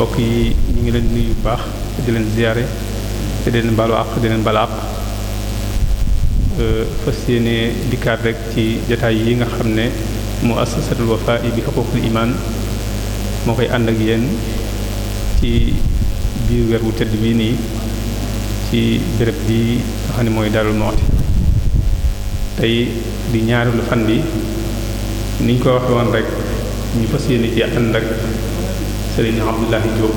mbokk yi ñu ngi leen nuyu bu baax di leen ziyaare te di leen balu di leen bala àq euh, fas yéene dikkaat rek ci jataay yi nga xam ne mu assasatul wafa bi xuququl iman moo koy ànd ak yéen ci biir weer wu tëdd bii nii ci béréb bi nga xam mooy Darou Moukhty tey di ñaareelu fan bi niñ ko waxe woon ñu fas yéene ci ànd ak Serigne Abdoulaye Diop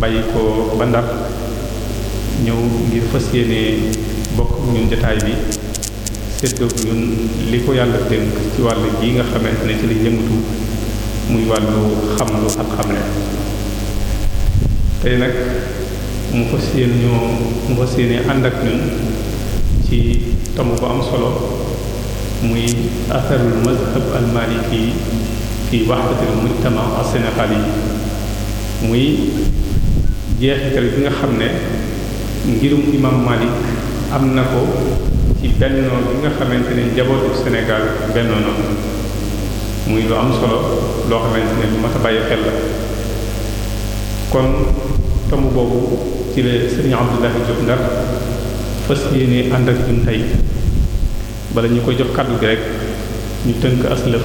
bàyyi ko ba Ndar ñëw ngir fas yéene bokk ñun jotaay bi séddoo ñun li ko yàlla dénk ci wàll bii nga xamante ne ci la yëngatu muy wàllu xam lu ak xamle tey nag mu fas yéen ñoo ànd ak ñun ci tomb bu am solo muy atharul mazhab al maliki fi wahdatil mujtama al sénégal yi muy jeexital bi nga xam ne ngirum imam malik am na ko ci bennoo bi nga xamante ne njabootu sénégal bennoo noonu muy lu am solo loo xamante ne lu ma a bàyyi xel la kon tomb boobu ci la sëriñ Abdullahi Diop Ndar fas yéene ànd ak ñun bala ñu koy jox kàddu gi rek ñu tënk aslëf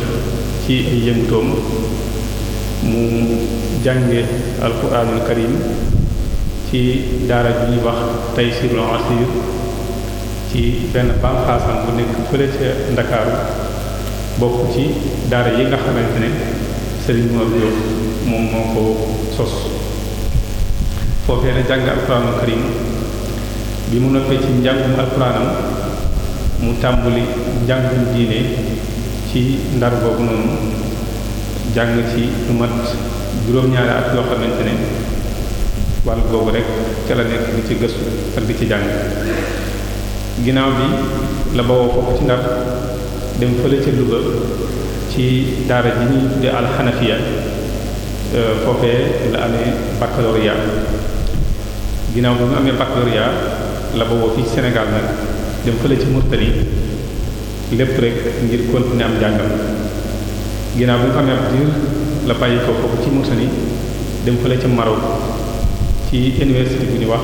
ci ay yëngutoom mu jànge alquranul karim ci daara bi ñuy wax Taysirul Asir ci benn banxaasam bu nekk fële ca Ndakaaru bokk ci daara yi nga xamante ne sëriñ Mor Diop moom moo ko sos foofee la jàng alxuraanul karim bi mu ci ndar boobu jàng ci lu mat juróom-ñaari at ne wàll boobu ci gëstu ak ci jàng ginnaaw bi la bawoo ci ndar ci daara ji ñuy tudde alxanafiya euh, foofee la amee baccalauréat ginnaaw ba mu amee baccalauréat la bawoo fii Sénégal nag dem fële ci Murtani lépp rek ngir continuer am jàngam ginnaaw bi mu amee ab diir la bàyyi foofu ci Murtani dem fële ci Maroc ci université bu ñu wax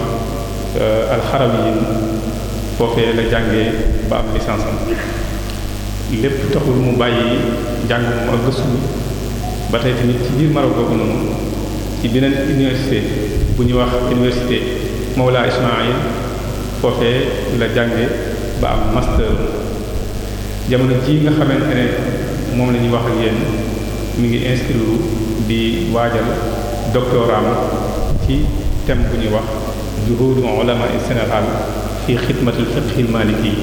euh, alxarawiyin foofee la jàngee ba am licence lépp taxul mu bàyyi jàng moom ak gëstu ba tey tamit ci biir Maroc boobu noonu ci beneen université bu ñu wax université Mawla Ismaïl foofee la jànge ba am master jamono ji nga xamante ne moom la ñuy wax ak yéen mi ngi inscrire di waajal doctoram ci thème bu ñuy wax juhudu ulama Sénégal fi xidmatul fiqhil maliki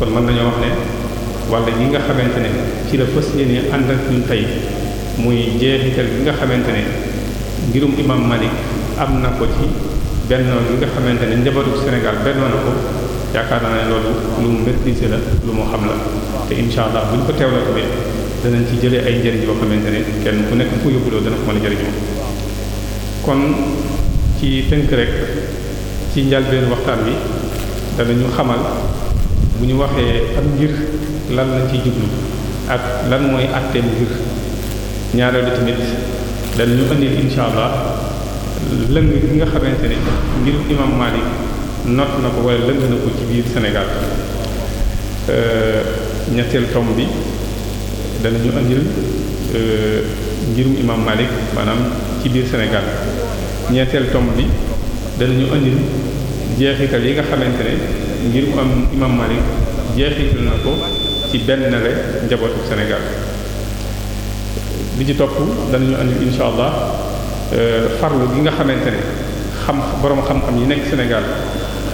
kon mën nañoo wax ne wala yi nga xamante ne ci la fas yéene ànd ak tey muy jeexital gi nga xamante ne ngirum imam Malik am na ko ci bennoo li nga xamante ne njabootu Sénégal bennoo na ko yaakaar naa ne loolu lu mu maîtriser la lu mu xam la te incha allah buñ ko teewloo tamit danañ ci jëlee ay njëriñ yoo xamante ne kenn ku nekk fu yóbbuloo dana ko kon ci tënk rek ci njalbeen waxtaan bi danañu xamal bu ñu waxee am ngir lan lañ ciy jublu ak lan mooy atteem ngir ñaareelu tamit danañu indil incha allah lëng gi nga xamante ne ngir imam Malik not na ko wala lëng na ko ci biir senegal euh, ñetteel tomb bi danañu ñu euh, ngirum imam maanaam ci biir Sénégal ñetteel tomb bi danañu andil jeexital yi nga xamante ne ngirum am imam Malik jeexital na ko ci benn la njabootu senegal li ci topp danañu andil insha allah Euh, farlu gi nga xamante ne xam borom xam-xam yi nekk Sénégal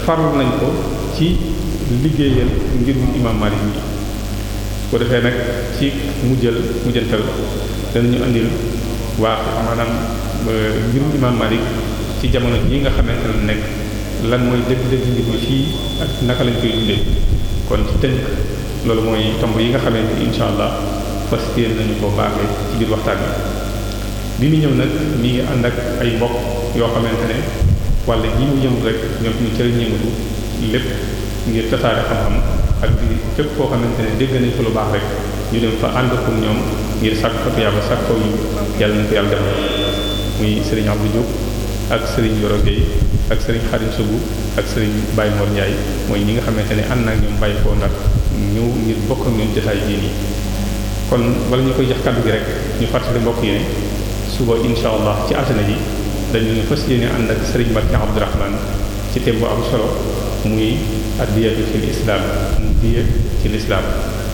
farlu nañ ko ci liggéeyal ngirum imam Malik yi ko defee nag ci mujjal mujjantal danañu andil waa maanaam euh, ngirum imam Malik ci jamono yi nga xamante ne lan mooy dëgg-dëgg naka lañ koy dundee kon ci tënk loolu mooy tomb yi nga xamante ni incha allah fas yéene nañu ko baaxee ci biir waxtaan bi bi mu ñëw nag mi ngi ànd ak ay mbokk yoo xamante ne walla gi mu rek ñoom ñu cëriñ yëngatu lépp ngir koo xamante ne dégg nañ baax rek ñu dem fa ànd ak ñoom ngir sàkk fa yàlla sàkk ko yi nañ ko yàlla defal muy sëriñ ak sëriñ Yoro Gueye ak sëriñ Xarim Sougou ak sëriñ Baye Mor Ndiaye mooy ñi nga xamante ne ànd naa ñoom bàyyi koo ñëw ngir bokk ak ñoom jotaay bii nii kon wala ñu koy jox kàddu gi rek ñu fàttali mbokk yi ne suba incha allah ci altine ji dañu fas yéene ànd ak sëriñ Mbacké Abdourahmane ci thème bu am solo muy addiyatu fil islam diye ci lislaam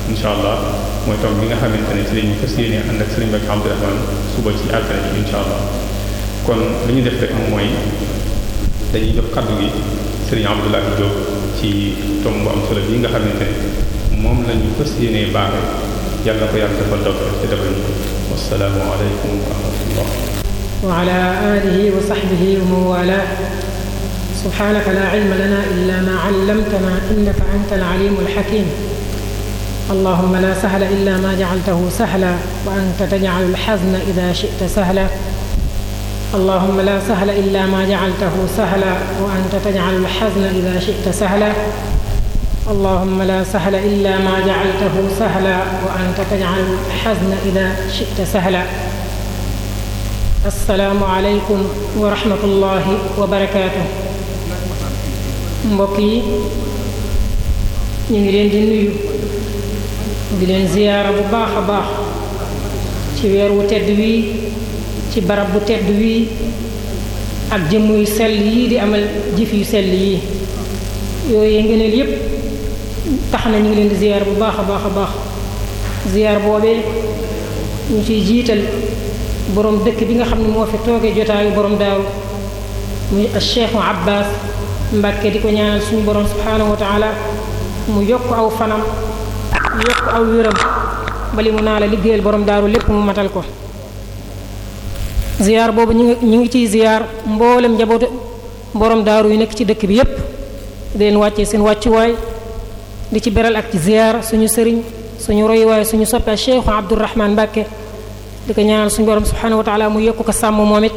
incha allah mooy tom bi nga xamante ne ci dañu fas yéene ànd ak sëriñ Mbacké Abdourahmane suba ci altine ji incha allah kon lu ñu def rek mooy dañuy jox kaddu bi sëriñ Abdoulaye Diop ci tom bu am solo bi nga xamante ne moom lañu fas yéene baaxe yàlla ko yàlla defal doog te defal ñu wassalaamu aleykum wa rahmatullah wa ala alihi wa sahbihi wa man wala subhanaka la ilma lana illa ma allamtana innaka anta alalim alhakim اللهم لا سهل إلا ما جعلته سهلا وأنت تجعل الحزن إذا شئت سهلا اللهم لا سهل إلا ما جعلته سهلا وأنت تجعل الحزن إذا شئت سهلا allahuma la sahla illa ma jacaltahu sahla wa anta tajcalu xasna ida chita sahla asalaamu aleykum wa rahmatullahi wa barakaatu mbokk yi ñu ngi leen di nuyu di leen ziyaara bu baax a baax ci weer wu tedd wii ci barab bu tedd wii ak jëmm yu sell yii di amal jëf yu sell yii yooyu ngëneel yépp tax na ñu ngi leen di ziyaar bu baax a baax a baax ziyaar boobee ñu ciy jiital boroom dëkk bi nga xam ne moo fi toogee jotaayu boroom daaru muy cheikhu abbas di ko ñaanal suñu borom subhaanahu wa mu yokk aw fanam yokk aw wéram bali mu naa la liggéeyal borom daaru lépp mu matal ko ziyaar boobu ñu ngi ñu ngi ciy ziyaar mboolem njabootu borom daaru yu nekk ci dëkk bi yépp di leen wàccee seen wàccuwaay di ci beral ak ci ziyaar suñu sëriñ suñu royuwaay suñu soppe Cheikh Abdourahman Mbacke di ko ñaanal suñu borom subhanahu wa taala mu yokk ko sàmm moom it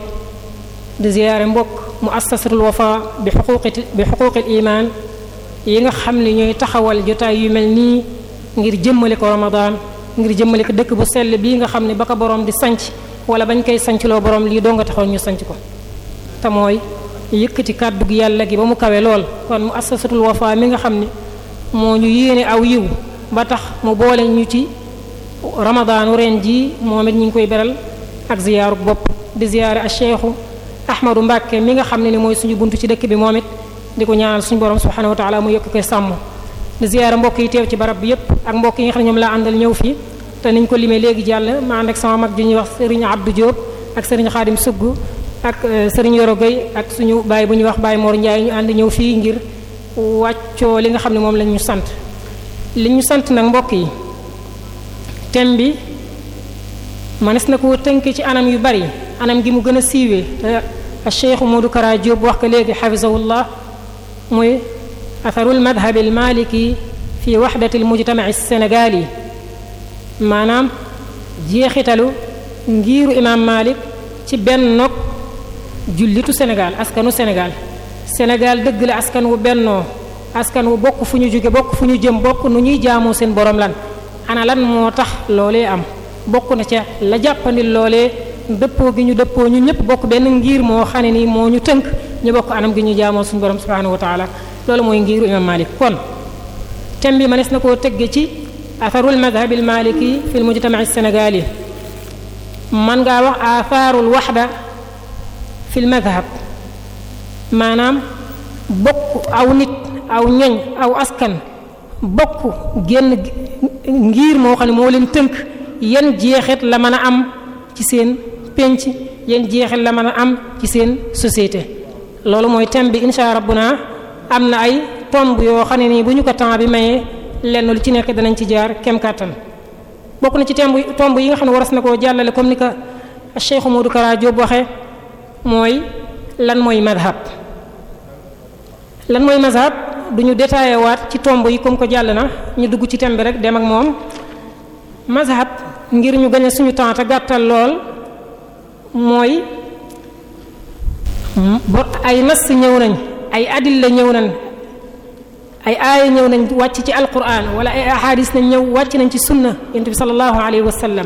di ziyaare mbokk mu assasatul wafa bi xuquqi bi xuquqil iman yi nga xam ne ñooy taxawal jotaay yu mel nii ngir jëmmale ko ramadan ngir jëmmale ko dëkk bu sell bii nga xam ne ba ko borom di sanc wala bañ koy sancloo borom lii doo nga ñu sanc ko te mu kawe nga xam ne moo ñu yéene aw yiw ba tax mu boole ñu ci ramadaanu ren jii moom it ñu ngi koy beral ak ziyaaru bopp di ziyaare a cheikhu ahmadu mbàkke mi nga xam ne ni mooy suñu bunt ci dëkk bi moom di ko ñaanal suñu borom subhanahu wa taala mu yokk koy sàmm di ziyaare mbokk teew ci barab bi yépp ak mbokk yi nga xam ne ñoom laa àndal ñëw fii te niñ ko limee léegi jàll ma ànd ak sama mag ju ñuy wax sëriñ Abdou Diop ak sëriñ xaadim sugg ak euh, sëriñ Yoro Gueye ak suñu baay bu ñuy wax baay Mor Ndiaye ñu ànd ñëw fii ngir wàccoo li nga xam ne moom lañ ñu sant li ñu sant nag mbokk yi thème bi mënees na koo tënk ci anam yu bari anam gi mu gën a siiwee te Cheikh Modou Kara Diop wax ko léegi xafisahullah muy atharul madhab al maliki fi waxdati al mujtama al sénégali maanaam jeexitalu ngiiru imam Malik ci benn nog jullitu Sénégal askanu Sénégal Sénégal dëgg la askan wu bennoo askan wu bokk fu ñu jóge bokk fu ñu jëm bokk nu ñuy jaamoo seen borom lan ana lan moo tax loolee am bokk na ca la jàppandil loolee dëppoo gi ñu dëppoo ñu ñëpp bokk benn ngiir moo xam ne nii moo ñu tënk ñu bokk anam gi ñu jaamoo suñu borom subhanahu wa taala mooy ngiru imam Malik kon thème bi mënees na koo tegge ci atharul madhabil maliki fi ci mujtamaci sénégal yi man ngaa wax atharul waxda fi l madhab maanaam bokk aw nit aw ñoñ aw askan bokk génn ngiir moo xam ne moo leen tënk yan jeexit la mën a am ci seen penc yan jeexit la mën a am ci seen société loolu mooy thème bi insha naa am na ay tomb yoo xam ne nii bu ñu ko temps bi mayee lenn lu ci nekk danañ ci jaar kem kàttan bokk na ci thème tomb yi nga xam ne waras na koo jàllale comme ni ko moo du Kara Diop waxee mooy lan mooy madhab lan mooy mazhab du ñu détaillé waat ci tomb yi comme ko jàll na ñu dugg ci thème rek dem ak moom mazhab ngir ñu gañe suñu temps te gàttal lool mooy ay nas ñëw nañ ay adilla ñëw nañ ay aaya ñëw nañ wàcc ci alquran wala ay ahadis nañ ñëw wàcc nañ ci sunna yonent bi sallallahu alayhi wa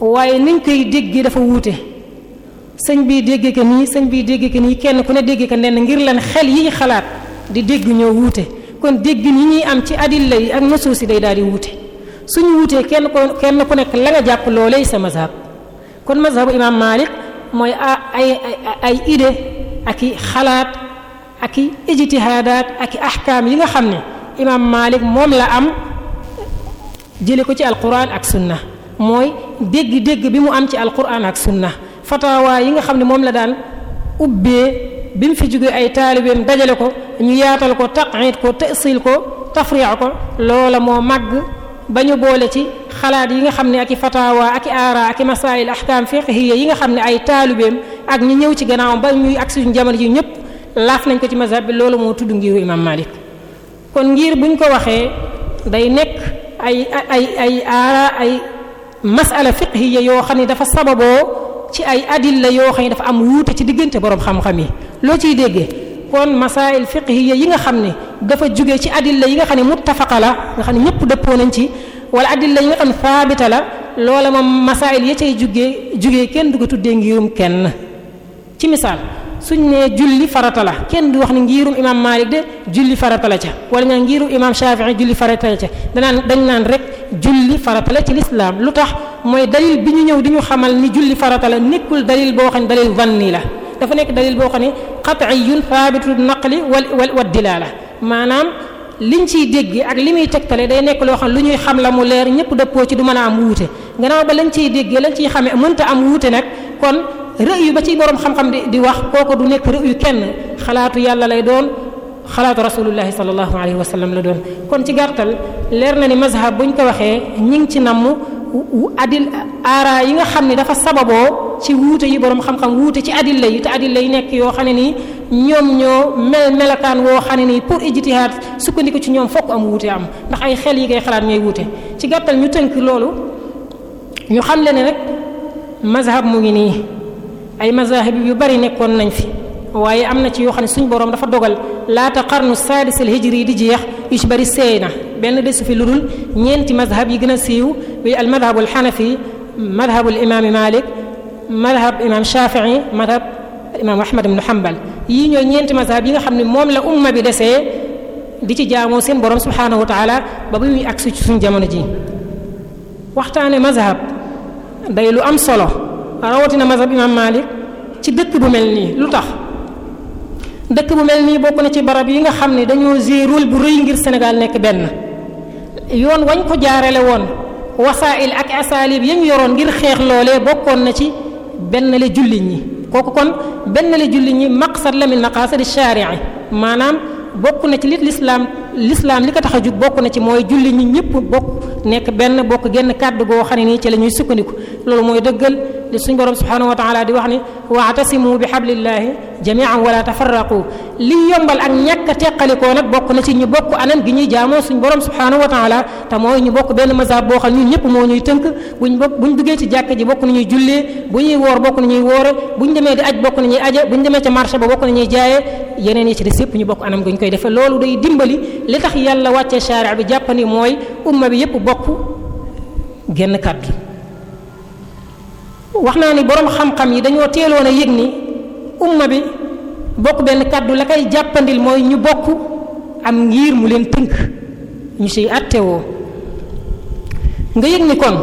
waaye niñ koy déggee dafa wuute sëñ bii dégg ko nii sëñ bii dégg ko nii kenn ku ne dégg ko nenn ngir lan xel yi xalaat di dégg ñoo wuute kon dégg ni ñuy am ci adilla yi ak nasuus si day daal di wuute suñu wuutee kenn ko kenn ku nekk la nga jàpp loolee sa mazhab kon mazhabu imaam Malik mooy ay ay idée ak i xalaat ak i ijtihaadaat ak i ahkaam yi nga xam ne imaam Malik moom la am jële ko ci alquran ak sunna mooy dégg-dégg bi mu am ci alquran ak sunna fataawaa yi nga xam ne moom la daan ubbee bi mu fi jógee ay taalibeem dajale ko ñu yaatal ko taqit ko tasil ko tafriya ko loola moo màgg ba ñu boole ci xalaat yi nga xam ne ak i fataawaa ak i aara masaayil ahkaam fiqhiyya yi nga xam ne ay taalibeem ak ñi ñëw ci gannaawam ba ñuy ak suñu jamono ji ñëpp laaf nañ ko ci mazhab bi loolu moo tudd ngiru imam Malik kon ngir buñ ko waxee day nekk ay ay ay aara ay masala fiqhiyya yoo xam ne dafa sababoo ci ay adilla yoo xam ne dafa am wuute ci diggante borom xam-xam yi loo ciy déggee kon masail fiqhiya yi nga xam ne dafa jóge ci adilla yi nga xam ne muttafaqa la nga xam ne ñëpp dëppoo nañ ci wala adilla yi nga xam faabita la loola moom masail ya cay jóge jugee kenn du ko tuddee ngirum kenn ci misaal suñ nee julli farata la kenn du wax ni ngirum imam Malik de julli farata la ca wala nga ngirum imam Shafi'i julli farata la ca danaan dañ naan rek julli farata la ci lislaam lu tax mooy dalil bi ñu ñëw di ñu xamal ni julli farata la nekkul dalil boo xam ne dalil vanni la dafa nekk dalil boo xam ne qat'iyyun thabitu naqli wal wal la maanaam liñ ciy déggee ak li muy tegtale day nekk loo xam lu ñuy xam la mu leer ñëpp dëppoo ci du mën a am wuute gannaaw ba lañ ciy déggee lañ ciy xamee am wuute nag kon rëy yu ba ci borom xam-xam di di wax kooku du nekk rëy kenn xalaatu yàlla lay doon xalaatu rasulullahi sallallahu alayhi wa sallam la doon kon ci gàttal leer na ni mazhab ñu ko waxee ñi ngi ci namm adil aara yi nga xam ni dafa sababoo ci wuute yi borom xam-xam wuute ci adilla yi te adilla yi nekk yoo xam ne nii ñoom ñoo mel melekaan woo xam ne nii pour ijtihaad sukkandiku ci ñoom fokk am wuute am ndax ay xel yi ngay xalaat ñooy wuute ci gàttal ñu tënk loolu ñu xam le ne rek mazhab mu ngi nii ay mazahib yu bari nekkoon nañ fi waaye am na ci yoo xam ne suñ boroom dafa dogal laata xarnu saadis al di jeex yu ci bari seey na benn desu fi lu dul yi gën a siiw bi al madhabu al xanafi madhabu al imaam malik madhab imaam shafii madhab imaam ahmad yii ñeenti mazhab yi nga xam ne moom la umma bi desee di ci jaamoo seen borom subhanahu wa taala ba bu ñuy agsi ci suñ jamono ji waxtaane mazhab day lu am solo rawatina mazhab imam Malik ci dëkk bu mel nii lu tax dëkk bu mel nii bokk na ci barab yi nga xam ne dañoo jouer rôle bu rëy ngir Sénégal nekk benn yoon wañ ko jaarale woon wasaa'il ak asalib yi yoroon ngir xeex loolee bokkoon na ci benn la jullit ñi kooku kon benn la jullit ñi maqsad la min maqasadi shari'i maanaam bokk na ci li lislaam lislaam li ko tax a jug bokk na ci mooy julli ñi ñëpp bokk nekk benn bokk genn kàddu goo xam ne nii ci lañuy ñuy sukkandiku li suñ borom subhanahu wa taala di wax ni waatasimu bi xablillahi jamian wala tafarraqu li yombal ak ñàkk a teqalikoo nag bokk na ci ñu bokk anam gi ñuy jaamoo suñ borom subhanahu wa taala te mooy ñu bokk benn mazhab boo xam ñun ñëpp moo ñuy tënk buñ bokk buñ duggee ci jàkk ji bokk na ñuy jullee bu ñuy woor bokk na ñuy woore buñ demee di aj bokk na ñuy bu buñ demee ca marché ba bokk na ñuy jaayee yeneen yi ci des yëpp ñu bokk anam gi ñu koy defee loolu day dimbali li tax yàlla wàccee sharia bi jàppani mooy umma bi yëpp bokk genn kàddu wax naa ni boroom xam-xam yi dañoo teeloon a yëg ni umma bi bokk benn kàddu la kay jàppandil mooy ñu bokk am ngir mu leen tënk ñu siy attewoo nga yëg ni kon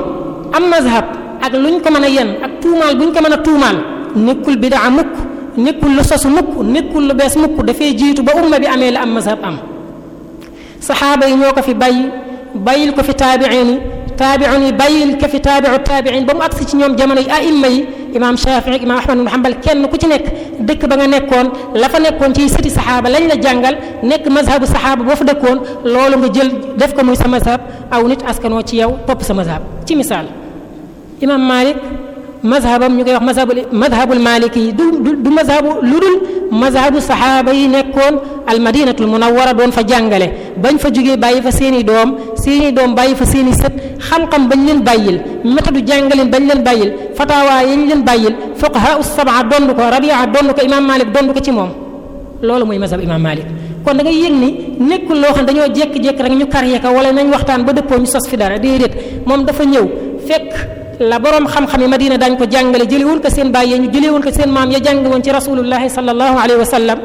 am mazhab ak luñ ko mën a yen ak tuumaal buñ ko mën a tuumaal nekkul bidaa mukk nekkul lu sosu mukk nekkul lu bees mukk dafay jiitu ba umma bi amee la am mazhab am saxaaba yi ñoo ko fi bàyyi bàyyil ko fi taabiin taabi'un yi bàyyil ka fi taabi'u taabi'in ba mu agsi ci ñoom jamono yi a'imma yi imaam Shaafi'i imaam Ahmad ibn Hanbal kenn ku ci nekk dëkk ba nga nekkoon la fa nekkoon ci sëti saxaaba lañ la jàngal nekk mazhabu saxaaba boo fa dëkkoon loolu nga jël def ko muy sa mazhab aw nit askanoo ci yow topp sa mazhab ci misaal imaam Maalik mazhabam ñu koy wax mazhabul mazhabul maliki yi du du mazhabu lu dul mazhabu saxaaba yi nekkoon almadinatul munawwara doon fa jàngale bañ fa jógee bàyyi fa seeni doom seeni doom bàyyi fa seeni sët xam-xam bañ leen bàyyil méthode jàngaleen bañ leen bàyyil fatawa yañ leen bàyyil fuqaha as-sab'a dond ko rabia dond ko imam malik dond ko ci moom loolu mooy mazhab imam malik kon da ngay yëg ni nekkul loo xam dañoo jékki-jékki rek ñu karye ko wala nañ waxtaan ba dëppoo ñu sos fi dara déedéet moom dafa ñëw fekk la boroom xam-xam yi madina daañ ko jàngale jëlee ko seen baay ya ko seen maam ya jàng woon ci rasulullahi sallallahu alayhi wa sallam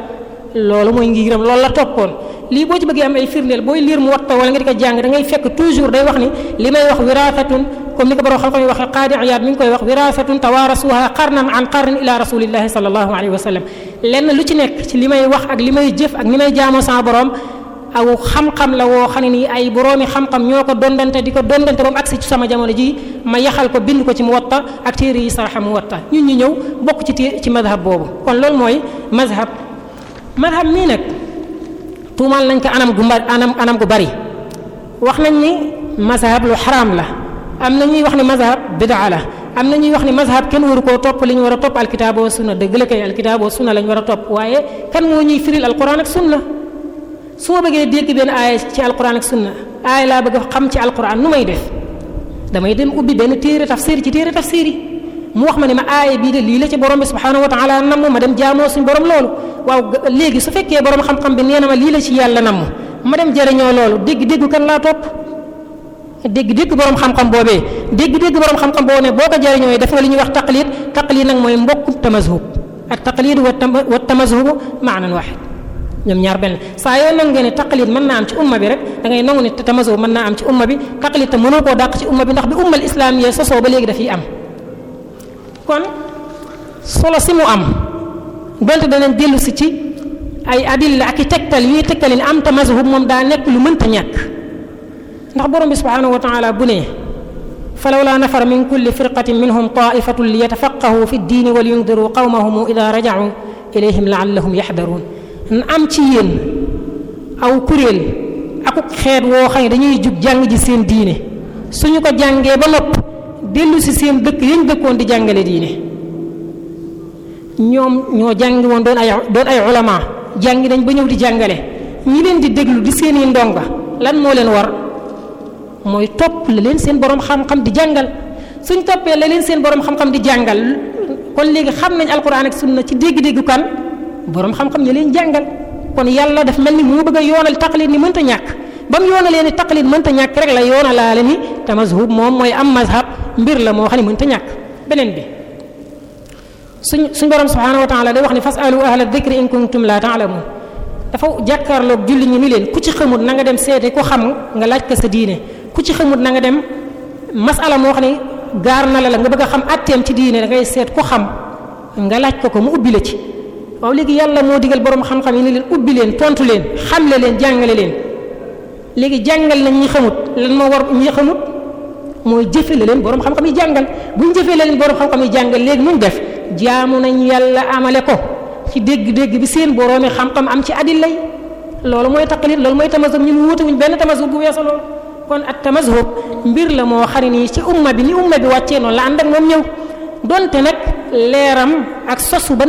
loolu mooy ngiram loolu la toppoon lii boo ci bëggee am ay firndeel booy liir mu watta wala nga di ko jàng da fekk day wax ni li may wax wiraathatun comme ni ko boroom xam-xam yi waxee qaadi iyaad mi ngi koy wax wiraathatun tawaarasuha qarnan an qarn ila rasulillahi sallallahu alayhi lenn lu ci nekk ci li may wax aw xam-xam la woo xam ne nii ay boroomi xam-xam ñoo ko dondante di ko dondante ba mu agsi ci sama jamono ji ma yaxal ko bind ko ci Muwatta ak téere yi saraxa Muwatta ñun ñu ñëw bokk ci té ci mazhab boobu kon loolu mooy mazhab mazhab mii nag tuumaal nañ ko anam gu mbar anam anam gu bari wax nañ ni mazhab lu xaraam la am na ñuy wax ne mazhab bidaa la am na ñuy wax ni mazhab kenn waru koo topp li ñu war a topp alkitaab wa sunna dëgg la kay alkitaab wa sunna la war a topp soo ma bëggee dégg benn aaya ci alquran ak sunna aaya laa bëgg xam ci alquran nu may def damay dem ubbi benn téere tafsir ci téere tafsir yi mu wax ma ne ma aaya bii lii la ci borom bi subhanahu wa taala namm ma dem jaamoo suñ borom loolu waaw léegi su fekkee borom xam-xam na ma lii la ci yàlla namm ma dem jëriñoo loolu dégg-dégg kan laa topp dégg-dégg borom xam-xam boobee dégg-dégg borom xam-xam boo boo ko jëriñoo def nga li ñuy wax taqlid taqlid nag mooy mbokku tamazhub ak taqlid wa tamazhub maanan waxid ñoom ñaar benn saa yoo nangu ne taqlid mën naa am ci umma bi rek da ngay nangu ne tamaso mën naa am ci umma bi taqlid te mënoo koo dàq ci umma bi ndax bi ummal islam yee sosoo ba léegi dafiy am kon solo si mu am donte danañ dellu si ci ay adilla ak i tegtal yuy tegtali ne am tamazhub moom daa nekk lu mënta ñàkk ndax borom bi subhanahu wa taala bu ne falawla nafara min kulli firqatin minhum taifatun li yatafaqahu fi ddiini wa li yundiru qawmahum ida raja'u ilayhim la'allahum yaxdaruun na am ci yéen aw kuréel akuk xeet woo xam ne dañuy jug jàng ji seen diine suñu ko jàngee ba noppi dellu si seen dëkk yañ dëkkoon di jàngale diine ñoom ñoo jàngi woon doon ay doon ay ulama jàngi nañ ba ñëw di jàngale ñi leen di déglu di seeni ndong lan moo leen war mooy topp la leen seen boroom xam-xam di jàngal suñ toppee la leen seen borom xam-xam di jàngal kon léegi xam nañ alquran ak sunna ci dégg-déggu borom xam-xam ne leen jàngal kon yàlla daf mel ni mu bëgg a yoonal taqlid ni mënta ñàkk ba mu leen ni taqlid mënta ñàkk rek la yoonalaale ni te mazhub moom mooy am mazhab mbir la moo xam ne mënta ñàkk beneen bi suñ suñ borom subhanahu wa taala day wax ni fasalu ahla dikri in kuntum la taalamun dafa jàkkaarloog julli ñi ni leen ku ci xamut na nga dem seete ku xam nga laaj ko sa diine ku ci xamut na nga dem masala moo xam ne gaar na la la nga bëgg a xam atteem ci diine da ngay seet ku xam nga laaj ko ko mu ubbi ci waaw léegi yàlla moo digal borom xam-xam yi ne leen ubbi leen tontu leen xamle leen jàngale leen léegi jàngal nañ ñi xamut lan moo war ñi xamut mooy jëfe la leen borom xam-xam yi jàngal bu ñu la leen borom xam-xam yi jàngal léegi nu def jaamu nañ yàlla amale ko ci dégg-dégg bi seen boroomi xam-xam am ci adil lay loolu mooy taqlit loolu mooy tamazub ñun wuute ñu benn tamazub bu weesu loolu kon ak tamazub mbir la moo xam nii ci umma bi ni umma bi wàccee noonu la ànd ak moom ñëw donte nag leeram ak sosu ba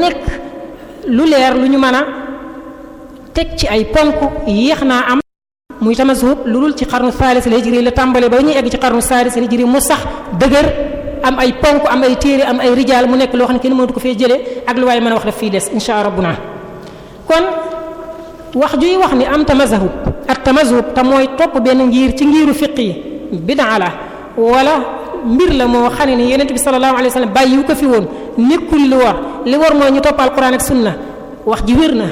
lu leer lu ñu mën a teg ci ay ponk yéex naa am muy tamasuub lu dul ci xarnu saalis al hijri la tàmbale ba ñuy egg ci xarnu saalis al hijri mu sax dëgër am ay ponk am ay téere am ay rijaal mu nekk loo xam ne kenn mënatu ko fee jëlee ak lu waaye mën a wax daf fii des insha rabbuna kon wax juy wax ni am tamasuub ak tamasuub te mooy topp benn ngir ci ngiru fiq yi bidaa la wala mbir la moo xam ne ni yonent bi sallallahu alayhi wa sallam bàyyiwu ko fi woon nekkul lu war li war mooy ñu topp alquran ak sunna wax ji wér na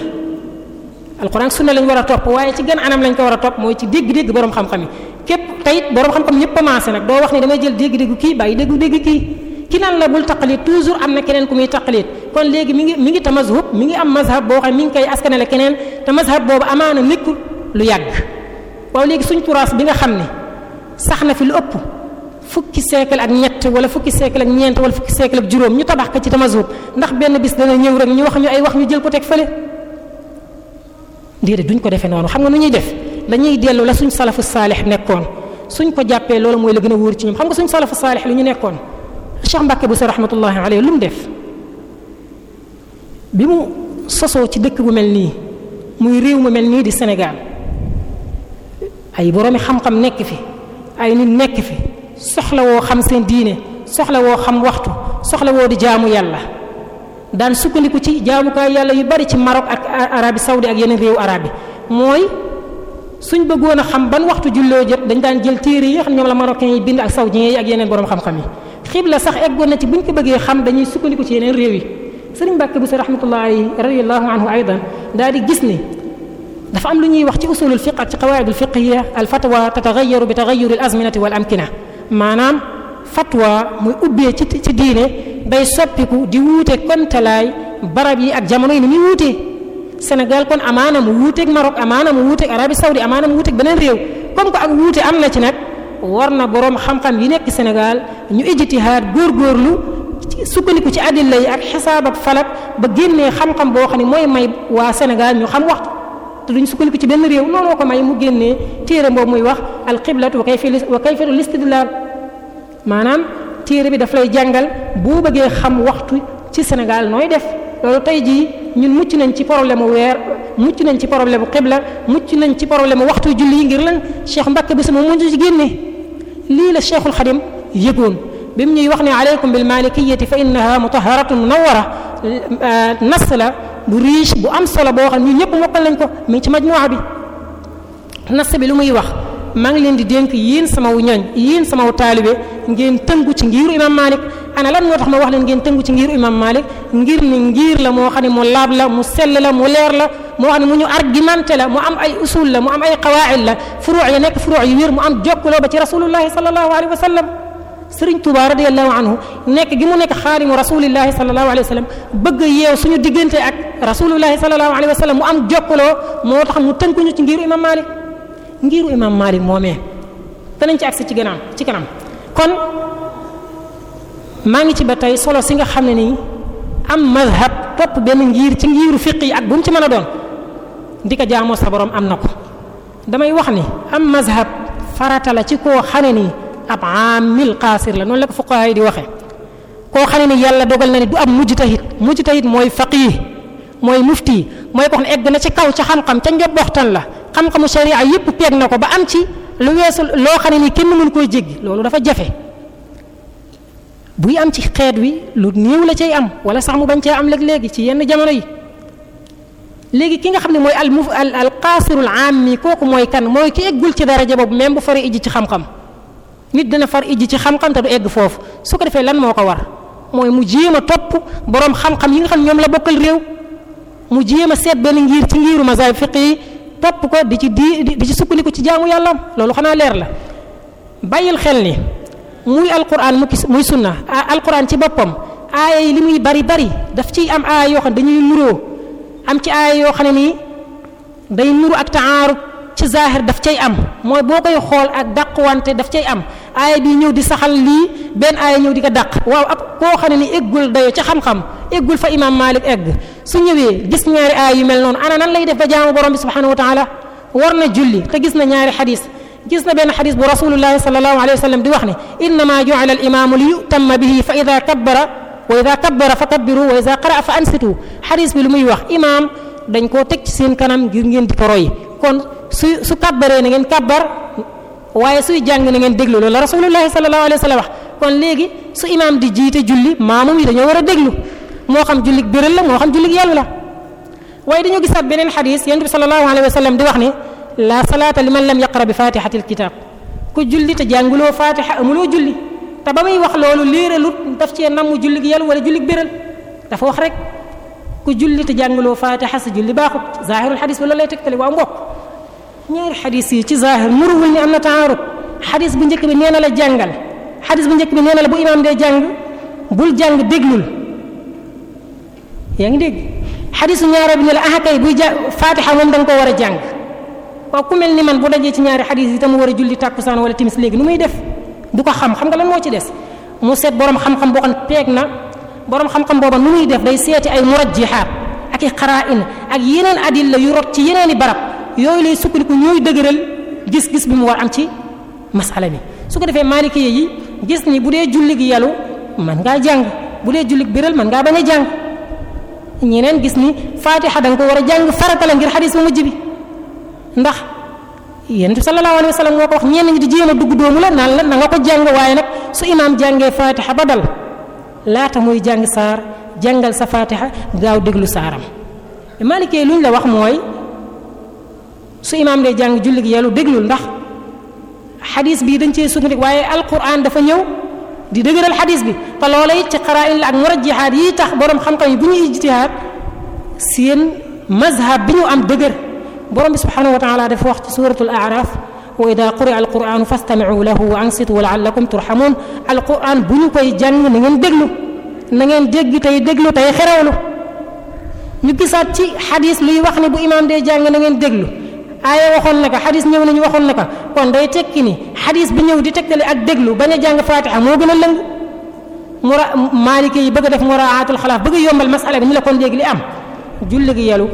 alquran ak sunna lañ war a topp waaye ci gën anam lañ ko war a topp mooy ci dégg-dégg borom xam-xam yi képp tey it borom xam-xam ñëpp commencé nag doo wax ni damay jël dégg-déggu kii bàyyi dégg-dégg kii ki nan la bul taqalit toujours am na keneen ku muy taqalit kon léegi mi ngi mi ngi tamazhub mi ngi am mazhab boo xam mi ngi koy askanale keneen te mazhab boobu amaana nekkul lu yàgg waaw léegi suñ turaas bi nga xam ne sax fi lu fukki siècle ak ñett wala fukki siècle ak ñeent wala fukki siècle ak juróom ñu tabax ko ci tamasuub ndax benn bis dana ñëw rek ñu wax ñu ay wax ñu jël ko teg fële déedéet duñ ko defee noonu xam nga nu ñuy def dañuy dellu la suñ salafu saalix nekkoon suñ ko jàppee loolu mooy la gën a wóor ci ñoom xam nga suñ salafu saalix lu ñu nekkoon Cheikh Mbacke bu sa rahmatullahi alayhi lu mu def bi mu sosoo ci dëkk bu mel nii muy réew mu mel nii di Sénégal ay boroomi xam-xam nekk fi ay nit nekk fi soxla woo xam seen diine soxla woo xam waxtu soxla woo di jaamu yàlla daan sukkandiku ci jaamukaay yàlla yu bari ci Maroc ak Arabie Saoudi ak yeneen réewu arab yi mooy suñ bëggoon a xam ban waxtu julloo jot dañ daan jël téere yi nga ñoom la marocains yi bind ak saoudiens ak yeneen borom xam-xam yi xibla sax eggoon na ci buñ ko bëggee xam dañuy sukkandiku ci yeneen réew yi sëriñ Mbàkke bu sa rahmatullahi radiyallahu anhu aydan daal di gis ni dafa am lu ñuy wax ci usulul fiq ak ci qawaidul fiqhiya al fatwa tatagayaru bi tagayuri al azminati wal amkina maanaam fatwa muy ubbee ci ci diine day soppiku di wuute kontalaay barab yi ak jamono yi ni muy wuutee Sénégal kon amaana mu wuuteek Maroc amaana mu wuuteeg Arabie Saoudi amaana mu wuuteeg beneen réew comme que ak wuute am na ci nag war na borom xam-xam yi nekk Sénégal ñu ijtihaad góorgóorlu sukkandiku ci adilla yi ak xisaab ak falak ba génnee xam-xam boo xam ne mooy may waa Sénégal ñu xam waxtu te duñ sukkandiku ci benn réew looloo ko may mu génnee téere boobu muy wax alxiblatu wa kayfa wa kayfatu listidlaal maanaam téere bi daf lay jàngal boo bëggee xam waxtu ci senegal nooy def loolu tey jii ñun mucc nañ ci problème mu weer mucc nañ ci problème mu xibla mucc nañ ci problème mu waxtu julli ngir lan Cheikh mbakk bi sama mujj ci génne lii la Cheikhul Xadim yëgoon bi mu ñuy wax ne aleykum bil malikiyati fa innaha mutaharatun munawwara euh, nas la bu riche bu am solo boo xam ne ñun ñëpp mokkal lañ ko mais ci majmuwa bi nas bi lu muy wax maa ngi leen di dénk yéen sama wu ñoñ yéen sama wu ngeen tëngu ci ngiiru imam Malik ana lan moo tax ma wax leen ngeen tëngu ci ngiiru imam Malik ngir ni ngir la moo xam ne mu laab la mu sell la mu leer la moo xam ne mu ñu argumenté la mu am ay usul la mu am ay qawaid la furuu ya nekk furuu yu wér mu am jokkaloo ba ci rasulullahi sallallahu alayhi wa sallam sëriñ Touba radiyallahu anhu nekk gi mu nekk xaadimu rasulillahi sallallahu alayhi wa sallam suñu diggante ak rasulillahi sallallahu alayhi wa sallam mu am jokkaloo moo tax mu tënkuñu ci ngiru imam Malik ngiru imam Malik moomee danañ ci agsi ci gannaaw ci kanam kon maa ngi ci ba tey solo si nga xam ne nii am mazhab topp benn ngir ci ngiiru fiq yi ak bu mu ci mën a doon di ko jaamoo sa boroom am na ko damay wax ni am mazhab farata ci koo xane nii ab amil xaasir la noonu la ko fuqaha yi di waxee koo xam ne yàlla dogal na ne du am mujj mujtahid mooy faqih mooy mufti mooy ko xam ne egg na ci kaw ca xam-xam ca njobboxtan la xam-xamu sharia yépp peeg na ko ba am ci lu weesu loo xam ne ni kenn mënu koy jéggi loolu dafa jafe buy am ci xeet wi lu néew la cay am wala sax mu bañ cee am léeg-léegi ci yenn jamono yi léegi ki nga xam ne mooy al al qaasirul aam mi kooku mooy kan mooy ki eggul ci daraja boobu même bu faree iji ci xam-xam nit dana far ijji ci xam-xam te du egg foofu su ko defee lan moo ko war mooy mu jéem a topp boroom xam-xam yi nga xam ñoom la bokkal réew mu jéem a seet benn ngir ci ngiru mazhab fiq yi topp ko di ci di di ci sukkandiku ci jaamu yàlla loolu xanaa leer la bàyyil xel ni muy alquran mu muy sunna alquran ci boppam aaya yi li muy bari bari daf ciy am aaya yoo xam dañuy nuroo am ci aaya yoo xam ne nii day nuru ak taarub ci zahir daf cay am mooy boo koy xool ak wante daf cay am aaya bi ñëw di saxal lii benn aaya ñëw di ko daq waaw ab koo xam ne ni eggul dayo ca xam-xam eggul fa imaam Malik egg su ñëwee gis ñaari aaya yu mel nan lay def ba jaamu borom bi subhanahu wa taala war ñaari xadis gis na benn xadis bu rasulullahi sallallahu alayhi wa di wax ne innama ju'ala al imaamu li yutamma bihi fa ida kabbara wa ida kabbara fa kabbiru wa ida qara fa ansitu xadis bi lu muy wax imaam dañ koo teg ci seen kanam ngir ngeen di ko roy kon su su kàbbaree na ngeen kàbbar waaye suy jàng na ngeen déglu loolu la rasulullahi sallallahu alayhi wa sallam wax kon léegi su imaam di jiite julli maamum yi dañoo war a déglu moo xam jullig bérél la moo xam jullig yàllu la waaye dañoo gisaat beneen xadis yonent bi sallallahu alayhi wa sallam di wax ne la salaata liman lam yaqra bi fatihatil kitab ku julli te jànguloo fatiha loo julli te ba muy wax loolu léeralut daf cee namm jullig yàllu wala jullig bérél dafa wax rek ku julli te jànguloo fatiha sa julli baaxut zaahirul xadis ba loolu lay tegtale waa mbokk ñaari xadis yi ci zahir muruwul ni am na taarut xadis bu njëkk bi nee na la jàngal xadis bu njëkk bi nee na la bu imaam dee jàng bul jàng déglul yaa ngi dégg xadisu ñaare bi ne la ah kay buy ja faatixa moom da nga war a jàng waaw ku mel ni man bu dajee ci ñaari xadis yi tam war a julli tàkkusaan wala timis léegi nu muy def du ko xam xam nga lan moo ci des mu seet borom xam-xam boo xam peeg na borom xam-xam booba nu muy def day seeti ay murajjihaat ak i xaraa'in ak yeneen adilla yu rot ci yeneen i barab. yooyu lay sukkandiku ñooy dëgëral gis-gis bi mu war am ci masala mi su ko defee maaliki yi gis ni bu dee jullig yalu man ngaa jàng bu dee jullig biral man ngaa bañ a jàng ñeneen gis ni fatiha da nga ko war a jàng farata la ngir xadis bu mujj bi ndax yéen bi sallallahu alayhi wa sallam moo ko wax ñi di jéem a dugg doomu la naan la na nga ko jàng nag su imaam jàngee fatiha ba dal laata muy jàng saar jàngal sa fatiha gaaw déglu saaram maalikee luñ la wax mooy su imaam dee jàng julli gi yellu déglul ndax xadis bii dañ cee sukkandiku waaye alquran dafa ñëw di dëgëral xadis bi te loola it ci xaraa'in la ak murajjihaat yi tax borom xam-xam yi bu ñuy ijtihaad seen mazhab bi ñu am dëgër borom bi subhanahu wa taala dafa wax ci suratul araf wa da quri alquranu fastamicu lahu wa ansitu laallakum turxamuun alquran bu ñu koy jàng na ngeen déglu na ngeen dégg tey déglu tey xerewlu ñu gisaat ci xadis luy wax ne bu imaam dee jàng na ngeen déglu aaya waxoon na ko xadis ñëw nañu waxoon na ko kon day tekki ni xadis bi ñëw di tegtale ak déglu bañ a jàng fatiha moo gën a lëng mura maaliki yi bëgg a def muraatul xalaaf bëgg a yombal masala bi ñu la kon léegi li am julli gi yalu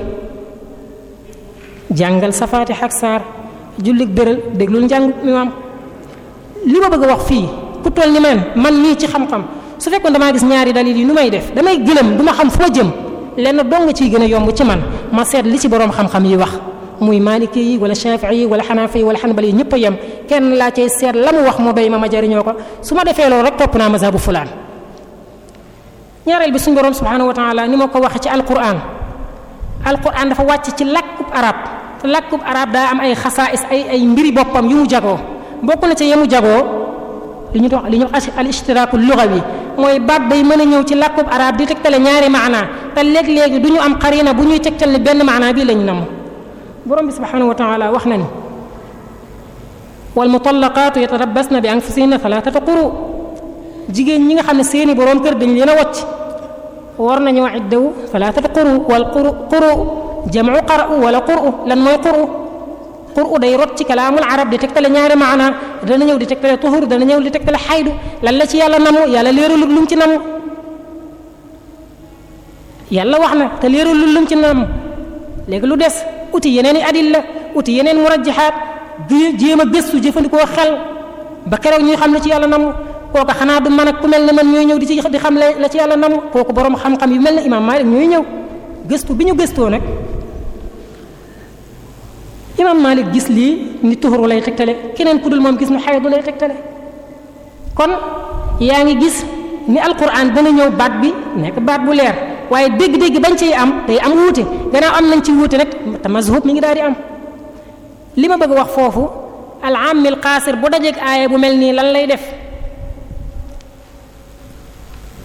jàngal sa fatiha ak saar julli béral déglul njàng mi maam li ma bëgg a wax fii ku toll ni man man mii ci xam-xam su fekkoon damaa gis ñaari dalil yi nu may def damay gëlëm du ma xam foo jëm lenn dong ciy gën a yomb ci man ma seet li ci boroom xam yi wax muy maliki yi wala shafi'i yi wala xanafi yi wala xanbali yi ñëpp yem kenn laa cay seet la mu wax mu béy ma ma jariñoo ko su ma defee loolu rek topp naa mazhabu fulaan ñaareel bi suñu borom subhanahu wa taala ni ma ko waxee ci alquran alquran dafa wàcc ci làkkub arab te làkkub arab daa am ay xasaais ay ay mbiri boppam yu mu jagoo bokk na ca yemu jagoo li ñu dox li ñu wax al ishtiraku lugawi mooy baat bay mën a ñëw ci làkkub arab di tegtale ñaari maanaa te léeg-léegi du ñu am xarina bu ñuy tegtal ne benn maanaa bii lañ nam borom bi subhanahu wa taala wax na ni wal mutallaqaatu yatarabbasna bi anfusihinna thalathata quru jigéen ñi nga xam ne seeni borom kër dañ leen a wàcc war nañoo iddawu thalathata quru wal quru quru jamcu qaru wala quru lan mooy quru quru day rot ci kalaamul arab di tegtale ñaari maanaa dana ñëw di tegtale tuhur dana ñëw di tegtale xaydu lan la ci yàlla namu yàlla leeralul lu ci namu yàlla wax na te leeralul lu ci namu léegi lu des uti yeneen i adilla uti yeneen murajjaxaat di jéem a gëstu jëfandikoo xel ba keroog ñuy xam la ci yàlla namu kooku xanaa du man ak ku mel ne man ñooy ñëw di ci di xam la ci yàlla namu kooku borom xam-xam yu mel ne imaam Maalik ñooy gëstu bi ñu gëstoo nag imaam Maalik gis lii ni tuxuru lay tegtale keneen ku moom gis ni xaydu lay tegtale kon yaa ngi gis ni gën a ñëw baat bi nekk baat bu leer. waaye dégg-dégg bañ ciy am day am wuute gannaaw am nañ ci wuute nag te mazhub mi ngi daal di am li ma bëgg wax foofu al aamil qaasir bu dajeeg aaya bu mel nii lan lay def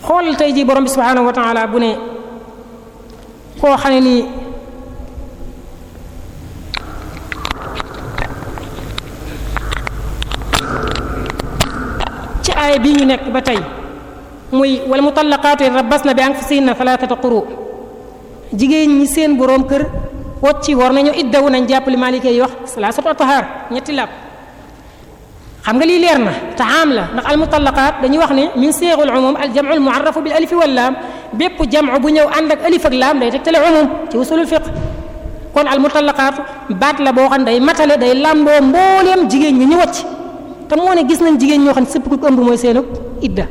xoolal tey jii borom bi subhaanahu wa taala bu ne koo xam nii ci aaya bii ñu nekk ba tey muy wal mutallaqaatu yatarabbasna bi anfusihinna thalathata quru jigéen ñi seen boroom kër wocci war nañu iddawu nañ jàpp li maalikee yi wax salaasatu tahaar ñetti làpp xam nga lii leer na te am la ndax almutallaqaat dañuy wax ne min seexul umum aljamcu almuarrafu bil alifi wal laam bépp jamcu bu ñëw ànd ak alif ak laam day tegtale umum ci usulul fiq kon almutallaqaat baat la boo xam day matale day làmboo mbooleem jigéen ñi ñu wocc te moo ne gis nañ jigéen ñoo xam ne sëpp ku ëmb mooy seenu idda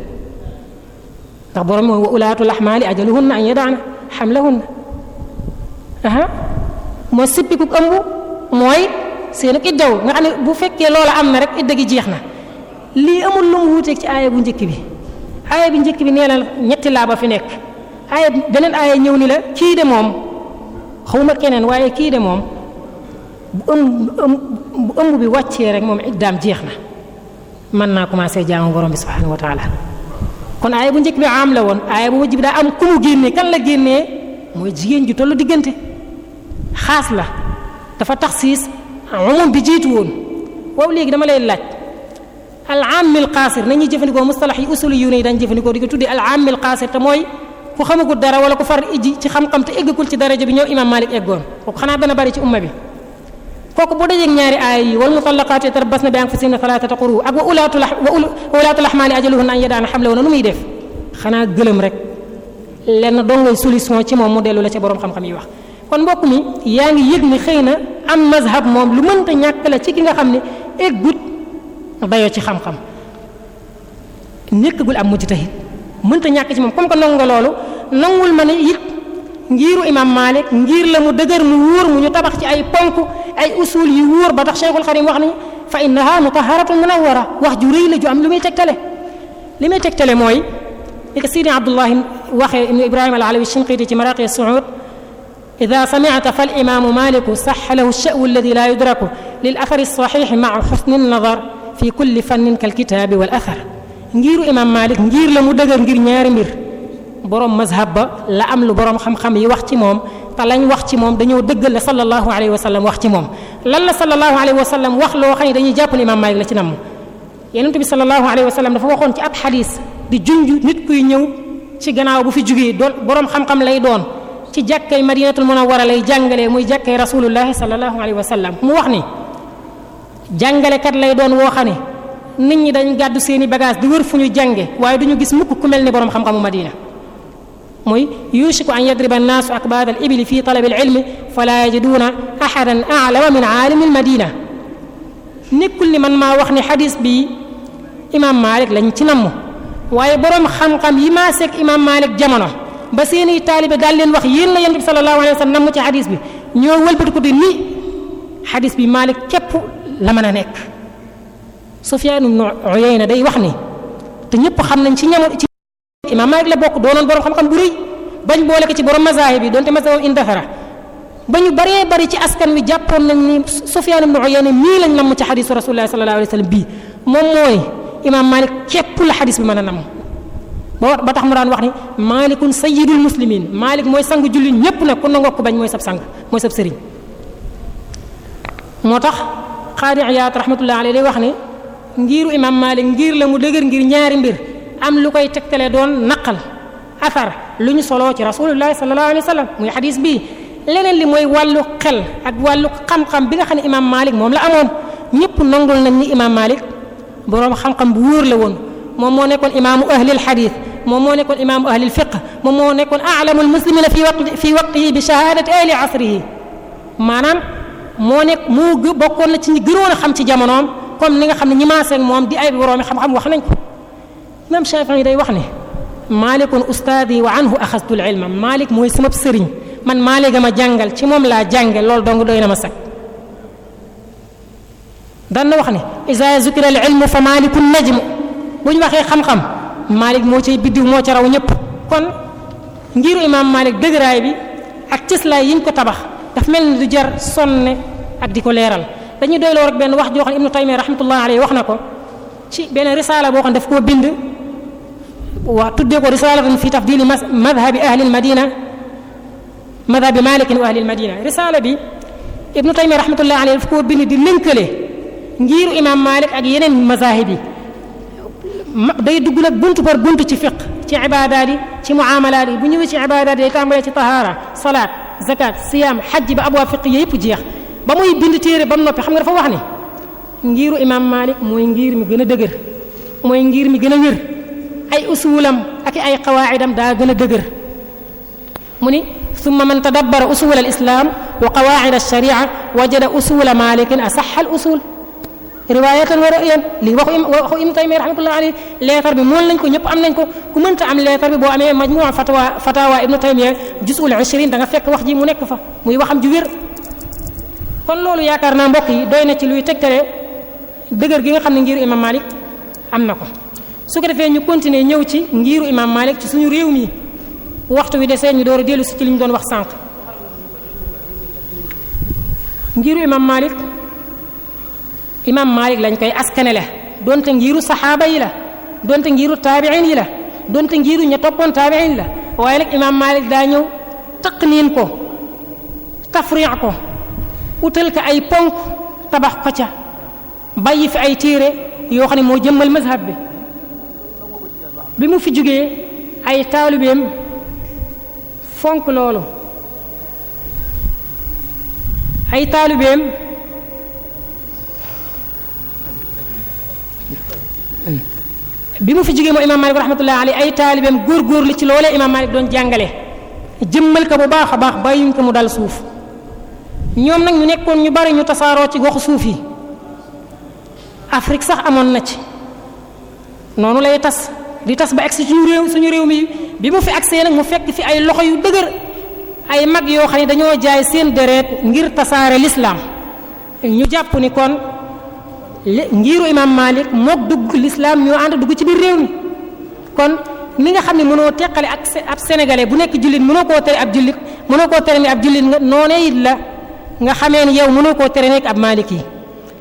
ndax borom mooy wa ulaatul ahmaali ajaluhunna an yadaana xamlahunna aha mooy sippiku ëmb mooy seen iddaw nga xam ne bu fekkee loola am na rek idda gi jeex na lii amul lu mu wuuteeg ci aaya bu njëkk bi aaya bi njëkk bi nee na ñetti laa ba fi nekk aaya beneen aaya ñëw ni la kii de moom xawma keneen waaye kii de moom bu ëmb bu ëmb bi wàccee rek moom iddaam jeex na mën naa commencé jaamu borom bi subhanahu wa kon aaya bu njëkk bi am la woon aaya bu mujj bi daa am ku mu génnee kan la génnee mooy jigéen ju tollu diggante xaas la dafa tax taxsiis umum bi jiitu woon waaw léegi dama lay laaj al aamil qaasir nañuy jëfandikoo mustalax yi usuli yu ne dañ jëfandikoo di ko tuddee al aamil qaasir te mooy ku xamagul dara wala ku far iji ci xam-xam te eggagul ci daraja bi ñoo imam Malik eggoon kooku xanaa dana bari ci uma bi kooku boo dajee ak ñaari aaya yi wal mutallaqaatu yatarabbasna bi anfusihinna thalathata quru ak wa ulaatul ah-, wa ulaatul ahmaani ajaluhunna an yadaana hamlahunna lu muy def xanaa gëlëm rek lenn dongay solution ci moom mu dellu la ca borom xam-xam yi wax. kon mbokk mi yaa ngi yëg ni xëy na am mazhab moom lu mënta ñàkk la ci ki nga xam ne eggut bayoo ci xam-xam nekkagul am mujtahid mënta ñàkk ci moom comme que nangu nga loolu nanguwul ma ne it ngiiru imam Malik la mu dëgër mu wóor mu ñu tabax ci ay ponk. ay usul yu wóor ba tax Cheikhul Xadim wax ni fa innaha mutahharatun munawwara wax ju rëy la ju am lu muy tegtale li muy tegtale mooy li ko Sidi Abdullah waxee ibnu Ibrahima al-Alawi Shinqiti ci Maraqi Suud ida samicta fal imaamu Maaliku saxa lahu sha'wu alladi laa yudraku lil athari saxiixi maca xusni nadar fi kulli fannin kalkitaabi wal athar ngiiru imaam Maalik ngir la mu dëgër ngir ñaari mbir borom mazhab ba la am lu borom xam-xam yi wax ci moom te lañ wax ci moom dañoo dëgg la sallallahu alayhi wa sallam wax ci moom lan la sallallahu alayhi wa wax loo xam ne dañuy jàpp ne imaam Maalik la ci namm yonent bi sallallahu alayhi wa sallam dafa waxoon ci ab xadis di junj nit kuy ñëw ci gannaaw bu fi jugee doon boroom xam-xam lay doon ci jàkkay madinatul munawwara lay jàngalee muy jàkkay rasulullahi sallallahu alayhi wa sallam mu wax ni jàngalekat lay doon woo xam ne nit ñi dañ gàddu seeni bagage di wër fu ñu jànge waaye duñu gis mukk ku mel ni boroom xam-xamu madina muy yushiku an yadriba annaasu akbaada al fi talabi al ilmi fala yajiduuna ahadan a'lama min aalimi al madina nekkul ni man maa wax ne xadis bi imam malik lañ ci namm waaye boroom xam-xam yi ma seeg imam malik jamono ba seeni taalibe daal leen wax yéen la yonent bi sallallahu alayhi wa sallam namm ci xadis bi ñoo wëlbati ko di ni xadis bi malik képp la mën a nekk Sufyaan ibnu Uyayna day wax ni xam nañ ci ñamoon ci imaam Maalik la bokk doonoon borom xam-xam bu rëy bañ boole ko ci borom mazahib yi donte mazahib indafara ba ñu baree bari ci askan wi jàppoon nañ ni Sufyaan ibnu Uyayna mii lañ namm ci xadisu rasulullah sallallahu alayhi wa sallam bii moom mooy imaam Maalik képp la xadis bi mën a namm ba ba tax mu daan wax ni maalikun sayyidul muslimin Maalik mooy sang julli ñépp nag ku nangoo ko bañ mooy sab sang mooy sab sëriñ moo tax xaadi iyaat rahmatullah alayhi day wax ne ngiiru imaam Maalik ngir la mu dëgër ngir ñaari mbir am lu koy tegtale doon naqal afar lu ñu soloo ci rasulullahi sallallahu alayhi wa sallam muy xadis bii leneen li mooy wàllu xel ak wàllu xam-xam bi nga xam ne imaam Malik moom la amoon ñëpp nangul nañ ni imaam Malik boroom xam-xam bu wóor la woon moom moo nekkoon imaamu ahlil xadis moom moo nekkoon imaamu ahlil fiq moom moo nekkoon aalamul muslimina fi waqti fi waqtihi bi shahadati ahli asrihi maanaam moo nekk moo bokkoon na ci gën gënoon a xam ci jamonoom comme ni nga xam ne ñi maasee moom di ay boroomi xam-xam wax nañ même Shaafi'i day wax ne maalikun ustaadi wa anhu axastu al ilma maalik mooy sama sëriñ man maalik a ma jàngal ci moom laa jànge loolu dong doy na ma sag dan na wax ne iza zukira al ilmu fa maalikun najmu bu ñu waxee xam-xam maalik moo cay biddiw moo ca raw ñëpp kon ngiru imaam maalik dëgëraay bi ak cëslaay yi ñu ko tabax daf mel ni du jar sonne ak di ko leeral dañuy doyloo rek benn wax joo xam ne ibnu taymiya rahmatullah alayhi wax na ko ci benn risaala boo xam ne daf koo bind wa tuddee ko risalatan fi tafdili madhabi ahli almadina madhabi malikin wa ahli almadina risala bi ibnu taymiya rahmatullahi alayhi daf koo bind di lënkale ngiiru imam malik ak yeneen mazahib yi day dugg nag buntu par buntu ci fiq ci ibaadaat yi ci muamalaat yi bu ñëwee ci ibaadaat yi tàmbalee ci tahaara salaat zakat siyaam xajj ba abwaa fiq yëpp jeex ba muy bind téere ba mu noppi xam nga dafa wax ne ngiiru imam malik mooy ngiir mi gën a dëgër mooy ngiir mi gën a wér ay usuulam ak ay qawaacidam daa gën a dëgër mu ni summa man tadabbara usuul al islaam wa qawaacid al sharia wajada usuula malikin asax al usuul riwaayatan wa ra'yan lii waxu waxu Ibnu Taymiyya rahmatullahi alayhi leetar bi mool nañ ko ñëpp am nañ ko ku mënta am leetar bi boo amee majmuu fatwa fatawa Ibnu Taymiyya juzul ishrin da nga fekk wax ji mu nekk fa muy waxam ji wér kon loolu yaakaar naa mbokk yi doy na ci luy tegtale dëgër gi nga xam ne ngir imam Malik am na ko su ko defee ñu continuer ñëw ci ngiiru imam Malik ci suñu réew mi waxtu wi de desee ñu door a dellu si ci li ñu doon wax sànq ngiiru imam Malik imam Malik lañ koy askanele donte ngiiru saxaaba yi la donte ngiiru taabiin yi la donte ngiiru ña toppoon taabiin la waaye nag imam Malik daa ñëw taqniin ko tafriix ko utal ko ay ponk tabax ko ca bàyyi fi ay téere yoo xam ne moo jëmmal mazhab bi bi mu fi jógee ay taalibeem fonk loolu ay taalibeem bi mu fi jógee moom imaam Maalik rahmatullahi alayhi ay taalibeem góorgóorlu ci loolee imaam Maalik doon jàngale jëmmal ko bu baax a baax bàyyuñ ko mu dal suuf ñoom nag ñu nekkoon ñu bari ñu tasaaroo ci goxu suuf yi Afrique sax amoon na ci noonu lay tas di tas ba agsi suñu réew suñu réew mi bi mu fi agsee nag mu fekk fi ay loxo yu dëgër ay mag yoo xam ne dañoo jaay seen deret ngir tasaare lislaam ñu jàpp ni kon ngiru imam malik mook dugg lislaam ñoo ànd dugg ci biir réew mi kon ni nga xam ne mënoo teqale ak ab sénégalais bu nekk jullit mënoo koo tere ab jullit mënoo koo tere ni ab jullit noonee it la nga xamee ni yow mënoo koo tere nekk ab malik yi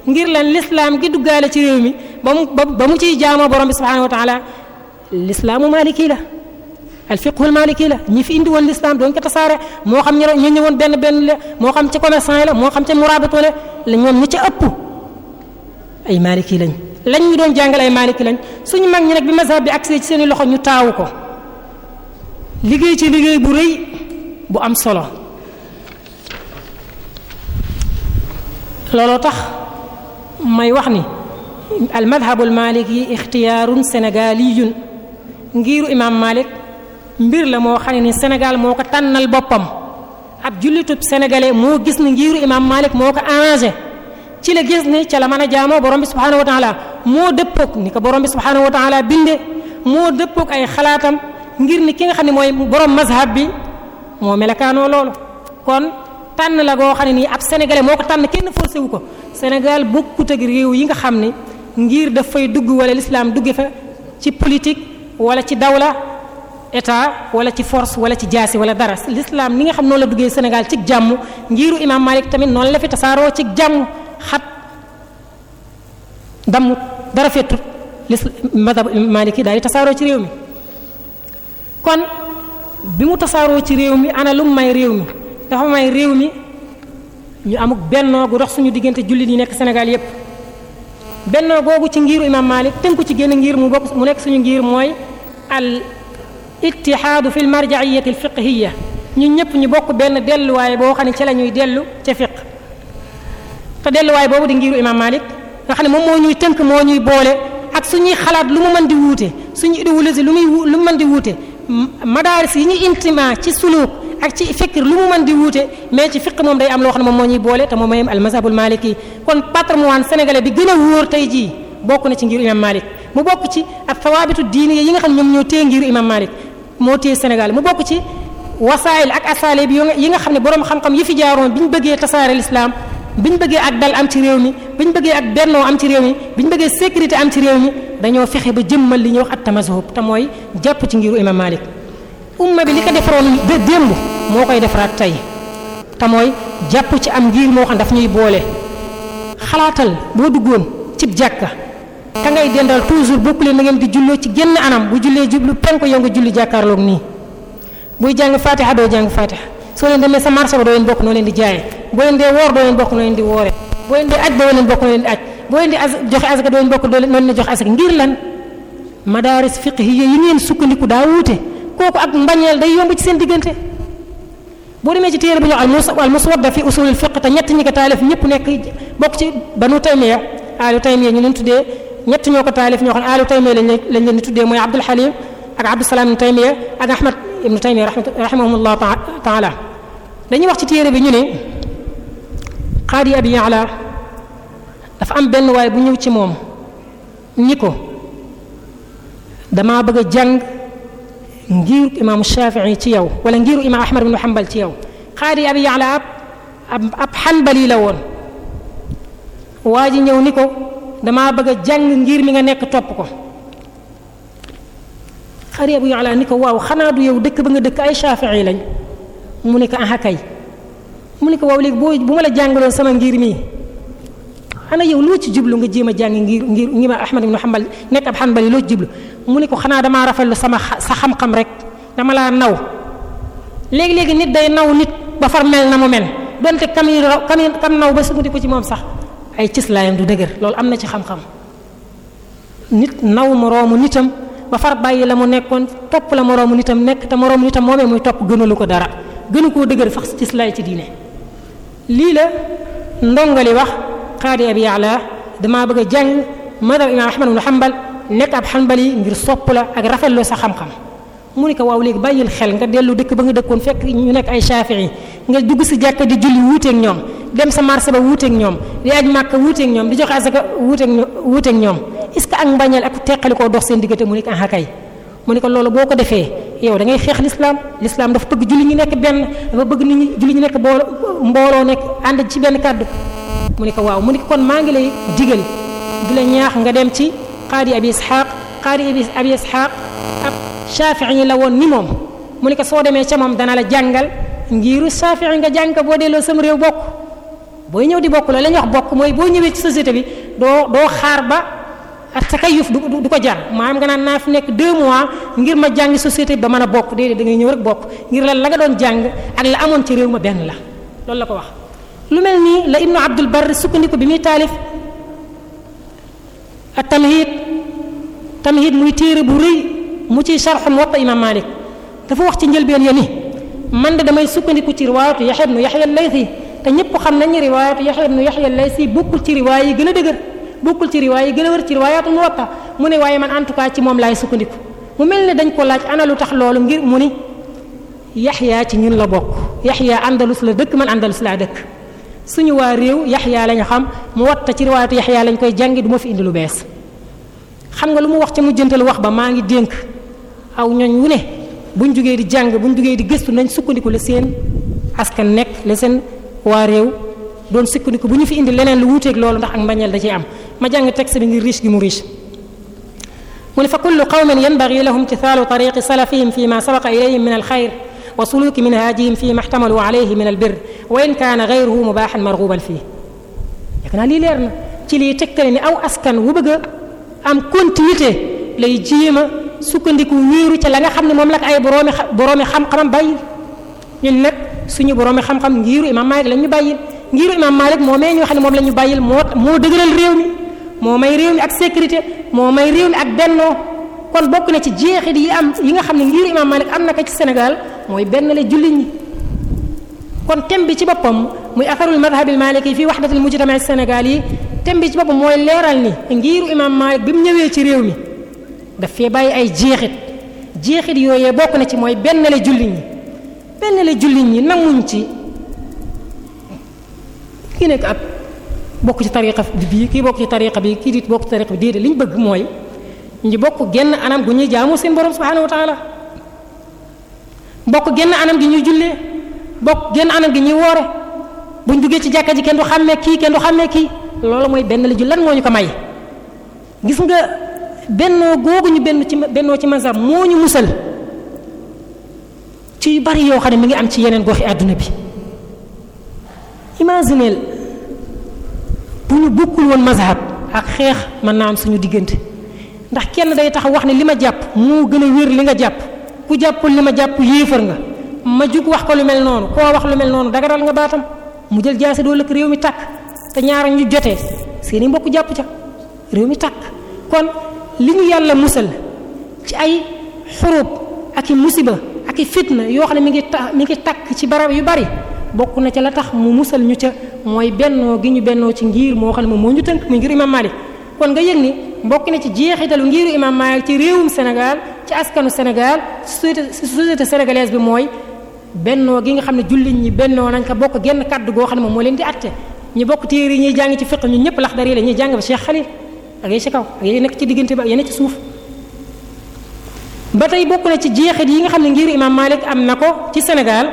ngir lan lislaam gi duggaale ci réew mi ba mu ba mu ciy jaamoo borom bi l'islaamu maliki la alfiqhul maliki la ñi fi indi woon l'islam doon moo xam ño ñu ñëwoon benn benn la moo xam ci commerçant yi la moo xam ci muraabito la ñoom ñi ci ëpp ay maliki lañ lañ ñu doon jàngal ay maliki lañ suñu mag ñi nag bi mazhab bi accès ci seen loxo ñu taaw ko liggéey ci liggéey bu rëy bu am solo looloo tax may wax ni al madhabul maliki sénégaliyun ngiiru imam Malik mbir la moo xam ne ni Sénégal moo ko tànnal boppam ab jullitub sénégalais moo gis ni ngiiru imam Malik moo ko arrangé ci la gis ne ca la mën a jaamoo borom bi subhanahu wa moo dëppoog ni ko bi subhanahu wa taala binde moo ay xalaatam ngir ni ki nga xam ne mooy borom mazhab bi moo melakaanoo loolu kon tànn la goo xam ne nii ab sénégalais moo ko tànn kenn forcé ko Sénégal bokkut réew yi nga xam ne ngir dafay dugg wala l'islam dugge fa ci politique wala ci dawla état wala ci force wala ci jaasi wala dara lislaam ni nga xam noonu la duggee Sénégal ci jàmm ngiiru imam Malik tamit noonu la fi tasaaroo ci jàmm xat damm dara fettut lis madhab Malik yi daal di tasaaroo ci réew mi kon bi mu tasaaroo ci réew mi ana lu mu may réew mi dafa may réew mi ñu amuk bennoo gu dox suñu diggante jullit yi nekk Sénégal yépp bennoo googu ci ngiiru imam malik tënku ci génn ngir mu bokk mu nekk ñu ngir mooy al ittihaadu fi l marjaiyati al fiqhiya ñun ñëpp ñu bokk benn delluwaay boo xam ne ci la ñuy dellu ca fiq te delluwaay boobu di ngiru imam malik nga xam ne moom moo ñuy tënk moo ñuy boole ak suñuy xalaat lu mu man di wuute suñu idéologie lu muy lu mu man di wuute madaaris yi ñu intima ci suluuk ak ci fikir lu mu mën di wuute mais ci fiq moom day am loo xam ne moom moo ñuy boole te moom mooy al mazhabul maliki kon patrimoine sénégalais bi gën a wóor tey jii bokk na ci ngir imam malik mu bokk ci ak thawaabitu diini yi nga xam ne ñoo téye ngir imam malik moo téye sénégal mu bokk ci wasaayil ak asaalib yi nga xam ne boroom xam-xam yi fi jaaroon bi ñu bëggee tasaare l'islam bi ñu bëggee ak dal am ci réew mi bi ñu bëggee ak bennoo am ci réew mi bi ñu bëggee sécurité am ci réew mi dañoo fexe ba jëmmal li ñuy wax at tamazhub te mooy jàpp ci ngiru imam malik umma bi li ko defaroon de démb moo koy defaraat tey te mooy jàpp ci am ngir moo xam daf ñuy boole xalaatal boo duggoon cib jàkka ka ngay dendal toujours bokkule na ngeen di jullee ci génn anam bu jullee jublu penku yow nga julli jàkkaarloog nii buy jàng faatiha doo jàng faatiha soo leen demee sa marché ba doo leen bokk noo leen di jaaye boo leen dee woor doo leen bokk noo leen di wooree boo leen dee aj doo leen bokk noo leen di aj boo leen di as joxe asaka doo leen bokk noo leen di joxe asaka ngir lan madaaris fiqhiya yi sukkandiku daa kooku ak mbañeel day yomb ci seen diggante boo demee ci téere bi ñu al muswadda fi usulil fiqh te ñett ñi ko taalif ñëpp nekk bokk ci banu taymiya aalu taymiya ñu leen tuddee ñett ñoo ko taalif ñoo xam ne aalu taymiya lañ lañ leen di tuddee mooy abdul halim ak abdusalaam ibnu taymiya ak ahmad ibnu taymiya rahimahumullahu taala dañuy wax ci téere bi ñu ne qaadi abi ya'la dafa am benn waaye bu ñëw ci moom ñi ko dama bëgg a ngiirug imaamu shaafici ci yow wala ngiiru imaam ahmad bin xambal ci yow xaadi abi yaala ab ab xanbali la woon waa ji ñëw ni ko damaa bëgg a jàng ngir mi nga nekk topp ko xaadi abi yaala ni ko waaw xanaa du yow dëkk ba nga dëkk ay shaafici lañ mu ni ko aha kay mu ni waaw léegi bu ma la jàngaloon sama ngir mii xanaa yow loo ci jublu nga jéem a jàngi ngir ngir ngir Ahmad ibn Hanbal nekk ab Hanbali loo ci mu ne ko xanaa damaa rafetlu sama sa xam-xam rek dama laa naw léegi léegi nit day naw nit ba far mel na mu mel donte kam yi kam kam naw ba sukkandiku ci moom sax ay cislaayam du dëgër loolu am na ci xam-xam nit naw moroomu nitam ba far bàyyi la mu nekkoon topp la moroomu nitam nekk te moroomu nitam moomee muy topp gënalu ko dara gënu koo dëgër sax cislaay ci diine lii la ndongali wax. qaadi abi ya'la damaa bëgg a jàng madhab imam ahmad ibn hanbal nekk ab hanbali ngir sopp la ak rafetloo sa xam-xam mu ni ko waaw léegi bàyyil xel nga dellu dëkk ba nga dëkkoon fekk ñu nekk ay shafii nga dugg si jàkka di julli wuuteeg ñoom dem sa marché ba wuuteeg ñoom di aj màkka wuuteeg ñoom di joxe asaka wuuteeg wuuteeg ñoom est ce que ak mbañeel ak teqali koo dox seen diggante mu ni ko ak kay mu ni ko loolu boo ko defee yow da ngay xeex lislaam lislaam dafa bëgg julli ñu nekk benn dafa bëgg nit ñi julli ñu nekk boolo mbooloo nekk ànd ci benn kàddu mu ne ko waaw mu ne kon maa ngi lay digal di la ñaax nga dem ci qaadi abi isxaaq qaadi abi isxaaq ab shaafi'i la woon ni moom mu ne ko soo demee ca moom dana la jàngal ngiru shaafi'i nga jàng ko boo delloo sam réew bokk booy ñëw di bokk la la ñuy wax bokk mooy boo ñëwee ci société bi doo doo xaar ba ak takayuf du du ko jar maanaam nga naan naa fi nekk deux mois ngir ma jàngi société bi ba mën a bokk déedéet da ngay ñëw rek bokk ngir la la nga doon jàng ak amoon ci réew ma benn la loolu la ko wax lu mel nii la ibnu abdul barr sukkandiku bi muy taalif ak tamhid tamhid muy téere bu rëy mu ciy sharxu muwatta imam malik dafa wax ci njëlbeen ya ni man de damay sukkandiku ci riwaayatu yaxya ibnu yaxya laysi te ñëpp xam nañu riwaayatu yaxya ibnu yaxya laysi bokkul ci riwaay yi gën a dëgër bokkul ci riwaay yi gën a wër ci riwaayatu muwatta mu ne waaye man en tout cas ci moom laay sukkandiku mu mel ne dañ ko laaj ana lu tax loolu ngir mu ni yaxya ci ñun la bokk yaxya andalus la dëkk man andalus laa dëkk suñu waa réew yaxyaa lañ xam mu wat watta ci riwaayatu yaxyaa lañ koy jàngi du fi indi lu bees xam nga lu mu wax ca mujjantal wax ba maa ngi dénk aw ñoñ wu ne buñ jógee di jàng buñ jugee di gëstu nañ sukkandiku la seen askan nekk la seen waa réew doon sukkandiku bu ñu fi indi leneen lu wuuteeg loolu ndax ak mbañeel da ciy am ma jàng texte bi ngir riche gi mu riche mu ne fa kullu qawmin yanbaghi lahum imtithaalu tariqi salafihim fi ma sabaqa ilayhim وسلوك منهاجهم فيما احتملوا عليه من البر وإن كان غيره مباحا مرغوبا فيه yaakaar naa lii leer na ci liy tegtale ni aw askan wu bëgg a am continuité lay jéem a sukkandiku wéeru ca la nga xam ne moom la ko ay boroomi boroomi xam-xamam bàyyi ñun nag suñu boroomi xam-xam ngiiru imam Malik la ñu bàyyil ngiiru imam Malik moo mee ñu xam ne moom la ñu bàyyil moo moo dëgëral réew mi moo may réew mi ak sécurité moo may réew mi ak bennoo kon bokk na ci jeexit yi am yi nga xam ne ngir imam Malik am na ko ci Sénégal mooy benn la jullit ñi kon tem bi ci boppam muy atharul madhabil maliki fii wahdatil mujtama Sénégal yi thème bi ci boppam mooy leeral ni ngiru imam Malik bi mu ñëwee ci réew mi daf fee bàyyi ay jeexit jeexit yooyee bokk na ci mooy benn la julli ñi benn la jullit ñi nanguñ ci kii nekk ab bokk ci tariqa bi kii bokk ci tariqa bi kii dit bokk ci tariqa bi déedéet bëgg mooy nji bokk genn anam gu ñuy jaamu seen borom subhanahu wa bokk genn anam gi ñuy jullee bokk genn anam gi ñuy woore buñ duggee ci jàkka ji kenn du xàmmee kii kenn du xàmmee kii loolu mooy benn la ju lan moo ñu ko may gis nga bennoo googu ñu benn ci bennoo ci mazhab moo ñu musal ci yu bari yoo xam ne mi ngi am ci yeneen goxi àdduna bi imagineel bu ñu bokkul woon mazhab ak xeex mën naa am suñu diggante ndax kenn day tax wax ne li ma jàpp moo gën a wér li nga jàpp ku jàppul li ma jàpp yéefar nga ma jug wax ko lu mel noonu koo wax lu mel noonu dagaral nga baatam mu jël jaase doo lëkk réew mi tàkk te ñaara ñu jotee seeni mbokk jàpp ca réew mi tàkk kon li ñu yàlla musal ci ay xurub ak i musiba ak i fitna yoo xam ne mi ngi ta mi ngi tàkk ci barab yu bari bokku na ca la tax mu musal ñu ca mooy bennoo gi ñu bennoo ci ngiir moo xam ne moom moo ñu tënk muy ngir imam kon nga yëg ni bokk na ci jeexitalu ngiru imam Malik ci réewum Sénégal ci askanu Sénégal ci société sénégalaise bi mooy bennoo gi nga xam ne jullit ñi bennoo nañ ko bokk genn kàddu goo xam ne moom moo leen di atte ñi bokk téere yi ñuy jàngi ci fiq ñun ñëpp lax dara la ñuy jàng ba Cheikh ci kaw ak ci diggante ba ak yéen ci suuf. tey bokk na ci jeexit yi nga xam ne ngir imam Malik am na ko ci Sénégal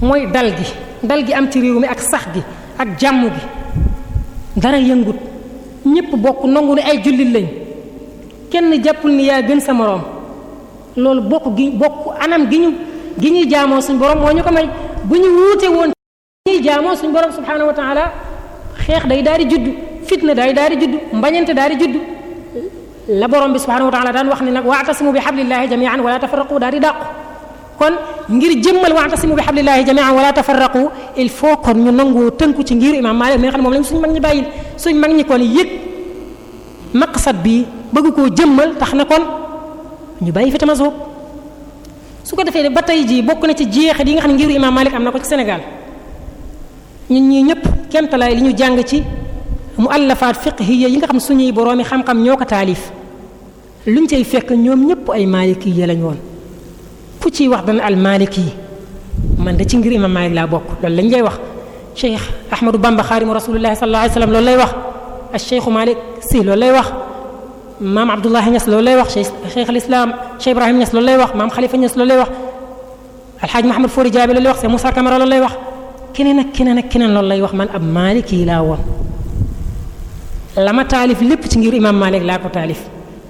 mooy dal gi dal gi am ci réew mi ak sax gi ak jàmm gi dara yëngut. ñëpp bokk nangu ne ay jullit lañ kenn jàppul ni yaa gën sa moroom loolu bokk gi bokk anam gi ñu gi ñuy jaamoo suñ borom moo ñu ko may bu ñu wuute woon ñuy jaamoo suñ borom subhaanahu wa taala xeex day daa di judd fitna day daal di judd mbañante daa di judd la borom bi subhaanahu wa taala daan wax ne nag waatasimu bi xablillahi jamian wala tafarraqu daal di dàqu kon ngir jëmmal wa'tasimu bi hablillahi jami'an wala tafarraqu il faut kon ñu nangoo tënku ci ngir imam Malik mi nga xam ne moom lañ suñ mag ñi bàyyil suñ mag ñi kon yëg maqsad bi bëgg koo jëmmal tax na kon ñu bàyyi fi tamasuub su ko defee ba tey jii bokk na ci jeexit yi nga xam ne ngiru imam Malik am na ko ci Sénégal ñun ñii ñëpp kemtalaay li ñu jàng ci mu muallafaat fiqhiyya yi nga xam suñuy boroomi xam-xam ñoo ko taalif luñ cay fekk ñoom ñëpp ay maalikiyya lañ woon ëpp ciy wax dana al malik yi man da ci ngir imam malik laa bokk loolu lañ lay wax cheikh ahmadou bamba xaarimu rasulullahi sallallahu alayhi wasallam loolu lay wax al cheikhu malik si loolu lay wax maam abdoulahi ñas loolu lay wax cheikh al islam cheikh ibrahim ñas loolu lay wax maam xalifa ñas loolu lay wax alxaaj mahamad fori jaabi loolu lay wax seen moussa camara loolu lay wax keneen ak keneen ak keneen loolu lay wax man ab malik yi laa woon la ma taalif lépp ci ngir imam malik laa ko taalif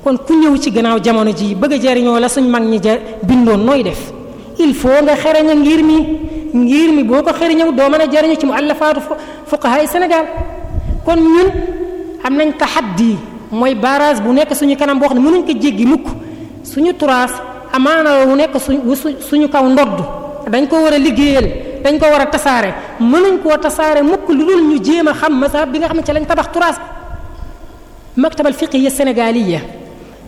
kon ku ñëw ci gannaaw jamono ji bëgg a jariñoo la suñ mag ñi ja bindoon nooy def il faut nga xereñ a ngir mi ngir mi boo ko xereñaw doo mën a jariñu ci mu àllafaatu fuqahaay Sénégal kon ñun am nañ taxaddi mooy barrage bu nekk suñu kanam boo xam ne mënuñ ko jéggi mukk suñu turaas amaana wu nekk suñu suñu kaw ndodd dañ koo war a liggéeyal dañ ko war a tasaare mënuñ koo tasaare mukk lu dul ñu jéem a xam mazhab bi nga xam ne ci lañ tabax turaas maktabal fiqhiyya sénégaliya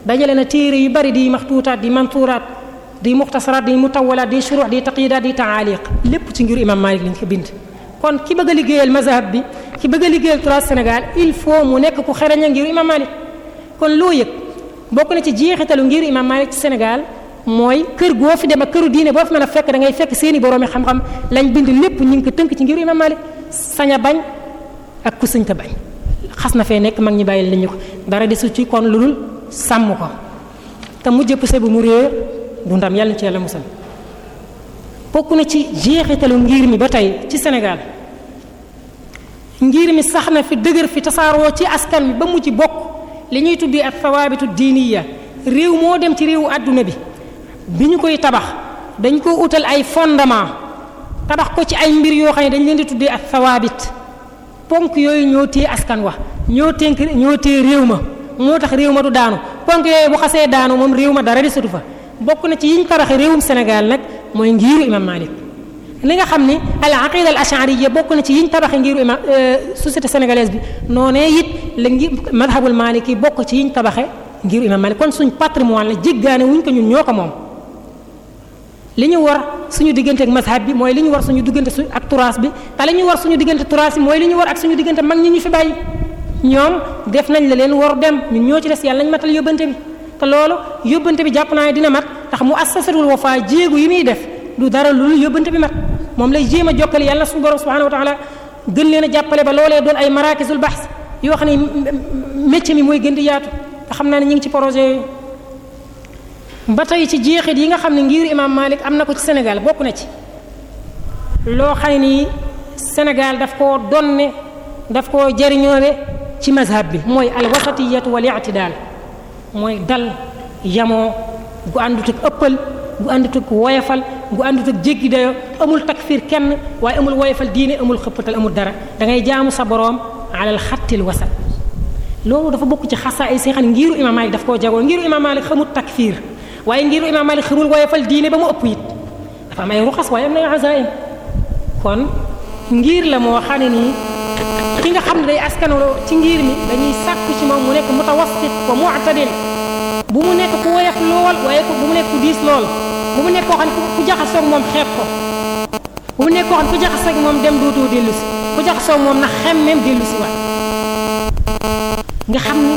dajale na téere yu bari di maxtuutaat di mantuuraat di muxtasaraat di mutawalaat di shuruux di taqiidaat di taaliq lépp ci ngir imam Malik lañ ko bind kon ki bëgg a liggéeyal mazhab bi ki bëgg a liggéeyal trois Sénégal il faut mu nekk ku xereñ a ngir imam Malik kon loo yëg bokk na ci jeexitalu ngir imam Malik ci Sénégal mooy kër goo fi dem a këru diine boo fi mën a fekk da ngay fekk seeni boroomi xam-xam lañ bind lépp ñu ngi ko tënk ci ngir imam Malik sañ a bañ ak ku sëñ ta bañ na fee nekk mag ñi bàyyil nañu ko sàmm ko te mu jëpp se mu réer du ndam yàlla ci yàlla musal bokk na ci jeexitalu ngir mi ba tey ci senegal ngir mi sax na fi dëgër fi tasaaroo ci askan bi ba mu ci bokk li ñuy tuddee ak thawaabitu diiniya réew moo dem ci réewu àdduna bi bi ñu koy tabax dañ ko utal ay fondement tabax ko ci ay mbir yoo xam ne dañ leen di tuddee ak thawaabit ponk yooyu ñoo téye askan wa ñoo tënk ñoo téye réew ma moo tax réew ma du daanu ponk yooyu bu xasee daanu moom réew ma dara desatu fa bokk na ci ñu tabaxe réewum Sénégal nag mooy ngiiru imam Malik li nga xam ni al aqida al ashariya bokk na ci yiñ tabaxe ngiru imam euh, société sénégalaise bi noonee it la ngi madhabul maliki yi bokk ci yiñ tabaxe ngiru imam Malik kon suñ patrimoine la jéggaane wuñ ko ñun ñoo ko moom li ñu war suñu diggante ak mazhab bi mooy li ñu war suñu diggante su ak turaas bi te li ñu war suñu diggante turaas bi mooy li ñu war ak suñu diggante mag ñi ñu fi bàyyi ñoom def nañ la leen war dem ñun ñoo ci des yàlla nañ matal yóbbante bi te loolu yóbbante bi jàpp naa ne dina mat tax mu assasatul wafa jéegu yi muy def du dara lu yóbbante bi mat moom lay jéem a jokkale yàlla suñu borom subhanahu wa taala gën leen a jàppale ba loolee doon ay marakisul bahs yoo xam ne métier mi mooy gën di yaatu xam naa ne ñu ngi ci projet ba tey ci jeexit yi nga xam ne ngir imam Malik am na ko ci Sénégal bokk na ci loo xam ni nii Sénégal daf koo donne daf koo jariñoowe ci mazhab bi mooy alwasatiyatu wal i'tidaal mooy dal yamoo gu àndut ak ëppal gu àndut ak woyafal gu àndut ak jéggi dayo amul takfir kenn waaye amul woyafal diine amul xëppatal amul dara dangay jaamu sa borom alal xattil wasat loolu dafa bokk ci xasaa ay seexan ngiru imaam Maalik daf koo jagoo ngiru imaam Maalik xamul takfir waaye ngiru imaam Maalik xamul woyafal diine ba mu ëpp it dafa am ay ruxas waaye am na ay azaim kon ngir la moo ki nga xam ne day askanoo ci ngiir mi dañuy sàkku ci moom mu nekk mutawassit wa mu'tadil bu mu nekk ku woyof lool waaye bu mu nekk ku diis lool bu mu nekk koo xam ku jaxasoo moom xeeb ko bu mu nekk moom dem duutuu dellu si ku jaxasoo moom na xemmem dellu si waat nga xam ni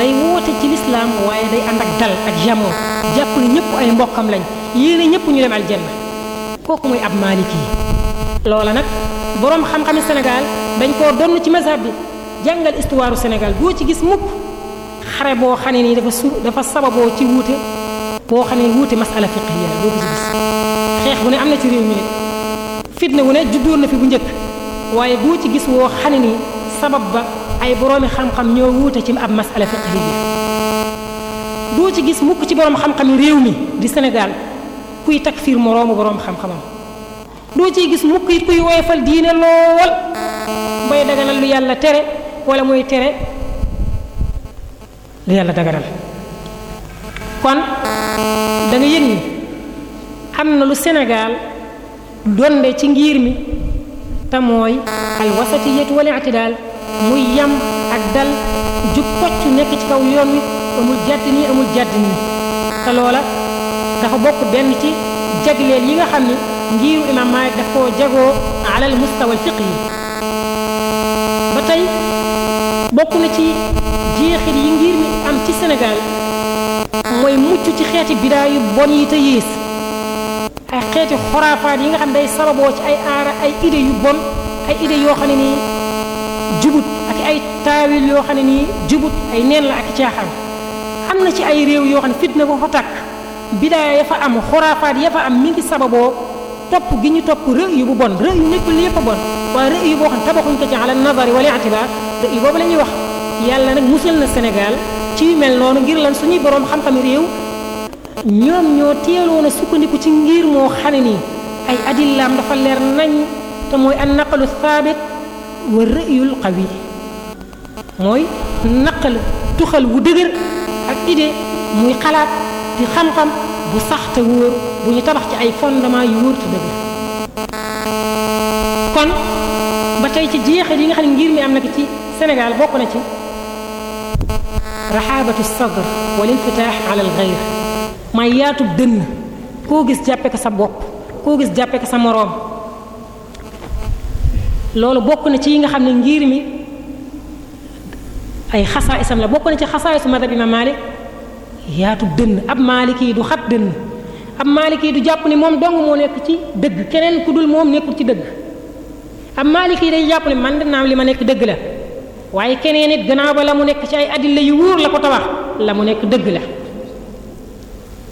day woote ci lislaam waaye day ànd ak dal ak jamoo jàpp ni ñëpp ay mbokkam lañ yéene ñëpp ñu dem aljanna kooku mooy ab maaliki yi loola nag borom xam-xami Sénégal dañ koo donn ci mazhab bi jàngal histoire Sénégal doo ci gis mukk xare boo xam ne nii dafa su dafa sababoo ci wuute boo xane ne wuute masala fiqhiya la doo ci gis xeex ne am na ci réew mi ne fitna wu ne juddoon na fi bu njëkk waaye doo ci gis woo xam ne nii ba ay boroomi xam-xam ñoo wuute ci ab masala ci gis mukk ci borom xam-xam réew mi di Sénégal kuy takfiir moroomu borom xam-xamam. doo ciy gis mukk it kuy woyofal diine lool bay daganal lu yàlla tere wala mooy tere lu yàlla daganal kon da nga yëg ni am na lu senegaal donde ci ngir mi te mooy al wasatiyatu wal i'tidal muy yam ak dal ju pocc nekk ci kaw yoon wi amul jàdd nii amul jàdd nii te loola dafa bokk benn ci jagleel yi nga xam ni ngiiru imam Malik daf koo jagoo alal mustawa yi ba tey bokk na ci jeexit yi ngir mi am ci Sénégal mooy mucc ci xeeti bidaa yu bon yi te yées ay xeeti xoraafaat yi nga xam day sababoo ci ay aara ay idées yu bon ay idées yoo xam ne nii jubut ak ay taawil yoo xam ne nii jubut ay nen la ak caaxaan am na ci ay réew yoo xam ne fitna ba fa tàkk bidaa ya fa am xoraafaat ya fa am mi ngi sababoo topp gi ñu topp rëyu bu bon rëyu nekkul yëpp a bon waaye rëyu boo xam tabaxuñ ko ci ala nadari wala itibar rëyu boobu la ñuy wax yàlla nag musal na senegaal ci mel noonu ngir lan suñuy borom xam-xami réew ñoom ñoo teeloon a sukkandiku ci ngir moo xam ne nii ay adillaam dafa leer nañ te mooy an naqalu thabit wa rëyul qawi mooy naqal tuxal wu dëgër ak idée muy xalaat di xam-xam bu sax te wóor bu ñu tabax ci ay fondement yu wóor te dëgg kon ba tey ci jeexal yi nga xam ne ngir mi am na ci Sénégal bokk na ci raxaabatu sadr wal infitaax ala may yaatub dënn koo gis jàppe ko sa bopp koo gis jàppe ko sa moroom loolu bokk na ci yi nga xam ne ngir mi ay xasaa isam la bokk na ci xasaa isu madhab imam Malik yaatu dënn ab maaliki du xat dënn ab maaliki du jàpp ni moom dong moo nekk ci dëgg keneen ku dul moom nekkul ci dëgg ab maaliki day jàpp ne man naam li ma nekk dëgg la waaye keneen it gannaaw ba la mu nekk ci ay adilla yu wóor la ko tabax la mu nekk dëgg la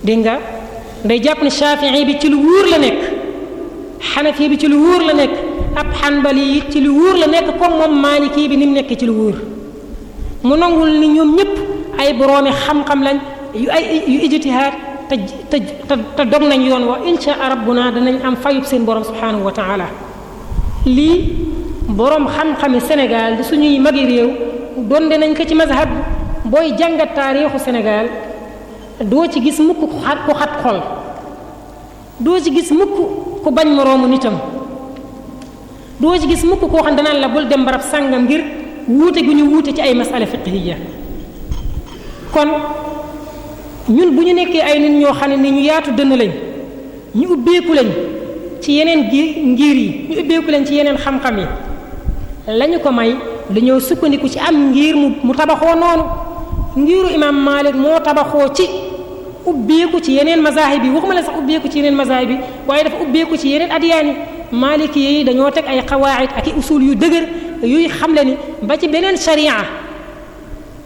dégg nga day jàpp ne shafii bi ci lu wóor la nekk xanafi bi ci lu wóor la nekk ab ci lu wóor la nekk comme moom maaliki bi ni mu nekk ci lu wóor mu nangul ni ñoom ñëpp ay boroomi xam-xam lañ yu ay yu ijtihaad te te te dog nañ yoon wa insha rabbuna danañ am fayub seen borom subhanahu wa taala lii boroom xam-xami Sénégal di suñuy magi réew donde nañ ko ci mazhab booy jàngat taarixu Sénégal doo ci gis mukk ku xat ku xat xol doo ci gis mukk ku bañ moroomu nitam doo ci gis mukk koo xam danañ la bul dem barab sàngam ngir wuute gu ñu wuute ci ay masala fiqhiyya kon ñun bu ñu nekkee ay nit ñoo xam ne ni ñu yaatu dënn lañ ñu ubbeeku lañ ci yeneen ngir yi ñu ubbeeku lañ ci yeneen xam-xam yi lañu ko may dañoo sukkandiku ci am ngir mu mu tabaxoo noonu ngiru imam Malik moo tabaxoo ci ubbeeku ci yeneen mazahib yi waxuma la sax ubbeeku ci yeneen mazahib yi waaye dafa ubbeeku ci yeneen adiyaan yi maliki yi dañoo teg ay xawaayit ak i usul yu dëgër yuy xamle ni ba ci beneen sharia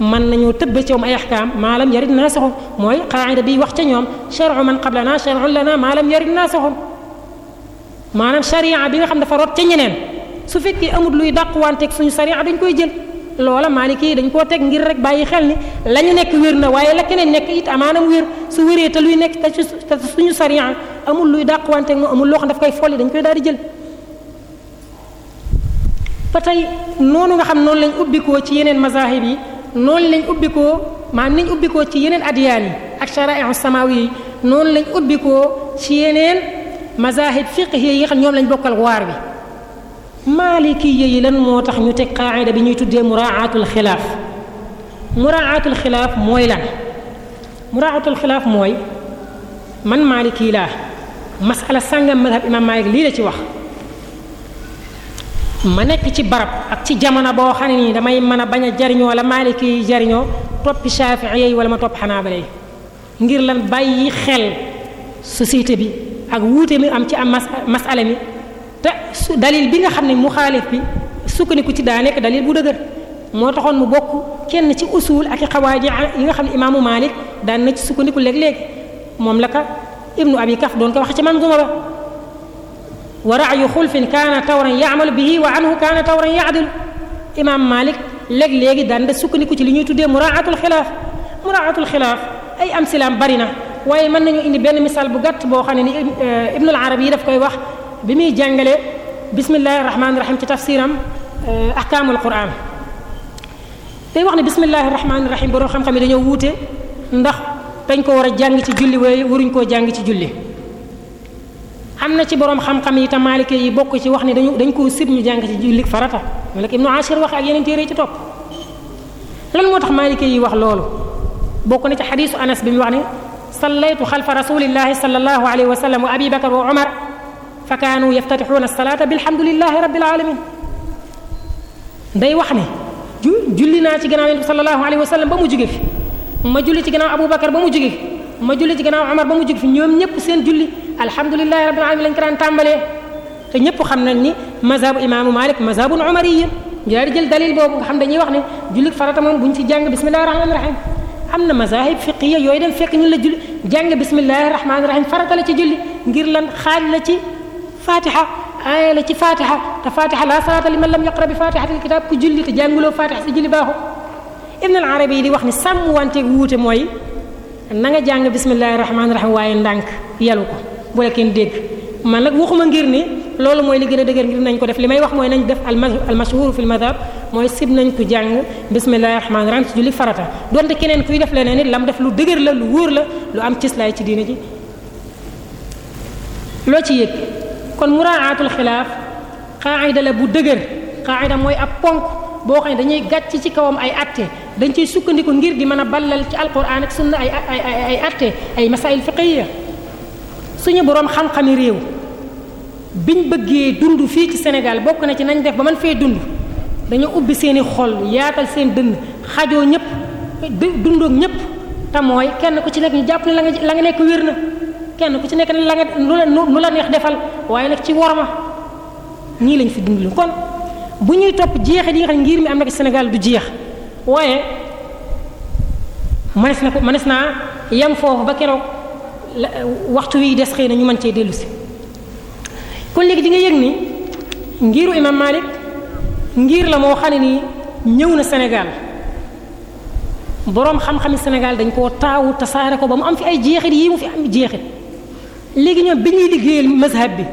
mën nañoo tëbbe ci moom ay ahkaam maalam yarit naa soxu mooy qaida bi wax ca ñoom charu man qablana charu lana maalam yarit naa soxu maanaam charia bi nga xam dafa rot ca ñeneen su fekkee amul luy dàquwanteeg suñu charia dañ koy jël loola maaliki yi dañ koo teg ngir rek bàyyi xel ni la ñu nekk wér na waaye la keneen nekk it amaanam wér su wéree te luy nekk te suñu charia amul luy dàquwanteeg moom amul loo xam daf koy folli dañ koy daal di jël ba tey noonu nga xam noonu lañ ubbikoo ci yeneen mazahib yi noonu lañ ubbikoo maanaam niñ ubbikoo ci yeneen adiyaan ak sharaa'u samaawi yi noonu lañ ubbikoo ci yeneen mazahib fiqhi yi nga ñoom lañ bokkal waar bi maalikiye yi lan moo tax ñu teg qaacida bi ñuy tuddee muraatul xilaaf muraatul xilaaf mooy lan muraatul xilaaf mooy man maaliki laa masala sàngam madhab imam maalik lii la ci wax ma nekk ci barab ak ci jamono boo xam ne nii damay man a bañ a jariñoo la maaliki yi jariñoo toppi shafii yi wala ma topp xanaabala yi ngir lan bàyyi xel société bi ak wuute mi am ci am masala mi te su dalil bi nga xam ne muxaalif bi sukkandiku ci daa nekk dalil bu dëgër moo taxoon mu bokk kenn ci usul ak i xawaaji yi nga xam ne imaamu Maalik daan na ci sukkandiku léeg-léeg moom la ka ibnu abi kaf doon ko wax ci man guma ba wa rayu xulfin kaana tawran yaamalu bihi wa anhu kaana tawran yaadilu imam malik léeg-léegi daan de sukkandiku ci li ñuy tuddee muraatul xilaaf muraatul ay am silaam bari na waaye mën nañu indi benn misaal bu gàtt boo xam ne ni ibnul arabi yi daf koy wax bi muy jàngale bismillahi rahmaani rahim ci tafsiram ahkaamul quran day wax ne bismillahi rahmaani rahim borom xam-xam yi dañoo wuute ndax dañ ko war a jàng ci julli waaye waruñ koo jàng ci julli am na ci borom xam-xam yi te maalike yi bokk ci wax ni dañu dañ koo sib ñu jàng ci jullik farata loolu ibnu Ashir wax ak yeneen téere ci topp lan moo tax maalike yi wax loolu bokk na ci xadiisu anas bi mu wax ne sallaytu xalfa rasulillahi sallallahu alayhi wa sallam wa abi bakar wa umar fa kaanu yaftatixuuna alsalaata day wax ne julli naa ci gannaaw yonent bi sallallahu ba mu jóge ma julli ci gannaaw abou bakar ba mu jóge ma julli ci gannaaw Omar ba mu jóg fi ñoom ñëpp seen julli alhamdulilahi rabbil alamin lañ ko daan tàmbalee te ñëpp xam nañ ni mazhabu imaamu Malik mazhabun omariyin ñu daal di jël dalil boobu nga xam dañuy wax ne julli farata moom buñ ci jàng bismillahi rahmaani rahim am na mazahib fiqiya yooyu dem fekk la julli jàng bismillahi rahmaani rahim farata la ci julli ngir lan xaaj la ci fatiha aaya la ci fatiha te fatiha la salaata liman lam yaqra bi fatihatil kitab ku julli te jànguloo fatiha si julli baaxu ibn al arabi yi di wax ni sàmm wante wuute mooy na nga jàng bismillahi rahmaani rahim waaye ndànk yalu ko bu la kenn dégg man nag waxuma ngir ni loolu mooy li gën a dëgër ngir nañ ko def li may wax mooy nañ def al mashhur fil madhab mooy sib nañ ko jàng bismillahi rahmaani rahim ci julli farata donte keneen kuy def leneen it lam def lu dëgër la lu wóor la lu am cislaay ci diina ji loo ci yëg kon muraatul xilaaf xaaida la bu dëgër xaaida mooy ab ponk boo xam ne dañuy gàcc ci kawam ay atte dañ ciy sukkandiku ngir di mën a ballal ci alquran ak sunna ay ay ay atte ay masail fiqhiya suñu boroom xam-xami réew biñ bëggee dund fii ci Sénégal bokk na ci nañ def ba man fee dund dañoo ubbi seeni xol yaatal seen dënn xajoo ñëpp dundoog ñëpp te mooy kenn ku ci nekk ñu jàpp ne la nga nekk wér na kenn ku ci nekk ne la nga nu la neex defal waaye nag ci worma ñii lañ fi dund kon bu ñuy topp jeexe yi xam ngir mi am na ci Sénégal du jeex waaye mënees na ko mënees naa yem foofu ba kenoog waxtu wi des xëy na ñu mën cee dellusi si kon léegi di nga yëg ni ngiru imam Malik ngiir la moo xam ne ñëw na Sénégal boroom xam-xami Sénégal dañ koo taawu tasaare ko ba mu am fi ay jeexit yii mu fi am jeexit léegi ñoom bi ñuy liggéeyal mazhab bi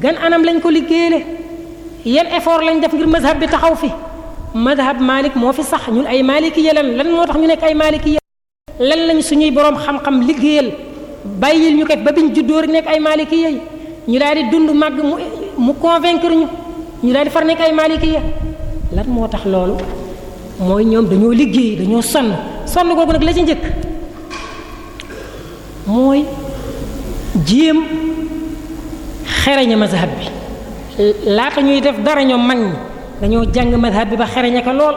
gan anam lañ ko liggéeyale yan effort lañ def ngir mazhab bi taxaw fi madhab malik moo fi sax ñun ay maliki yelan lan moo tax ñu nekk ay maliki yelan lan lañ suñuy boroom xam-xam liggéeyal bàyyil ñu kat ba biñ juddoo rek nekk ay maliki yey ñu daal di dund màgg mu mu convaincre ñu ñu daal di far nekk ay maliki ya lan moo tax loolu mooy ñoom dañoo liggéey dañoo sonn sonn googu nag la ci njëkk mooy jéem xereña mazhab bi laata ñuy def dara ñoom mag ñi dañoo jàng madhab bi ba xereñe ko lool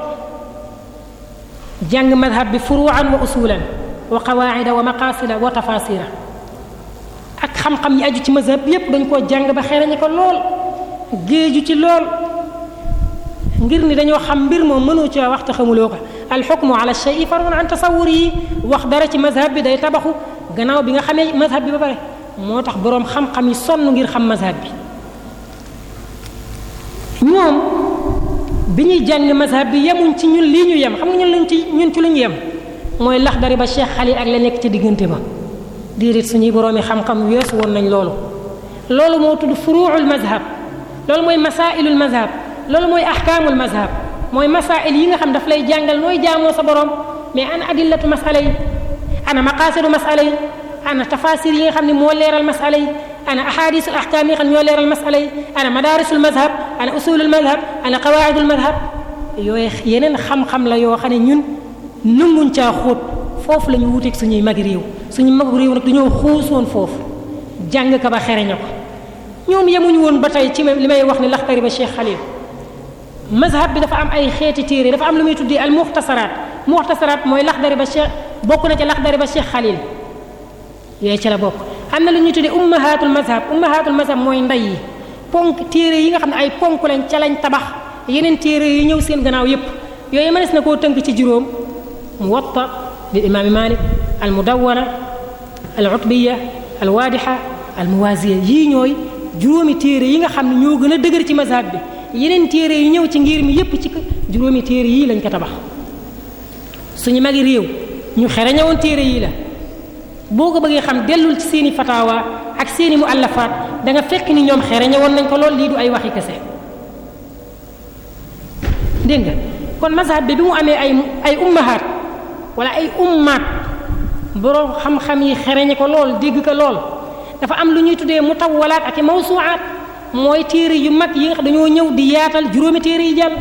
jàng madhab bi furuan wa usulan wa qawaida wa maqasida wa tafasira ak xam-xam yi aju ci mazhab yépp dañ koo jàng ba xereñe ko lool géeju ci lool ngir ni dañoo xam mbir moom mënoo ci wax te xamuloo ko alxukmu ala shay'i far'un an tasawur yi wax dara ci mazhab bi day tabaxu gannaaw bi nga xamee mazhab bi ba pare moo tax boroom xam-xam yi sonn ngir xam mazhab bi ñoom bi ñuy jàng mazhab bi yemuñ ci ñun lii ñu yem xam nga ñun lañ ci ñun ci lu ñu yem mooy lax dari ba Cheikh Xali ak la nekk ci diggante ba diirit suñuy boroomi xam-xam weesu woon nañ loolu loolu moo tudd furuul mazhab loolu mooy masaailul mazhab loolu mooy ahkaamul mazhab mooy masail yi nga xam daf lay jàngal nooy jaamoo sa borom mais ana adillatu masala yi ana maqaasidu masala yi ana tafasir yi nga xam ne moo leeral masala yi ana ahadis al ahkaam yi xam ñoo leeral masala yi ana madaarisul mazhab ana usulul mazhab ana qawaidul mazhab yooy yeneen xam-xam la yoo xam ne ñun nanguñ ca xóot foofu lañu ñu wuteeg suñuy magi réew suñu mag réew nag dañoo xuusoon foofu jàng ko ba xereña ko ñoom yemuñu woon ba tey ci li may wax ne laxtari ba Cheikh Khalil mazhab bi dafa am ay xeeti téere dafa am lu muy tuddee al muxtasaraat muxtasaraat mooy laxdari ba Cheikh bokk na ca laxdari ba Cheikh Khalil yooyu ca la am na lu ñuy tuddee ummahatul mazhab ummahatul mazhab mooy ndey yi ponk téere yi nga xam ne ay ponk lañ ca lañ tabax yeneen téere yi ñëw seen gannaaw yépp yooyu mënees na koo tënk ci juróom muwatta bi imaami malik al mudawwana al utbiya al waadixa al muwaziya yii ñooy juróomi téere yi nga xam ne ñoo gën a dëgër ci mazhab bi yeneen téere yi ñëw ci ngir mi yépp ci juróomi téere yii lañ ko tabax suñu magi réew ñu xere ñëwoon téere yi la boo ko bëggee xam dellul ci seeni fataawa ak seeni mu àllafaat danga nga fekk ni ñoom xereñe woon nañ ko lool lii du ay waxi kese dégg kon mazhab bi bi mu amee ay ay ummahaat wala ay ummaat boroom xam-xam yi xereñe ko lool dégg ko lool dafa am lu ñuy tuddee mu taw mutawalaat ak i mawsuwaat mooy téere yu mag yi nga dañoo ñëw di yaatal juróomi téere yi jàll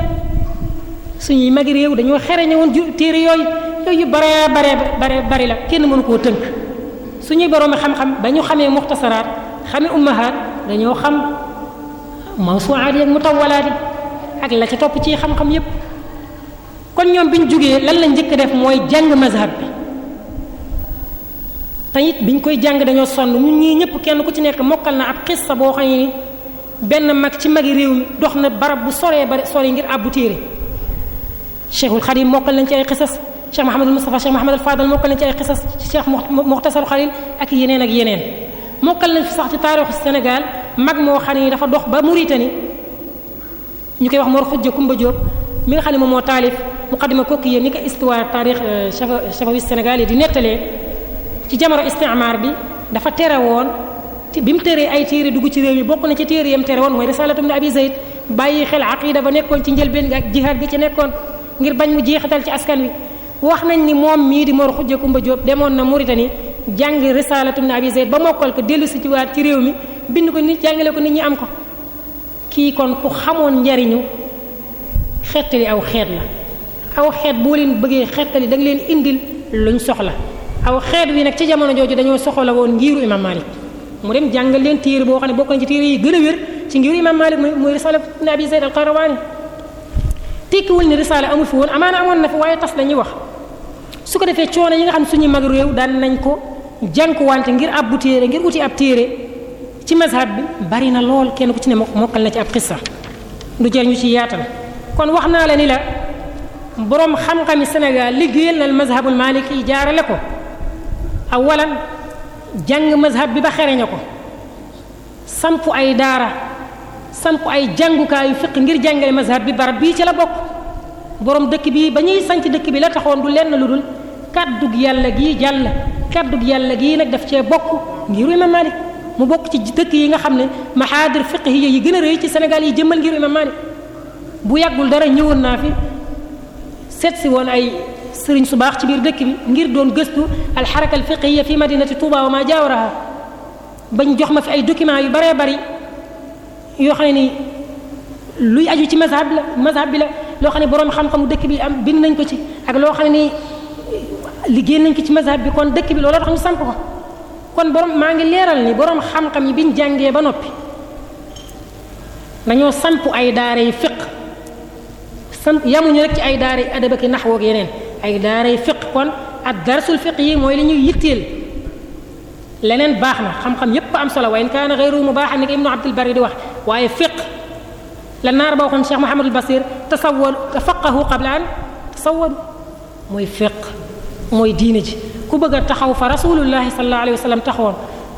suñuy magi réew dañoo xereñe woon ju yooyu yooyu yu bare bare bare bari la kenn mënu koo tënk ñuy boroomi xam-xam ba ñu xamee muxtasaraat xamee ummahaat dañoo xam mawsuaat yi ak mutawalaat yi ak la ca topp ci xam-xam yépp kon ñoom bi ñu jógee lan la njëkk def mooy jàng mazhab bi tayit biñ koy jàng dañoo sonn ñun ñii ñëpp kenn ku ci nekk mokkal na ab xissa boo xam ne benn mag ci magi réew mi dox na barab bu soree bari sore ngir àbbu téere Cheikhul Xadim mokkal nañ ci ay xisas Cheikh Mouhamadul Moustapha Cheikh Mouhamadul Fadal mokkal nañ ci ay xisas ci Cheikh Muxtasar Xalil ak yeneen ak yeneen mokkal nañ fi sax ci taarixu Sénégal mag moo xam ne dafa dox ba Mauritanie ñu koy wax Mor Xujja Kumba Diop mi nga xam ne moom moo taalif muqaddima kokki yéen ni ko histoire taarix euh, chafawi Sénégal yi di nettalee ci jamono istimaar bi dafa tere woon bi mu teree ay téere dugg ci réew mi bokk na ci téere yam tere woon mooy risalatum ne abi yi bàyyi xel aqida ba nekkoon ci njëlbeen gi ak jihaad gi ci nekkoon ngir bañ mu jeexital ci askan wi wax nañ ni moom mii di Mor Xujja Kumba Jóob demoon na Mauritanie jàng risaalatu Ibn Abi Zayd ba mokkal ko dellu si ci waat ci réew mi bind ko nit jàngale ko nit ñi am ko kii kon ku xamoon njariñu xettali aw xeet la aw xeet boo leen bëggee xettali da nga leen indil luñ soxla aw xeet wi nag ci jamono jooju dañoo soxla woon ngiiru Imam Malik mu dem jàngal leen téere boo xam ne bokk na ci téere yi gën a wér ci ngiru Imam Malik muy risaalatu ni risaala amul fi woon amaana na waaye tas lañuy wax su ko defee coono yi nga xam suñu mag réew daan nañ ko jànkuwante ngir ab bu téere ngir uti ab téere ci mazhab bi bari na lool kenn ku ci ne mokkal na ci ab xissa du jar ñu ci yaatal kon wax naa la ni la boroom xam-xami Sénégal liggéeyal na mazhabul maliki jaarale ko awalan jàng mazhab bi ba xereña ko samp ay daara samp ay jàngukaayu fiq ngir jàngale mazhab bi barab bii ci la bokk borom dëkk bi ba ñuy sanc dëkk bi la taxoon du lenn lu dul kàddug yàlla gii jàll kàddug yàlla gii nag daf cee bokk ngiru imam Malik mu bokk ci dëkk yi nga xam ne mahaadir fiqhiya yi gën a rëy ci senegal yi jëmmal ngiru imam Malik bu yàggul dara ñëwoon naa fi seet si woon ay sëriñ su baax ci biir dëkk bi ngir doon gëstu alxaraka alfiqiya fi madinati Touba wa ma jaawaraha bañ jox ma fi ay documents yu baree bari yoo xam ni luy aju ci mazhab la mazhab bi la loo xam ne boroom xam-xamu dëkk bi am bind nañ ko ci ak loo liggéey nañ ko ci mazhab bi kon dëkk bi looloo tax ñu samp kon borom maa ngi leeral ni borom xam-xam yi biñ jàngee ba noppi dañoo samp ay daara yi fiq samp yamuñu rek ci ay daara yi adab ak naxwu yeneen ay daara yi fiq kon ak darasul fiq yi mooy li ñuy yitteel leneen baax na xam-xam yépp am solo wayn kaana xeyru mu baax ni ko ibnu abdul bari di wax waaye fiq la naar ba waxoon cheikh mohamadul basir tasawwal tafaqahu qabla an tasawwal mooy fiq mooy diine ji ku bëgg taxaw fa rasulullahi sallallahu alayhi wa taxawoon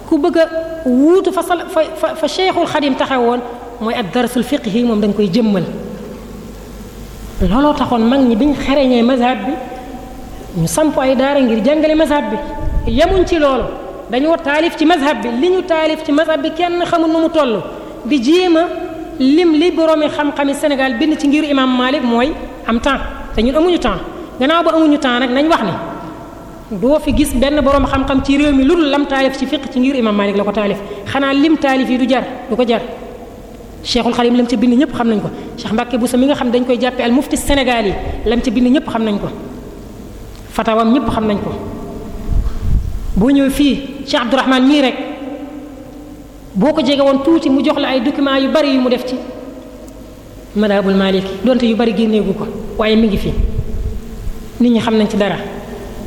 ku bëgg a fa fa fa fa cheikhul xadim mooy ad darasul fiqhi moom dañ koy jëmmal looloo taxoon mag ñi biñ xereñee mazhab bi ñu samp ay daara ngir jàngale mazhab bi yemuñ ci loolu dañoo taalif ci mazhab bi li ñu taalif ci mazhab bi kenn xamul nu mu toll di jéem a lim li boroomi xam-xami Sénégal bind ci ngir imam Malik mooy am temps dañu ñun amuñu temps gannaaw ba amuñu temps rek nañ wax ni doo fi gis benn boroom xam-xam ci réew mi lu dul lam taalif ci fiq ci ngir imam Malik la ko taalif xanaa lim taalif yi du jar du ko jar cheikhul xalim lam ca bind ñëpp xam nañ ko Cheikh Mbacke Bousso mi nga xam dañ koy jàppe al mufti Sénégal yi ca bind ñëpp xam nañ ko fatawam ñëpp xam nañ ko boo ñëwee fii Cheikh Abdourahmane mii rek boo ko jege woon tuuti mu jox la ay documents yu bari yu mu def ci madhabul maliki donte yu bari génneegu ko waaye mi ngi fi nit ñi xam nañ ci dara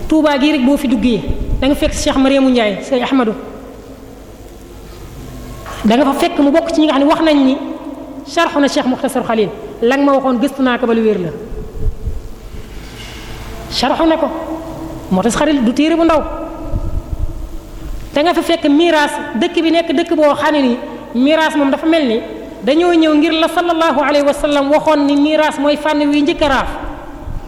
tuubaa gii rek boo fi duggee danga fekk Cheikh Mariamu Ndiaye sëñ Ahmadou da nga fa fekk mu bokk ci ñi nga xam ne wax nañ ni sharxu na Cheikh Muxtasar Xalil la nga ma waxoon gëstu naa ko ba lu wér la sharxu na ko Muxtasar du téere bu ndaw da nga fekk miraas dëkk bi nekk dëkk boo xam ne ni miraas moom dafa mel ni dañoo ñëw ngir la sallallahu alayhi wa sallam waxoon ni miraas mooy fànn wi njëkk a raaf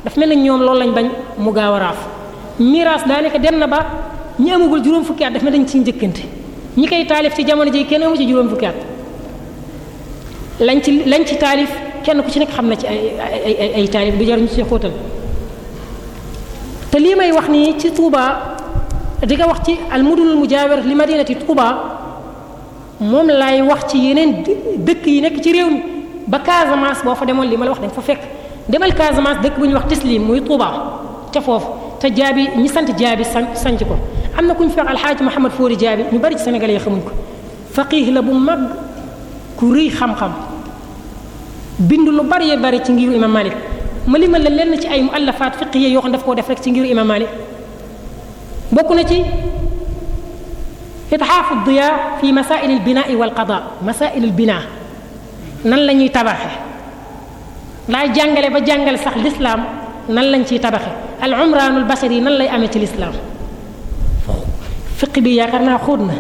dafa mel ni ñoom loolu lañ bañ mu gaaw a raaf miraas daanaka dem na ba ñi amagul juróom fukki at daf na dañ ciy njëkkante ñi koy taalif ci jamono ji kenn amu ci juróom fukki lañ ci lañ ci taalif kenn ku ci nekk xam na ci ay ay ay taalif du jar ñu ci xóotal te lii may wax nii ci Touba di ko wax ci almudunul mujaawir li ma madinati Touba moom laay wax ci yeneen dëkk yi nekk ci réew mi ba Casamance boo fa demoon li ma la wax dañ fa fekk demal Casamance dëkk bu ñuy wax Tislim muy Touba ca foofu. te jaabi ñi sant jaabi san sanc ko am na ku ñu feex alxaaji Mouhamad Fori jaabi ñu bari ci sénégalais yi xamuñ ko faqiih la bu mag ku rëy xam-xam bind lu bari bari ci ngiru imam Malik ma limal la lenn ci ay muallafaat fiqhiya yoo xam daf koo def rek ci ngiru imam Malik bokk na ci itxaafu diya fi masail al binaa wal qada masail al binaa nan la ñuy tabaxe daa jàngale ba jàngale sax lislaam nan lañ ciy tabaxe al umraanul bashar yi nan lay amee ci lislaam fiq bi yaakaar naa xóot na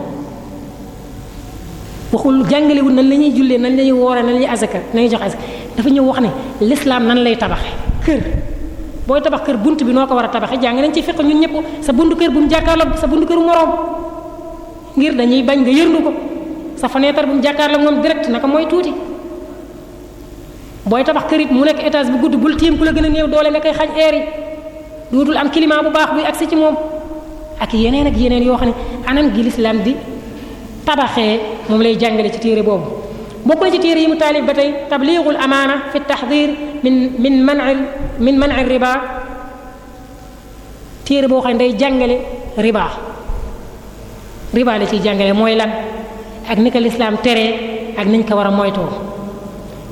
waxul jàngalewul nan la ñuy nan la ñuy woore nan la ñuy azaka nan la ñuy joxe azaka dafa ñëw wax ne lislaam nan lay tabaxe kër booy tabax kër bunt bi noo ko war a tabaxe jàng nañ ci fiq ñun ñëpp sa buntu kër bu mu jàkkaarloo sa buntu këru moroom ngir dañuy bañ nga yërndu ko sa fenêtre bu mu jàkkaarloo moom direct naka mooy tuuti booy tabax kër mu nekk étage bu gudd bul tiim ku la gën a néew doole nga koy xañ dootul am climat bu baax buy agsi ci moom ak yeneen ak yeneen yoo xam ne anam gi lislaam di tabaxee moom lay jàngale ci téere boobu bokk na ci téere yi mu taalif ba tey tabliigul amaana fi taxdir min min manil min manil riba téere boo xam ne day jàngale riba riba la ciy jàngale mooy lan ak ni ko lislaam teree ak niñ ko war a moytoo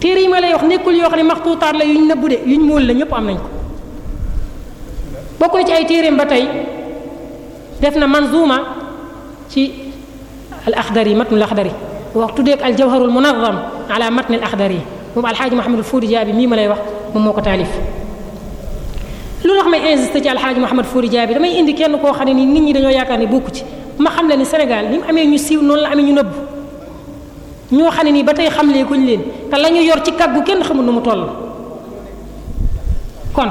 téere yi ma lay wax nekkul yoo xam ne maxtuutaat la yuñ nëbbu de yuñ móol la ñëpp am nañ ko bokk ci ay téeréem ba tey def na manzuma ci al axdari matnul axdari wax tuddeeg al jawharul munazam ala matnil axdari moom alxaaji Mouhamadou Foudi Jaabi mii ma lay wax moom moo ko taalif lu tax may insisté ci alxaaji Mouhamadou Foudi Jaabi damay indi kenn koo xam ne ni nit ñi dañoo yaakaar ne bokku ci ma xam le ni Sénégal ni mu amee ñu siiw noonu la amee ñu nëbb ñoo xam ne nii ba tey xam xamleekuñ leen te lañu yor ci kàggu kenn xamul nu mu toll kon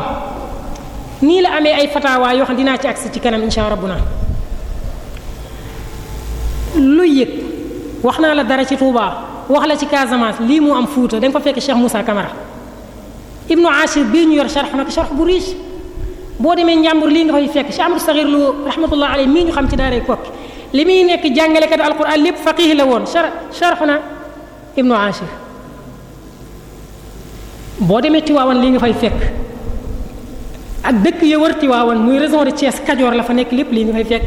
nii la amee ay fatawaa yoo xam dinaa ci agsi ci kanam insha rabbuna luy yëg wax naa la dara ci Touba wax la ci Casamance lii mu am Fuuta da nga fa fekk Cheikh Moussa Camara Ibnu Achir bii ñu yor sharx nag sharx bu riche boo demee njàmbur lii nga fay fekk Cheikh Amadou Saxir Lo rahmatullah alayhi mii ñu xam ci daaray li nekk jàngalekatu alquran lépp faqih la woon shar sharx na Ibnu Achir boo demee Tiwaawan lii nga fay fekk. ak dëkk ya wër Tiwaawan muy raison de Thiès Kajoor la fa nekk lépp li nga fay fekk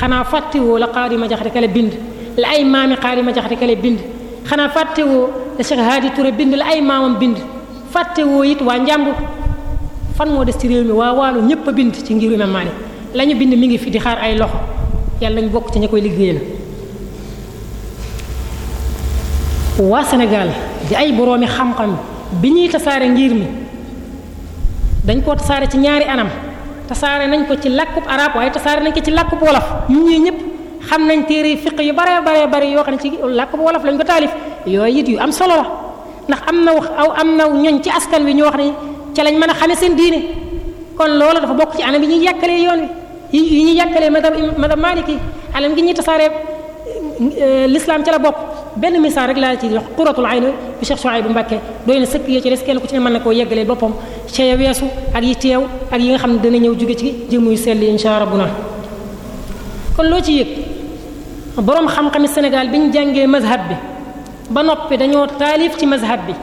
xanaa fàttewoo la Xaadima Jaxate Kala ay maami Xaadima Jaxate Kala bind xanaa fàttewoo la bind ay maamam bind fàttewoo it waa Njàmbur fan moo des ci réew mi waa Waalo ñëpp a bind ci ngir Imam ma la ñu bind mi ngi fi di xaar ay loxo yàlla nañ bokk ci ña koy liggéeyal waa Sénégal di ay boroomi xam-xam bi ñuy tasaare ngir mi dañ koo tasaare ci ñaari anam tasaare nañ ko ci làkkub arab waaye tasaare nañ ko ci làkkub wolof ñun ñii ñëpp xam nañ téere fiq yu bare bare bari yoo xam ne ci làkkub wolof lañ ko taalif yooyu it yu am solo la ndax am na wax aw am na ñoñ ci askan wi ñoo wax ne ca lañ mën a xamee seen diine kon loolu dafa bokk ci anam yi ñuy yàkkalee yoon wi yi ñuy yàkkalee madame madame Maliki anam gi ñuy tasaaree euh, lislaam ca bopp benn misaal rek laa ci wax quratul ayni bi Cheikh Souaïbou Mbacké doy na sëkk yi ci des kenn ko ci ne mën na koo yeggalee boppam ca ya weesu ak yi teew ak yi nga xam ne dana ñëw jóge ci jëmuy sell insha rabbuna kon loo ci yëg boroom xam-xami Sénégal bi ñu jàngee mazhab bi ba noppi dañoo taalif ci mazhab bi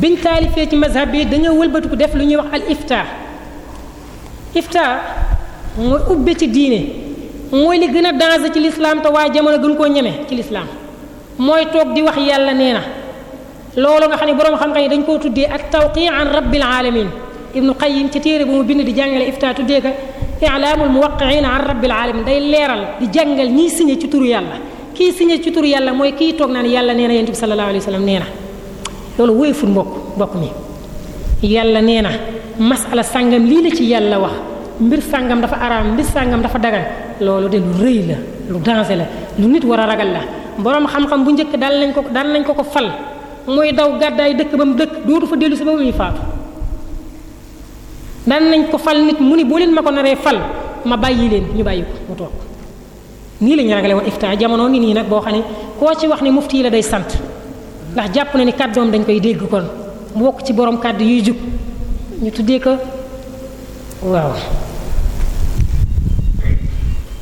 biñ taalifee ci mazhab bi dañoo wëlbatiku def lu ñuy wax al ifta ifta mooy ubbe ci diine mooy li gën a danger ci lislaam te waaye jamono gën koo ñeme ci lislaam mooy toog di wax yàlla nee na loolu nga xam ne boroom xam-xam yi dañ koo tuddee ak tawqi an rabbil alamin ibnu qayim ci téere bu mu bind di jàngale ifta tuddee ka ilaamul muwaqiina an rabbil alamin day leeral di jàngal ñiy signé ci turu yàlla kii signé ci turu yàlla mooy kii toog naan yàlla nee na yonent bi sallallahu alayhi wa nee na loolu wooy ful mbokk mbokk mi yàlla nee na masala sàngam lii la ci yàlla wax mbir sàngam dafa araam mbir sàngam dafa dagan loolu de lu rëy la lu danger la lu nit war a ragal la boroom xam-xam bu njëkk dal lañ ko dal lañ ko ko fal mooy daw gàddaay dëkk ba mu dëkk dootu fa dellu si ba muy faatu daan nañ ko fal nit mu ni boo leen ma ko naree fal ma bàyyi leen ñu bàyyi ko mu toog nii la ñu ragale woon ifta jamono ngi nii nag boo xam ne koo ci wax ne mufti la day sant ndax jàpp na ni kàddoom dañ koy dégg kon mu bokk ci boroom kàddu yuy jub ñu tuddee ko waaw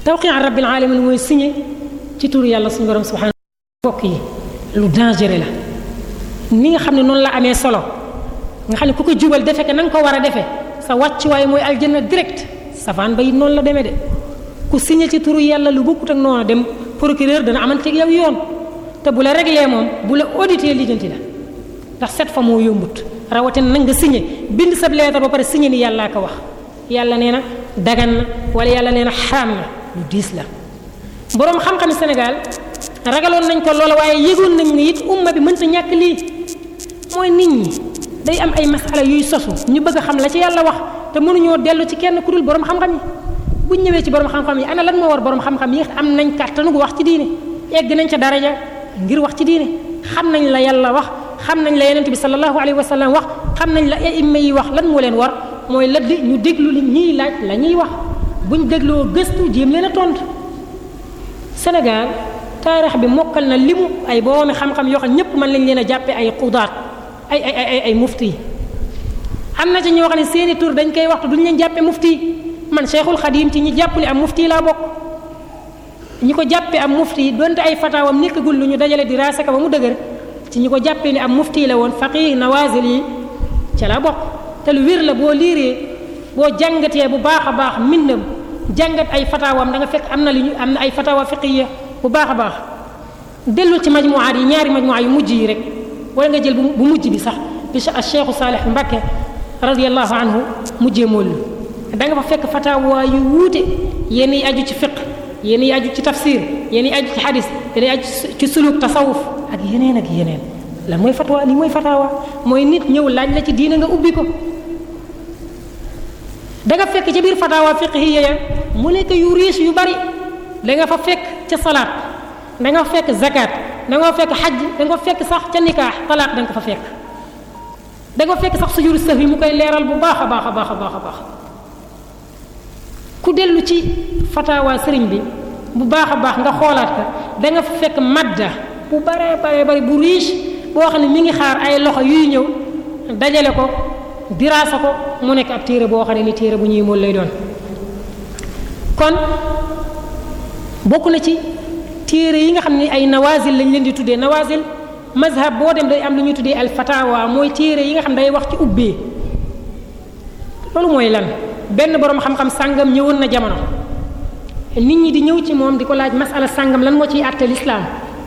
tawqi an rabbil alamin mooy signé ci turu yàlla suñu borom subhanahu bokk yi lu dangereux la ni nga xam ne noonu la amee solo nga xam ne ku ko jubal defe ke na nga ko war a defee sa wàccuwaay mooy aljanna direct safaan ba it noonu la demee de ku siñe ci turu yàlla lu bokkut ak noonu dem procureur dana amanteeg yow yoon te bu la réglé moom bu la audité lijjanti la ndax set fa moo yombut rawatin nag nga signé bind sab leetar ba pare signé ni yàllaa ko wax yàlla nee na dagan na wala yàlla nee na xaraam na lu diis la boroom xam-xam Sénégal ragaloon nañ ko loola waaye yëgoon nañ ne it umma bi mënta ñàkk lii mooy nit ñi day am ay masala yuy sosu ñu bëgg a xam la ci yàlla wax te mënuñoo dellu ci kenn ku dul boroom xam-xam yi buñ ñëwee ci boroom xam-xam yi ana lan moo war boroom xam-xam yi am nañ kàttanu wax ci diine egg nañ ca daraja ngir wax ci diine xam nañ la yàlla wax xam nañ la yonent bi sallallahu alayhi wa sallam wax xam nañ la imma yi wax lan moo leen war mooy la ñu déglu li ñiy laaj la ñuy wax buñ dégloo gëstu jéem leen a tontu senegal taarix bi mokkal na limu ay boroomi xam-xam yoo xam ñëpp mën lañ leen a jàppe ay xudaat ay ay ay ay mufti am na ci ñoo xam ne seeni dañ koy waxtu duñ leen jàppe mufti man Cheikhul Xadim ci ñi jàppale am mufti laa bokk ñi ko jàppe am mufti donte ay fataawam nekkagul lu ñu dajale di raasaka ba mu dëgër ci ñi ko jàppee ni am mufti la woon faqih nawazil yi ca laa bokk te lu wér la boo liiree boo jàngatee bu baax a baax mbindam jàngat ay fataawam danga nga fekk am na li ñu am na ay fataawa fiqiya bu baax a baax dellul ci majmuwaat yi ñaari majmuwaat yu mujj yi rek wala nga jël bu mujj bi sax bi Cheikhu Saalih Mbàkke radiyallahu anhu mujjee mool da nga fa fekk fataawa yu wuute yenn yi aju ci fiq yenn yi aju ci tafsir yenn yi aju ci xadis yenn yi aju ci suluk tasawuf ak yeneen ak yeneen lan mooy fatwa li mooy fataawa mooy nit ñëw laaj la ci diina nga ubbi ko da nga fekk ca biir fatawa fiqhiya ya mu nekk yu riis yu bari da nga fa fekk ca salaat da nga fa fekk zakat da fa fekk xajj da nga fa sax ca nikaax talaaq da fa fekk da nga fa fekk sax sujur sëf yi koy leeral bu baax a baax a baax a baax ku dellu ci fatawa sëriñ bi bu baax a baax nga xoolaat ko da fa fekk madda bu bare baree bari bu riis boo xam ne mi ngi xaar ay loxo yuy ñëw dajale ko diraasa ko mu nekk ab téere boo xam ne ni téere bu ñuy mool lay doon kon bokk na ci téere yi nga xam ni ay nawazil lañ leen di tuddee nawazil mazhab boo dem day am lu ñuy tuddee al fatawa mooy téere yi nga xam day wax ci ubbee loolu mooy lan benn boroom xam-xam sàngam ñëwoon na jamono nit ñi di ñëw ci moom di ko laaj masala sàngam lan moo ciy àtte lislaam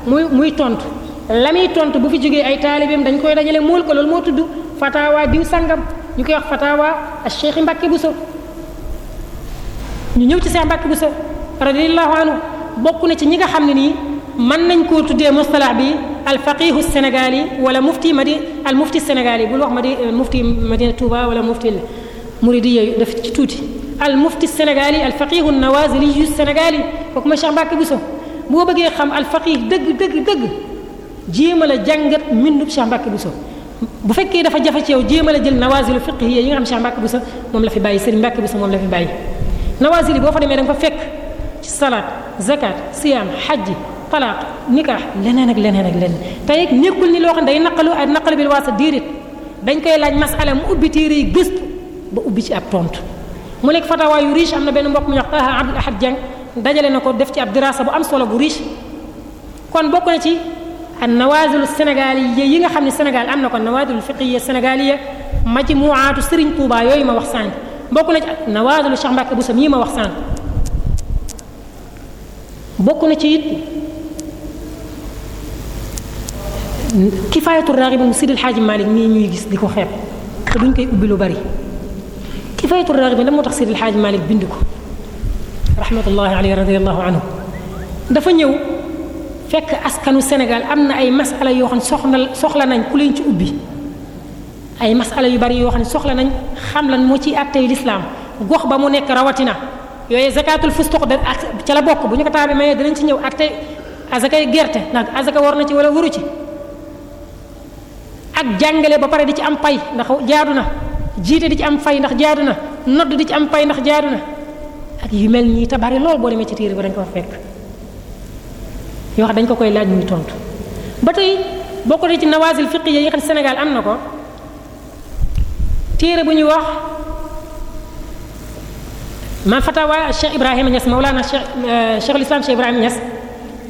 muy muy tontu la muy tontu bu fi jógee ay taalibeem dañ koy dajale mool ko loolu moo tudd fatawa diw sàngam ñu koy wax fatawa al cheikh Mbacke Bousso ñu ñëw ci Cheikh Mbacke Bousso radiyallahu anhu bokk na ci ñi nga xam ne nii mën nañ koo tuddee mustalax bi al faqihu sénégali wala mufti madi al mufti sénégali bul wax madi euh, mufti madina Touba wala mufti muridi yooyu daf ci tuuti al mufti sénégali al faqihu nawazili yu sénégali kooku mooy Cheikh Mbacke Bousso boo bëggee xam al faqih dëgg dëgg dëgg jéem a la jàngat mbindub Cheikh Mbacke Bousso bu fekkee dafa jafe ci yow jéemal a jël nawasilu fiqh yi nga xam Cheikh Mbacke sa moom la fi bàyyi Serigne Mbacke Bousso moom la fi bàyyi nawasil yi boo fa demee da fa fekk salaat zakat siyaam xajji talaaq nikaax leneen ak leneen ak leneen tey nekkul ni loo xam day naqalu ak naqalu bil waasa diirit dañ koy laaj masala mu ubbi téere yi gëstu ba ubbi ci ab tontu mu nekk fatawa yu riche am na benn mbokk mu ñuy wax Taha Abdul Ahad dajale na ko def ci ab dirasa bu am solo bu riche ak nawaazulu sénégaliya yi nga xam ne Sénégal am na ko nawaazulu fiqiya sénégaliya majmuwaatu Serigne Touba yooyu ma wax sànq bokk na ci ak nawaazulu Cheikh Mbacke Bousso mii ma wax sànq bokk na ci it kifaayatul raxib mu Sidil Xaaji Malik mii ñuy gis di ko xeeb te duñ koy ubbi lu bari kifaayatul raxib bi la moo tax Sidil Xaaji Malik bind ko rahmatullahi alayhi radiyallahu anhu dafa ñëw. fekk askanu senegal am na ay masala yoo xam ne soxna soxla nañ ku leen ci ubbi ay masala yu bari yoo xam ne soxla nañ xam lan moo ciy àttey lislaam gox ba mu nekk rawatina yooyu zakatul fustuq de ak ca la bokk bu ñu ko taabee mayee dinañ ci ñëw àttey azakay gerte ndax azaka war na ci walla waru ci ak jàngale ba pare di ci am pay ndax jaadu na jiite di ci am fay ndax jaadu na nodd di ci am pay ndax jaadu na ak yu mel nii te bari lool boo demee ci téere ba fekk yoo xam dañ ko koy laaj muy tontu ba tey bokk na ci nawaasil fiqiya yi nga xam Sénégal am na ko téere bu ñuy wax ma fatawa Cheikh Ibrahima Niass Mawlana Cheikh euh, Cheikhul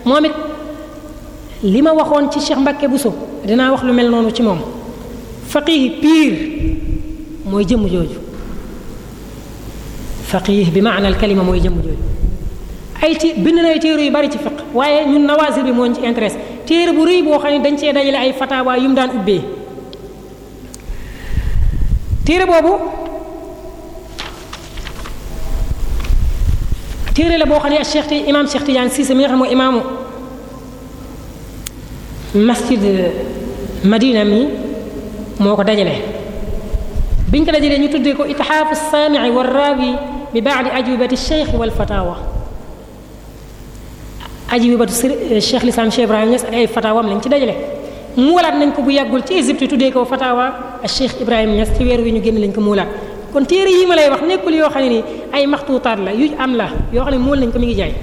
moom it li ma waxoon ci Cheikh bu Bousso dinaa wax lu mel noonu ci moom faqih piir mooy jëmm jooju faqih bi maana al kalima mooy jëmm jooju ay té bind na ay téere yu bari ci fiq waaye ñun nawaasir bi moo ci intéresse téere bu rëy boo xam ne dañ cee dajale ay fatawaa yu daan ubbee téere boobu téere la boo xam ne ak Cheikh ti imaam Cheikh Tidiane Cissé mi nga xam mooy imaamu masjid Madina mi moo ko dajale biñ ko dajalee ñu tuddee ko itihaafu saami'i wa raawi bi ba'di ajwibati cheikh wal fatawa aji bi batu sëriñ eh, Cheikh Lislam Cheikh Ibrahima Niass ak ay fatawaam lañ ci dajale muulaat nañ ko bu yàggul ci Égypte tuddee ko fatawa ak Cheikh Ibrahima Niass ci weer wi ñu génn lañ ko muulaat kon téere yi ma lay wax nekkul yoo xam ne ni ay maxtuutaat la yu am la yoo xam ne muul nañ ko mu ngi jaay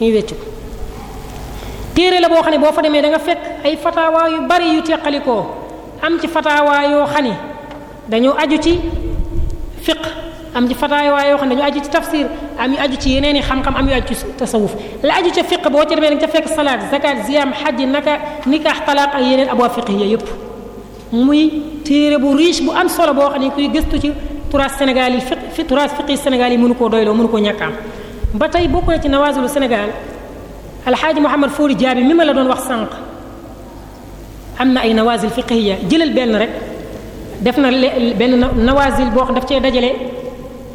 mi ngi weccu ko téere la boo xam ne boo fa demee danga nga fekk ay fatawa yu bari yu teqalikoo am ci fatawa yoo xam ne dañoo aju ci fiq am ci fataawaay yoo xam ne dañu aju ci tafsir am yu aju ci yeneen i xam-xam am yu aju ci tasawuf la aju ca fiq boo ca demee dañ ca fekk salaat zakat ziyaam xajji naka nikaax talaaq ak yeneen abwaa fiqhiya yëpp muy téere bu riche bu am solo boo xam ne kuy gistu ci turaas Sénégal yi fiq turaas fiqi Sénégal yi mënu koo doyloo mënu koo ñàkk ba tey bokk na ci nawaazilu Sénégal alxaaji Mouhamad Fori Diaby mi ma la doon wax sànq am na ay nawaazil fiqhiya jëlal benn rek def na benn nawaazil boo xam daf cee dajale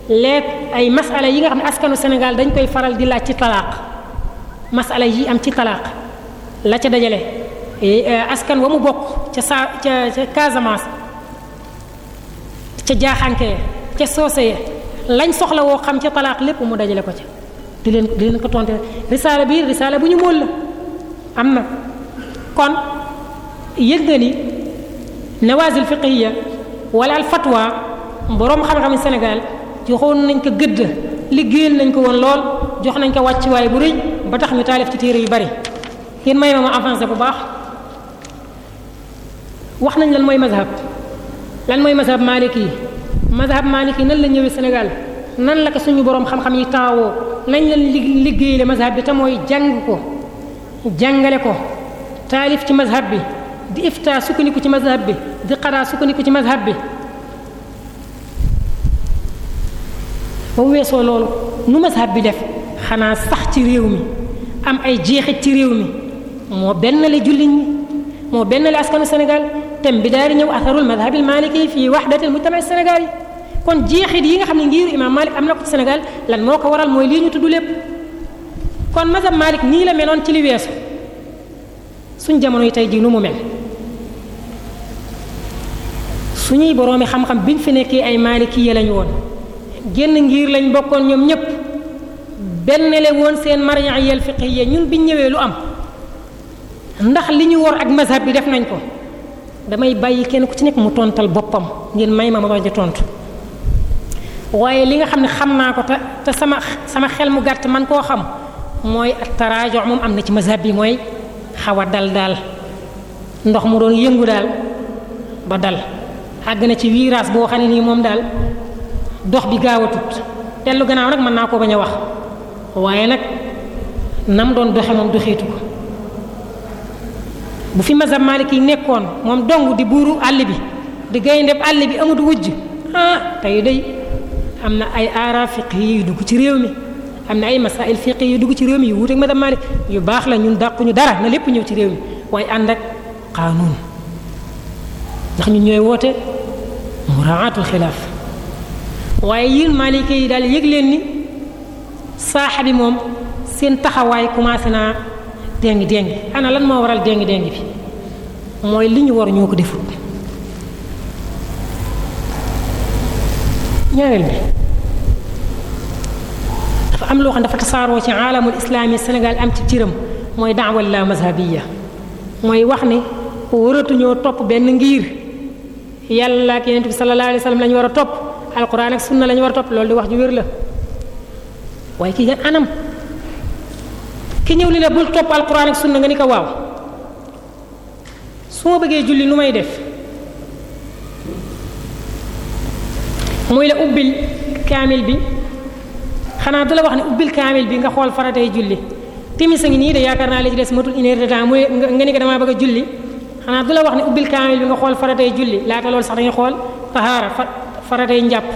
les ay masala yi nga xam ne askanu Sénégal dañ koy faral di laaj ci talaaq masala yi am ci talaaq la ca dajale eh, askan wa mu bokk ca saa ca ca Casamance ca jaaxanke ca sooseye lañ soxla woo xam ca talaaq lépp mu dajale ko ca di leen di leen ko tonte risaala bi risaala bu ñu móol la am na kon yëg nga ni nawazil fiqhiya wala al fatwa boroom xam-xam Sénégal joxoon nañ ko gëdd liggéeyal nañ ko woon lool jox nañ ko wàccuwaay bu rëy ba tax ñu taalif ci téere yu bari ngeen may ma ma avancé bu baax wax nañ lan mooy mazhab lan mooy mazhab maliki yi mazhab maliki yi nan la ñëwee Sénégal nan la ko suñu borom xam-xam yi taawoo nañ la liggéeyale mazhab bi te mooy jàng ko jàngale ko taalif ci mazhab bi di ifta sukkandiku ci mazhab bi di xaraa sukkandiku ci mazhab bi ba weesoo loolu nu mazhab bi def xanaa sax ci réew mi am ay jeexit ci réew mi moo benn la jullit ñi moo benn la askanu Sénégal thème bi daal di ñëw atharul madhabil yi fii wahdatil mujtama Sénégal yi kon jeexit yi nga xam ne ngir imam Malik am na ko ci lan moo ko waral mooy lii ñu tudd lépp kon mazhab Malik nii la meloon ci li weesu suñ jamono yi tey jii nu mu mel suñuy boroomi xam-xam biñ fi nekkee ay maliki yi lañu woon. génn ngiir lañ bokkoon ñoom ñëpp benn seen woon seen marjaiyal fiqhiya ñun biñ ñëwee lu am ndax li ñu wor ak mazhab bi def nañ ko damay bàyyi kenn ku ci nekk mu tontal boppam ngeen may ma ma bañ a tontu waaye li nga xam ne xam naa ko te te sama sama xel mu gàtt man koo xam mooy taraajo moom am na ci mazhab bi mooy xaw a dal daal ndox mu doon yëngu daal ba dal àgg na ci virage boo xam ne nii moom daal dox bi gaaw a tut tellu gannaaw nag mën naa koo bañ a wax waaye nag nam doon doxe moom doxeetu ko bu fi mazhab maliki yi nekkoon moom dong di buuru àll bi di gayndeb àll bi amut wujj ah tey day am na ay aara fiq yu dugg ci réew mi am na ay masail fiq yu dugg ci réew mi yu wuuteeg mazhab maliki yu baax la ñun dàquñu dara na lépp ñëw ci réew mi waaye ànd ak qaanuun ndax ñu ñooy woote muraatul xilaaf waaye yéen malike yi daal yëg leen ni saaxa bi moom seen taxawaay commencé naa déngi déngi ana lan moo waral déng déng bi mooy li ñu war ñoo ko deful ñaareel bi dafa am loo xam dafa tasaaroo ci alamul islaami Sénégal am ci ciram mooy daawal la mazhabiya mooy wax ne waratuñoo topp benn ngir yàlla ak yeneen bi sallallahu alayhi wa sallam war a topp alquran ak sunna lañu ñu war a topp loolu di wax ju wér la waaye kii yan anam ki ñëw li la bul topp alquran ak sunna nga ni ko waaw su ma bëggee julli nu may def muy la ubbil kaamil bi xanaa du la wax ne ubbil bi nga xool faratay julli timis a ngi nii de yaakaar naa li ci des matul une heure de temps nga ni ko damaa bëgg a julli xanaa du la wax ne ubbil kaamil bi nga xool faratay julli laata loolu sax dañuy xool tahaara fa faratay njàpp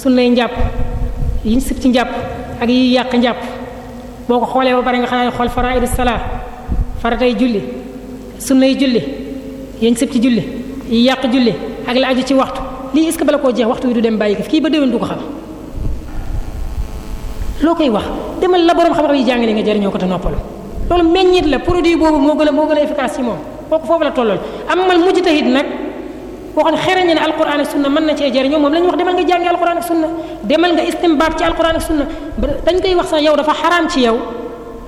sunnay njàpp yiñ sib ci njàpp ak yiy yàq njàpp boo ko xoolee ba pare nga xam ne xool faraidu salaa faratay julli sunnay julli yiñ sib ci julli yi yàq julli ak la aju ci waxtu lii est-ce que bala koo jeex waxtu wi du dem bàyyi kii ba déwén du ko xam loo koy wax demal la borom xam-xam yi jàngale nga jëriñoo ko te noppalu loolu meññit la produit boobu moo gën a moo gën a efficace ci moom kooku foofu la tollool amal mujtahid nag koo xam ne xereñ ne alquran ak sunna mën na cee jëriñoo moom la ñu wax demal nga jàngi alquran ak demal nga istimbaat ci alquran ak dañ koy wax sax yow dafa xaraam ci yow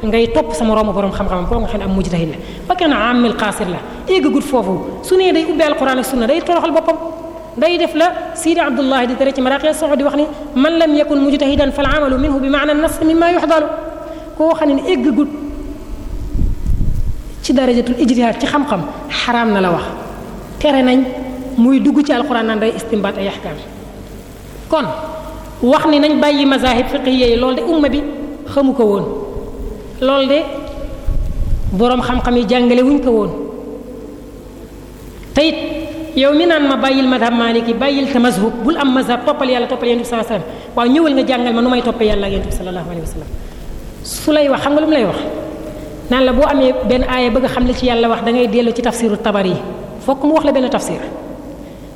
ngay topp sama moroomu borom xam-xamam koo nga xam ne am mujtahid la ba kenn amil xaasir la éggagut foofu su nee day ubbee alquran ak sunna day toroxal boppam day def la sidi abdullahi di tere ci maraqi soxo di wax ni man lam yakun mujtahidan fal amalu minhu bi maana nas mimma koo xam ne éggagut ci darajatul ijtihaad ci xam-xam na la wax tere nañ muy dugg ci alxuraan naan day istimbaat ay kon wax ni nañ bàyyi mazahib fiqhi yooyu lool de umma bi xamu ko woon loolu de boroom xam-xam yi jàngale ko woon te it yow mi naan ma bàyyil madhab maliki bàyyil te mazhub bul am mazhab toppal yàlla toppal yonent bi sallallahu alayhi wasallam waaw ñëwal nga jàngal ma nu may toppee yàlla ak yonent bi sallallahu alayhi wasallam su lay wax xam nga lu mu lay wax naan la boo amee benn aaya bëgg a xam li ci yàlla wax da ngay dellu ci tafsiru tabar yi fokk mu wax la benn tafsir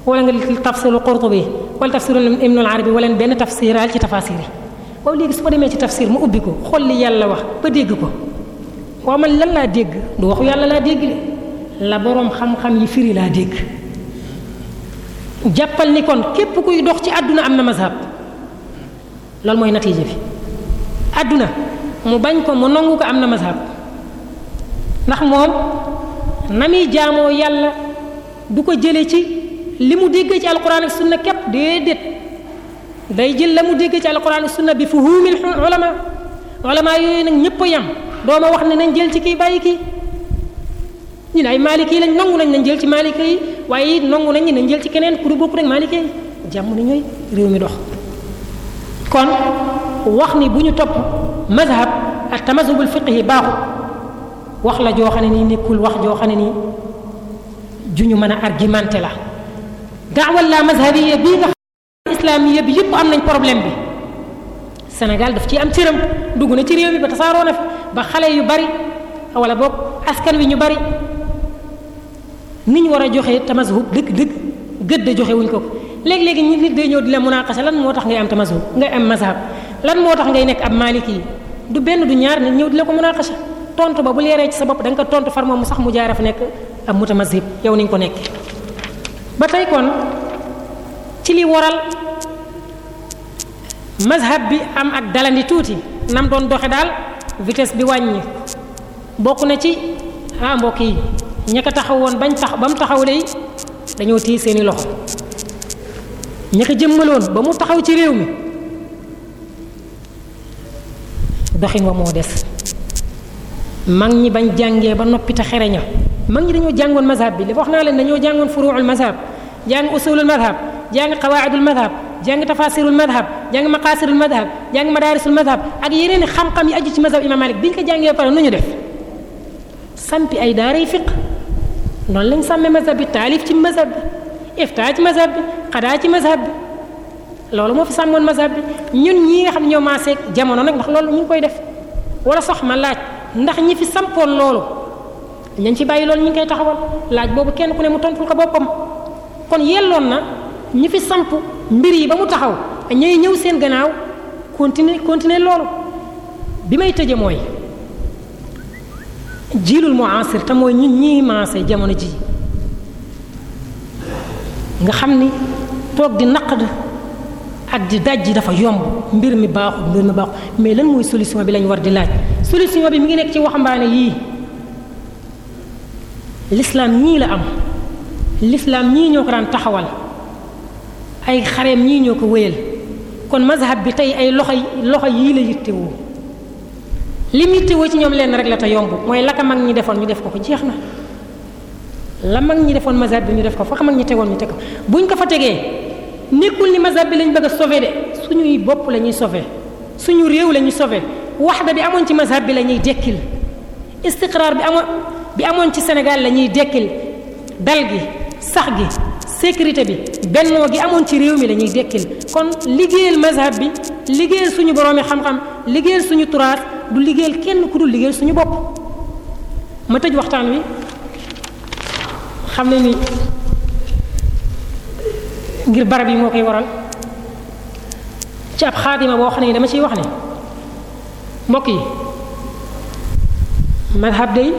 wala nga tafsiru Qurtubi wala tafsiru Ibn al-Arabi wala benn tafsiral ci tafasir yi waaw léegi su ma demee ci tafsir mu ubbi ko xool li yàlla wax ba dégg ko waaw man lan laa dégg du waxu yàlla laa dégg la boroom xam-xam yi firi laa dégg jàppal ni kon képp kuy dox ci àdduna am na mazhab loolu mooy natiija bi àdduna mu bañ ko mu nangu ko am na mazhab ndax moom na muy jaamoo yàlla du ko jële ci li mu déggee ci alquran ak sunna képp déedéet day jël la mu déggee ci alquran ak sunna bi fuhumil ulama ulama yooyu ñëpp a yem dooma wax ne nañ jël ci kii bàyyi kii ñu ne ay maliki lañ nangu nañ nañ jël ci maliki yi waaye nangu nañ ñi nañ jël ci keneen ku du bokk rek maliki réew mi dox ni bu ñu topp mazhab ak tamazubul fiqhi baaxut wax la joo xam ne nii nekkul wax joo xam ne nii ju ñu mën a argumenté la daawa la mazhabiya bii nga xam islamiya bi yëpp am nañ problème bi senegal daf ci am cëram dugg na ci réew mi ba tasaaroo na ba xale yu bari wala boog askan wi ñu bari ni ñu war a joxe tamazhub dëgg dëgg gëdd joxe wuñ ko ko léegi-léegi ñi nit day ñëw di la munaqasa lan moo tax ngay am tamazhub ngay am mazhab lan moo tax ngay nekk ab maliki yi du benn du ñaar nit ñëw di la ko munaqasa tontu ba bu leeree ci sa bopp da nga ko tontu far moom mu sax mu jaaraf nekk ab yow niñ ko nekk ba tey kon ci li waral mazhab bi am ak dalandi tuuti nam doon doxe daal vites bi wàññi bokk na ci ah mbokk yi ña ko taxaw woon bañ tax ba mu taxaw lay dañoo téye seeni loxo ña ko jëmmaloon ba mu taxaw ci réew mi doxin wa moo des mag ñi bañ jàngee ba noppi xereña mag ñi dañoo jàngoon mazhab bi li wax naa leen dañoo jàngoon furuul mazhab jàng usulul mazhab jàng qawaidul mazhab jàng tafasirul mazhab jàng maqasirul mazhab jàng madaarisul mazhab ak yeneen i xam-xam yi aju ci mazhab imam malik bi ñu ko jàngee pare nu ñu def sampi ay daaray fiq noonu lañ sàmmee mazhab bi taalif ci mazhab bi ci mazhab bi xadaa ci mazhab bi loolu moo fi sàmmoon mazhab bi ñun ñi nga xam ñoo maaseeg jamono nag ndax loolu ñu koy def wala sox ma laaj ndax ñi fi sampoon loolu dañ fi bàyyi loolu ñu ngi koy taxawal laaj boobu kenn ku ne mu tontul ko boppam kon yelloon na ñi fi samp mbir yi ba mu taxaw ñooy ñëw seen gannaaw continuer continuer loolu bi may tëje mooy jiilul muasir te mooy ñun ñii maase jamono ji nga xam ni toog di naqd ak di daj ji dafa yomb mbir mi baaxul mbir mi baaxul mais lan mooy solution bi lañ war di laaj solution bi mu ngi nekk ci waxambaane yii lislaam ñii la am lislaam ñii ñoo ko daan taxawal ay xareem ñii ñoo ko wéyal kon mazhab bi tey ay loxo loxo yii la yittewoo li mu yittewoo ci ñoom lenn rek la te yomb mooy la ka mag ñi defoon ñu def ko ko jeex na la mag ñi defoon mazhab bi ñu def ko fa mag ñi tegoon ñu teg ko bu buñ ko fa tegee nekkul ni mazhab bi lañ bëgg a sauver de suñuy bopp la ñuy sauver suñu réew la ñuy sauver waxda bi amoon ci mazhab bi la ñuy dekkil istiqraar bi amoon bi amoon ci Sénégal la ñuy dekkil dal gi sax gi sécurité bi bennoo gi amoon ci réew mi lañuy ñuy dekkil kon liggéeyal mazhab bi liggéeyal suñu boroomi xam-xam liggéeyal suñu turaas du liggéeyal kenn ku du liggéeyal suñu bopp ma tëj waxtaan wi xam na ni ngir barab yi moo koy waral ci ab xaatima boo xam ne dama ciy wax ne mbokk yi mazhab day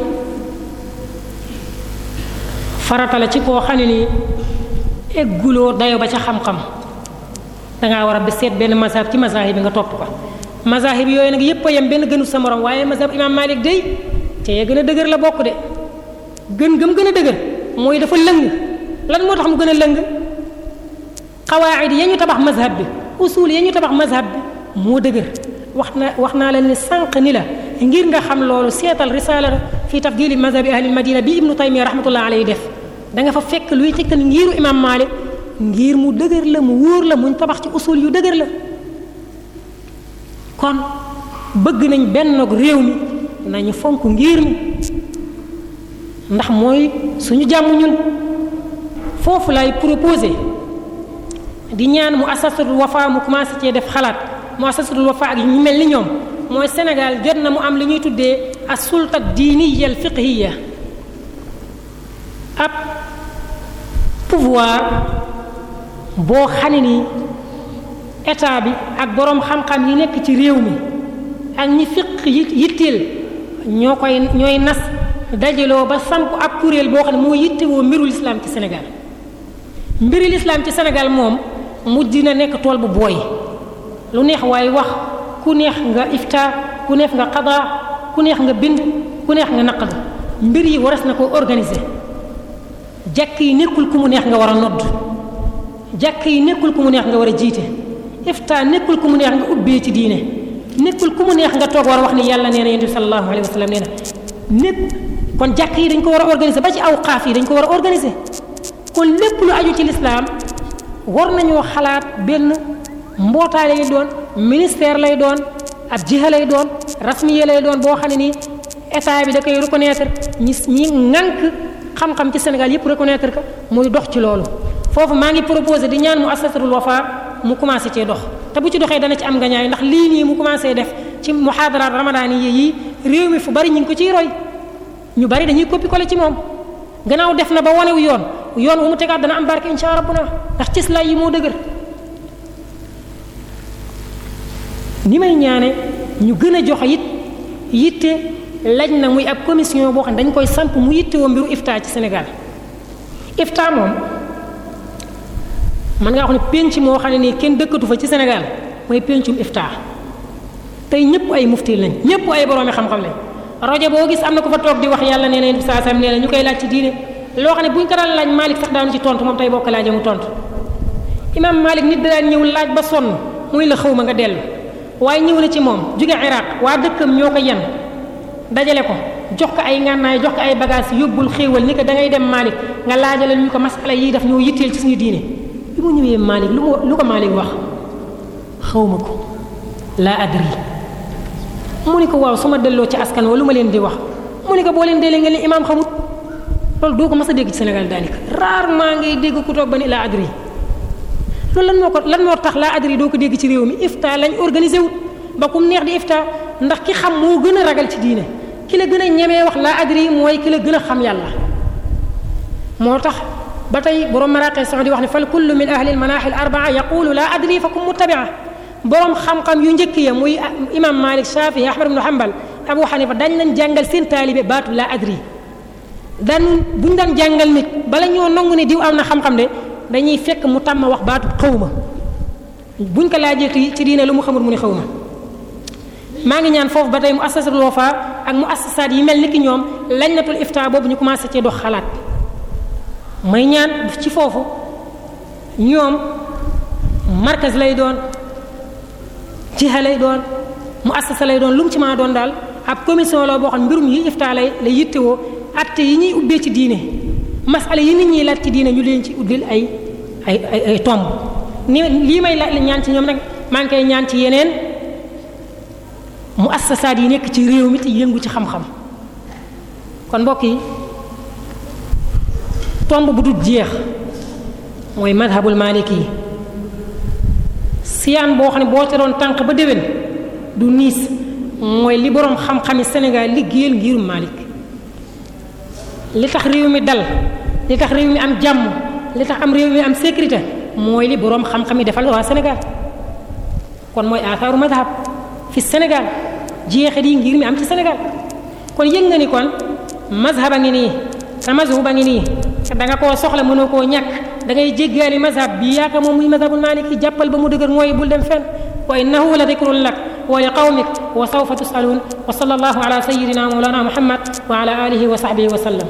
farata la ci koo xam ni nii egguloo dayo ba ca xam-xam dangaa war a seet benn mazhab ci mazahib bi nga topp ko mazahib yooyu nag yépp a yem benn gënu sa morom waaye mazhab imam malik day te gën a dëgër la bokk de gën gëm gën a dëgër mooy dafa lëng lan moo tax mu gën a lëng xawaayid ya tabax mazhab bi usul ya ñu tabax mazhab bi moo dëgër wax na wax naa la ne sànq ni la ngir nga xam loolu seetal risaala fi tafdili mazhabi ahli madina bi ibnu taymiya rahmatullah alayhi def danga nga fa fekk luy tegtal ngiiru imam Malik ngiir mu dëgër la mu wóor la muñ tabax ci usul yu dëgër la kon bëgg nañ benn ak réew mi nañu fonk ngir mi ndax mooy suñu jàmm ñun foofu lay proposé di ñaan mu asasatul wafa mu commencé cee def xalaat mu asasatul wafa ak ñu mel ni ñoom mooy Sénégal jot na mu am li ñuy tuddee as sulta diiniya al fiqhiya ab pouvoir boo xane ni état bi ak boroom xam-xam yi nekk ci réew mi ak ñi fiq yitteel ñoo koy ñooy nas dajaloo ba samp ab kuréel boo xam ne moo yittewoo mbirul islam ci senegal mbirul islam ci senegal moom mujj na nekk tool bu booy lu neex waaye wax ku neex nga ifta ku neex nga xadaa ku neex nga bind ku neex nga naqal mbir yi waras na ko organiser jàkk yi nekkul ku mu neex nga war a nodd jàkk yi nekkul ku mu neex nga war a jiite ifta nekkul ku mu neex nga ubbee ci diine nekkul ku mu neex nga toog war a wax ni yàlla nee na yonent bi sallallahu alayhi wa kon jàkk yi dañ ko war a organiser ba ci aw awqaaf yi dañ ko war a organiser kon lépp lu aju ci lislaam war nañoo xalaat benn mbootaay lay doon ministère lay doon ab jiha lay doon rasmiya lay doon boo xam ne nii état bi da koy reconnaître ñi ñi xam-xam ci Sénégal yëpp reconnaître que muy dox ci loolu foofu maa ngi proposé di ñaan mu assasatul wafa mu commencé cee dox te bu ci doxee dana ci am gañaay ndax lii nii mu commencé def ci muhadaraat ramadaani yi réew mi fu bari ñu ngi ko ciy roy ñu bari dañuy copier coller ci moom gannaaw def na ba wane yoon yoon wu mu tegaat dana am barke insha rabbuna ndax cislaay yi moo dëgër ni may ñaane ñu gën a joxe it yitte laj na muy ab commission boo xam ne dañ koy samp mu yittewoo mbiru IFTA ci Sénégal IFTA moom mën ngaa wax ne penc moo xam ne nii kenn dëkkatu fa ci Sénégal mooy pencum IFTA tey ñëpp ay mufti lañ ñëpp ay boroomi xam-xam lañ rajo boo gis am na ko fa toog di wax yàlla nee na saa sam nee na ñu koy laaj ci diine loo xam ne bu ñu ko daan laaj Malick sax daanu ci tontu moom tey boo ko laajee mu tontu imaam Malick nit daan ñëw laaj ba sonn muy la xaw ma nga dellu waaye ñëw na ci moom jóge Iraq waa dëkkam ñoo ko yan dajale ko jox ko ay ngànnaay jox ko ay bagages yóbbul xéewal ni ko da ngay dem Malick nga laajale ñu ko masala yi daf ñoo yitteel ci suñu diine bi mu ñëwee Malick lu ko lu ko Malick wax xawma ko laa adri mu ni ko waaw su ma delloo ci askan wa lu ma leen di wax mu ni ko boo leen deelee nga leen imaam xamut loolu doo ko mas dégg ci Sénégal daanaka rarement ngay dégg ku toog ba ni laa adri loolu lan moo ko lan moo tax laa adri doo ko dégg ci réew mi ifta lañ organisé ba kum neex di ifta ndax ki xam moo gën a ragal ci diine kilo la gën a ñemee wax laa adri mooy kilo la gën a xam yàlla moo tax ba tey borom maraqe sax di wax ne fal kullu min ahli al manahil arbaa yaqulu laa adri fa kum muttabia borom xam-xam yu njëkk ya muy imam malik shafii ahmad ibnu hambal abu xanifa dañ leen jàngal seen taalibe baatu laa adri dan buñ daan jàngal nit bala ñoo nangu ne diw am na xam-xam de dañuy fekk mu tàmm wax baatu xaw ma buñ ko laajee ci diine lu mu xamul mu ni xaw maa ngi ñaan foofu ba tey mu assasatul Wafa ak mu yi mel ni ki ñoom lañ lajnatul ifta boobu ñu commencé cee dox xalaat may ñaan ci foofu ñoom markaz lay doon jiha lay doon mu assasa lay doon lu mu ci maa doon daal ab commission la boo xam mbirum yi ifta lay la yittewoo atte yi ñuy ubbee ci diine masala yi nit ñuy laaj ci diine ñu leen ci uddil ay ay ay tomb ni lii may la ñaan ci ñoom nag maa ngi koy ñaan ci yeneen mu assasaat yi nekk ci réew mi te yëngu ci xam-xam kon mbokk yi tomb bu dul jeex mooy madhabul maliki yi siyaan boo xam ne boo ca doon tànk ba déwén du niis mooy li boroom xam-xami Sénégal liggéeyal ngirum Malik li tax réew mi dal li tax réew mi am jàmm li tax am réew mi am sécurité mooy li boroom xam-xam yi defal waa Sénégal kon mooy athaaru madhab fi Sénégal jeexit yi ngir mi am ci Sénégal kon yëg nga ni kon mazhab a ngi nii sa mazhab a ngi nii da nga koo soxla mënoo koo ñàkk da ngay jéggaani mazhab bi yaaka moom muy mazhabul maliki jàppal ba mu dëgër mooy bul dem fenn wa innahu la dikrun lak wa li qawmik wa sawfa tusaluun wa sallallahu ala sayyidina mawlana muhammad wa ala alihi wa sahbihi wa sallam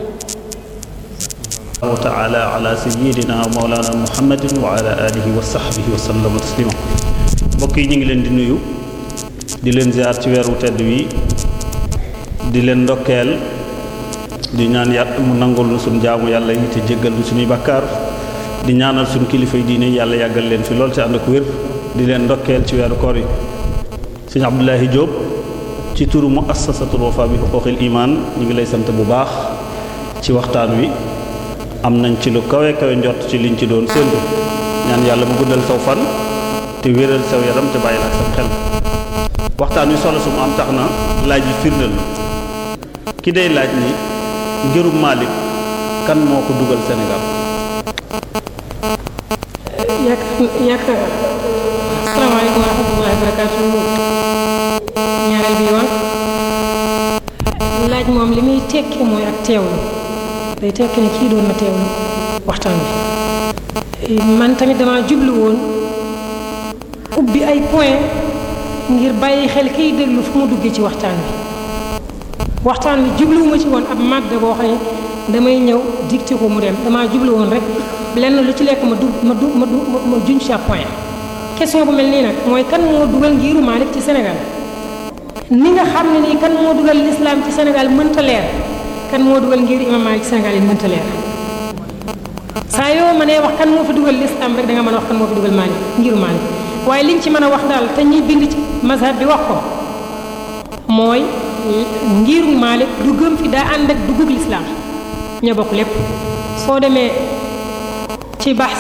taala ala sayidina mawlana muhammadin wa ala alihi wa sahbihi wa sallam taslima mbokk yi ñu ngi leen di nuyu di leen ziar ci weeru tedd wi di leen ndokkeel di ñaan yàlla mu nangu nu suñ jaamu yàlla yi te jéggal nu suñuy bakkaar di ñaanal suñu kilifa yi diine yàlla yàggal leen fi lool ci ànd ak wér di leen ndokkeel ci weeru koor yi sëñ Abdoulaye Diop ci turu muassasatul wafa bi xuquqil iman ñu ngi lay sant bu baax ci waxtaan wi am nañ ci lu kawe kawe njott ci liñ ci doon séentu ñaan yàlla mu guddal saw fan te wéral saw yaram te bàyyi la ak xel waxtaan wi solo su mu am tax na laaj yi firndal ki day laaj ni ngirub Malik kan moo ko dugal Sénégal yàq yàq asalaamaaleykum wa rahmatullahi wa barakaatu ñaareel bi yoon laaj moom li muy tekki mooy ak teewlu day tekki ne kii doon na teewlu waxtaan bi eh, man tamit dama jublu woon ubbi ay point ngir bàyyi xel kiy déglu fu mu duggee ci waxtaan wi waxtaan wi jubluwuma ci woon ab màgg boo xam damay ñëw dicté ko mu dem damaa jublu rek lenn lu ci lekk ma du ma du ma du ma juñ sa point question bu mel nii nag mooy kan moo dugal ngiru Malick ci senegal ni nga xam ne nii kan moo dugal lislaam ci senegal mënta leer kan moo dugal ngir imam Malick ci Sénégal yi mënta leer saa yoo mënee wax kan moo fi dugal lislaam rek da nga mën a wax kan moo fi dugal waaye li liñ ci mën a wax daal te ñuy bind ci mazhab bi wax ko mooy ngiru Maalik duggam fi daa ànd ak duggug lislaam ñoo bokk lépp soo demee ci bahs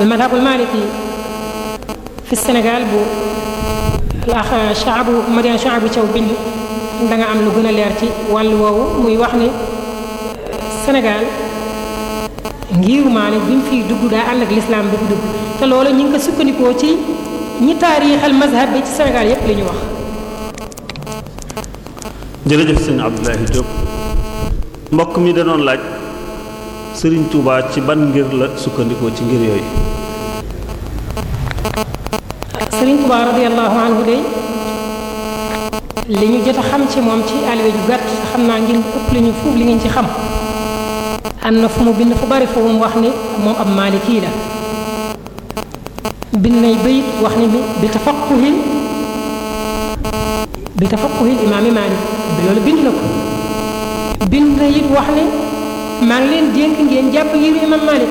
al madhabul maliki fi Sénégal bu laax euh, chaabu bind da am lu gën a leer ci wàll woowu muy wax ne Sénégal ngiru Maalik bi mu fiy dugg daa ànd ak lislaam bi dugg te loolu ñu ngi sukkandikoo ci ñi taarix al mazhab bi ci Sénégal yépp li ñu wax jërëjëf sëñ Abdoulaye Diop mbokk mi danoon laaj sëriñ Touba ci ban ngir la sukkandikoo ci ngir yooyu Serigne Touba radiyallahu anhu day li ñu jot a xam ci moom ci aliwe ju gàtt xam naa ngir ëpp li ñu fuuf li ngeen ci xam am na fu mu bind fu bari fu mu wax ni moom ab maaliki la bind nay bayit wax ne bi tafaqquhin bi tafaqquhin imaami Maalik bi loolu bind na ko bind na it wax ni maa ngi leen dénk ngeen jàpp ngiru imam Maalik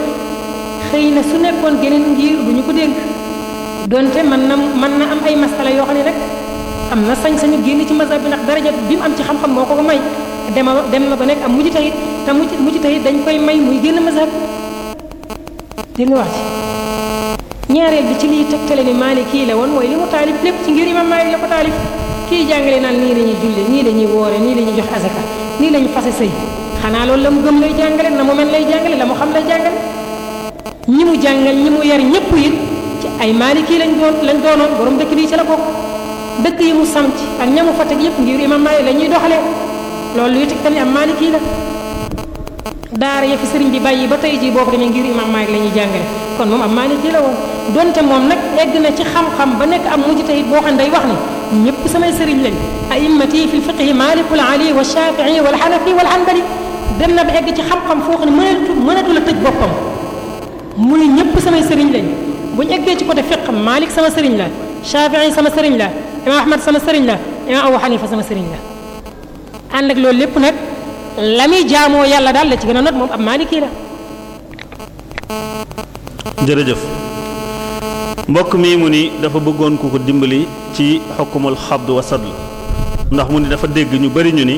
xëy na su nekkoon geneen ngir bu ñu ko dénk donte man na mën na am ay masala yoo xam ne nag am na sañ-sañu génn ci mazhab bi ndax daraja bi mu am ci xam-xam moo ko ko may dem dem na ko nekk am mujj tayit te mujj mujj tayit dañ koy may muy génn mazhab dégg nga wax ci ñaareel bi ci liy tegtale ni Maalik kii la woon mooy li mu taalif lépp ci ngir imam Maalik la ko taalif kii jàngale naan nii lañuy julli nii lañuy woore nii lañuy jox azaka nii lañu fase sëy xanaa loolu la mu lay jàngale na mu mel lay jàngale la mu xam lay jàngale ñi mu jàngal ñi yar ñëpp it ci ay Maalik kii lañ doon lañ doonoon borom dëkk bii ci la bokk dëkk yi mu samc ak ñamu fatek yëpp ngir imam Maalik la ñuy doxalee loolu luy tegtal ni am Maalik kii la daara ya fi sëriñ bi bàyyi ba tey ji boo ko demee ngir imam Maalik la ñuy jàngale kon moom am Maalik kii la woon donte moom nag egg na ci xam-xam ba nekk am mujtahid boo xam day wax ni ñëpp samay sëriñ lañ a'immati fil fiqhi malikul ali wa shafi'i wal hanafi wal hanbali dem na ba egg ci xam-xam foo xam ne mënatu mënatu la tëj mu ni ñëpp samay sëriñ lañ buñu eggee ci côté fiqh malik sama sëriñ la shafi'i sama sëriñ la imam ahmad sama sëriñ la imam abu hanifa sama sëriñ la ànd ak loolu lépp nag la jaamoo yàlla daal la ci gën a moom ab maliki la mbokk mii mu ni dafa bëggoon ku ko dimbali ci xukkumul xabdu wa sadl ndax mu ni dafa dégg ñu bari ñu ni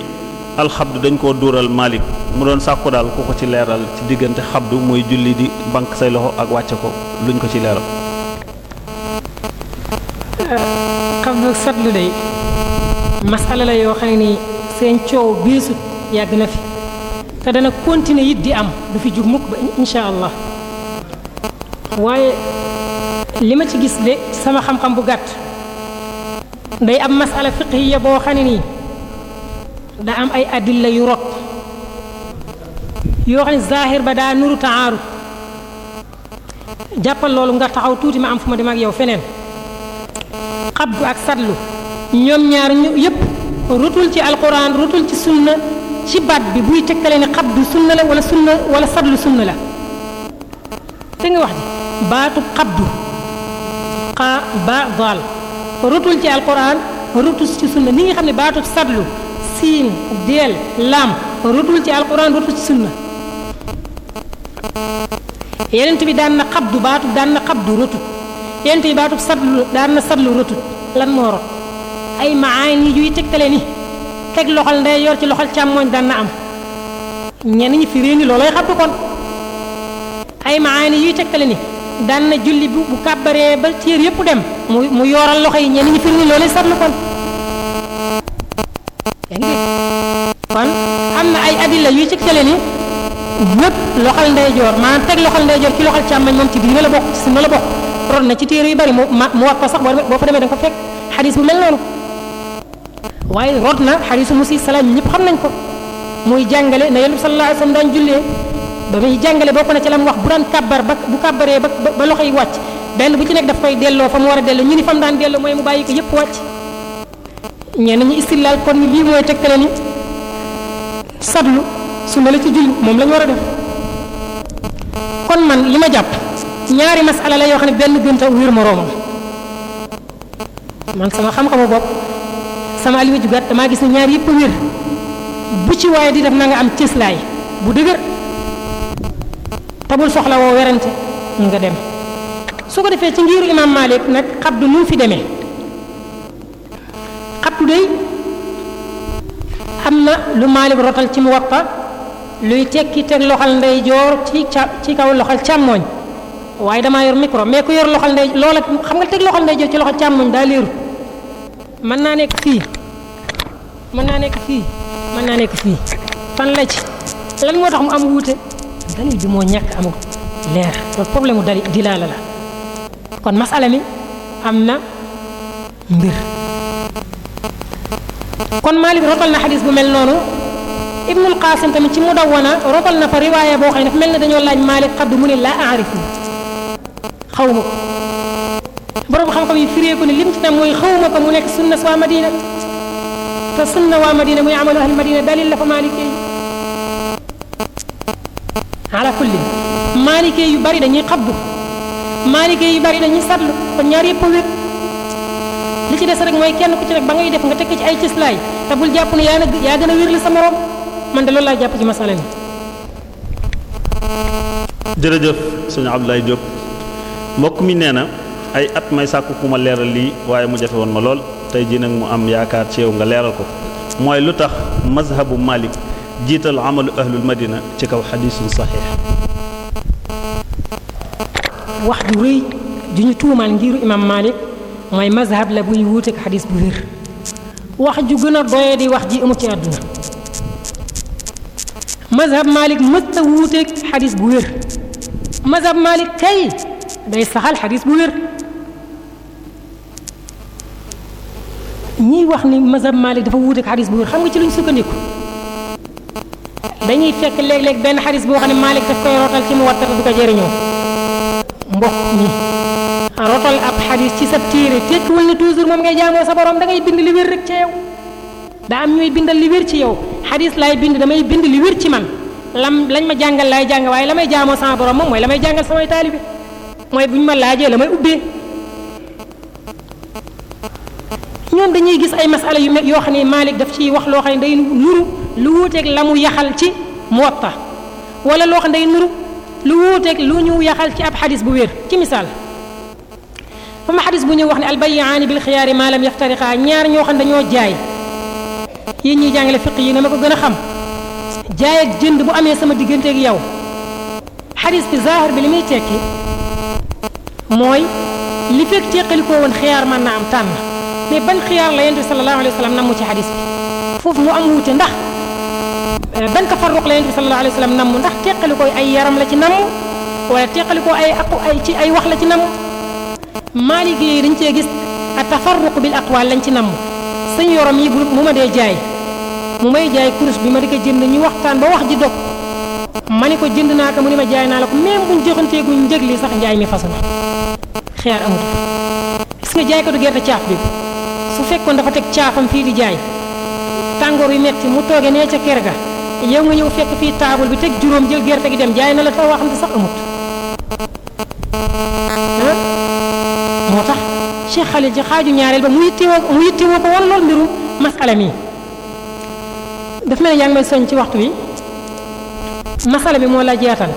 alxabdu dañ koo duural Malik mu doon sàkku daal ku ko ci leeral ci diggante xabdu mooy julli di banque say loxo ak wàcce ko luñ ko ci leeral xabdu sadlu day masala la yoo xam ni seen coow biisut yàgg na fi te dana continuer it di am du fi jug mukk ba insha allah waaye li ma ci gis de sama xam-xam bu gàtt day am masala fiqhiya boo xam ne nii da am ay adilla yu rot yoo xam ne zaahir ba daa nuru taaru jàppal loolu nga taxaw tuuti ma am fu ma dem ak yow feneen xabdu ak sadlu ñoom ñaar ñu yépp rutul ci alquran rutul ci sunna ci baat bi buy tekkale ne xabdu sunna la wala sunna wala sadlu sunna la te nga wax ji baatu xabdu xaa ba daal rutul ci alquran rutul ci sunna ni nga xam ne baatu sadlu siin deel lam rutul ci alquran rutul ci sunna yenent bi daan na xabdu baatu daan na xabdu rotut yenent bi baatu sadlu daan na sadlu rotut lan moo rot ay maani yuy tegtale ni teg loxol ndey yor ci loxol càmmooñ daan na am ñenn ñi fi réew mi loolooy xabdu kon ay maani yuy tegtale ni daan na julli bu bu kàbbaree ba téer yëpp dem mu mu yooral loxo yi ñenn ñi firnde loolu sànn kon. kon am na ay adilla yuy ci cële ni lépp loxal ndeyjoor maanaam teg loxal ndeyjoor ci loxal càmmañ moom ci diine la bokk ci sunna la bokk rod na ci téere yu bari mu mu wax ko sax boo fa demee da nga ko fekk xadis bu mel noonu waaye rod na xadisu musi salaam ñëpp xam nañ ko muy jàngale na yonent bi sallallahu alayhi wa daan jullee. ba muy jàngale bokk na ci la mu wax bu daan kàbbar ba bu kàbbaree ba ba loxo yi wàcc benn bu ci nekk daf koy delloo fa mu war a delloo ñu ni fa mu daan delloo mooy mu bàyyi ko yëpp wàcc ñenn ñi istilaal kon lii mooy tegtale ni satlu sunna la ci julli moom la war a def kon man li ma jàpp ñaari masala la yoo xam ne benn gënta wér moroomam man sama xam-xamu bopp sama aliwa jugat damaa gis ne ñaari yëpp wér bu ci waaye di def na nga am cëslaay bu dëgër te bul soxla woo werante nga dem su ko defee ci ngiiru imaam Malik nag xabdu nu fi demee xabdu day am na lu Malik rotal ci mu wappa luy tekki teg loxal ndeyjoor ci ca ci kaw loxal càmmoñ waaye damaa yor micro mais ku yor loxal ndey loola xam nga teg loxal ndey joor ci loxal càmmooñ daa leeru mën naa nekk fii mën naa nekk fii mën naa nekk fii fan la ci lan moo tax mu am wuute dalil bi moo ñàkk amul leer loolu problème mu dali dilaala la kon masala mi am na mbir kon Maalik rotal na xadis bu mel noonu Ibnul Qaasim tamit ci Mudawwana rotal na fa riwaaya boo xam ne dafa mel ne dañoo laaj Maalik xaddu mu ne laa aarifu xaw ma ko borom xam-xam yi firee ko ne lim ci tam mooy xaw ko mu nekk sunna waa Madina te sunna waa Madina muy amalu ahli Madina dalil la fa ala kulli maalikee yu bari dañuy xabdu maalikee yu bari dañuy satlu kon ñaar yëpp wér li ci des rek mooy kenn ku ci rek ba ngay def nga tekk ci ay cislaay te bul jàpp ne yaa nag yaa gën a wér li sa morom man de loolu laa jàpp ci masala bi jërëjëf sëñ Abdoulaye Diop mbokk mi nee na ay at may sàkku ku ma leeral lii waaye mu jafe woon ma lool tey jii nag mu am yaakaar ci nga leeral ko mooy lu tax mazhabu Malik jiital amalu ahlul madina ci kaw xadiisun saxiix wax ju rëy ju ñu tuumaal ngiru imam malik mooy mazhab la buy wuuteeg xadis bu wér wax ju gën a doye di wax ji amu ci àdduna mazhab malik mësta wuuteeg xadis bu wér mazhab malik kay day saxal xadis bu wér ñiy wax ni mazhab malik dafa wuuteeg xadis bu wér xam nga ci luñ sukkandiku dañuy fekk léeg-léeg benn xadis boo xam ne Malik daf koy rotal ci mu wattat du ko jëriñoo mbokk mi rotal ab xadis ci sa téere tekkiwul ne toujours moom ngay jaamoo sa borom dangay ngay bind li wér rek ci yow daa am bindal li ci yow xadis laay bind damay bind li wér ci man lam lañ ma jàngal laay jàng waaye la may jaamoo sama borom moom mooy la may jàngal samay taalibe mooy bu ñu ma laajee la may ubbee ñoom dañuy gis ay masala yu yoo xam ne Malik daf ci wax loo xam ne day lu wuuteeg la mu yaxal ci muwatta wala loo xam day nuru lu wuuteeg lu ñu yaxal ci ab xadis bu wér ci misaal fa ma xadis bu ñuy wax ne albayiaani bil xiyaari maa lam yaxtariqaa ñaar ñoo xam dañoo jaay yéen ñuy jàngale fiq yi na ma ko gën a xam jaay ak jënd bu amee sama digganteeg yow xadis bi zaahir bi li muy tekki mooy li fekk teqalikoo woon xiyaar man na am tànn mais ban xiyaar la yonent bi sallallahu alayhi wa sallam namu ci xadis bi foofu mu am ndax Eh, ban tafarruq la yonent bi sallallahu alayhi wa sallam namm ndax teqali ko ay yaram la ci namm wala teqali ko ay aqu ay ci ay wax la ci namm Maalik yi dañ cee gis a tafarruq bil aqwaal lañ ci namm sëñ yorom yi bu mu jaay mu may jaay kurus bi ma di jënd ñu waxtaan ba ji dog ma ko jënd naa ko mu ni jaay naa la ko même buñ joxantee guñ njëg sax njaay mi fasu na xeer amut gis nga jaaykatu gerte caaf bi su fekkoon dafa teg caafam fii di jaay tàngoor yu metti mu tooge nee ca kër ga yow nga ñëw fekk fii taabul bi teg juróom jël gerte gi dem jaay na la taw waxam sax amut moo tax Cheikh Khalil ci xaaju ñaareel ba mu yittewoo mu yittewoo ko woon lool mbirum masala mi daf mel ne yaa bi masala mi moo la jeetal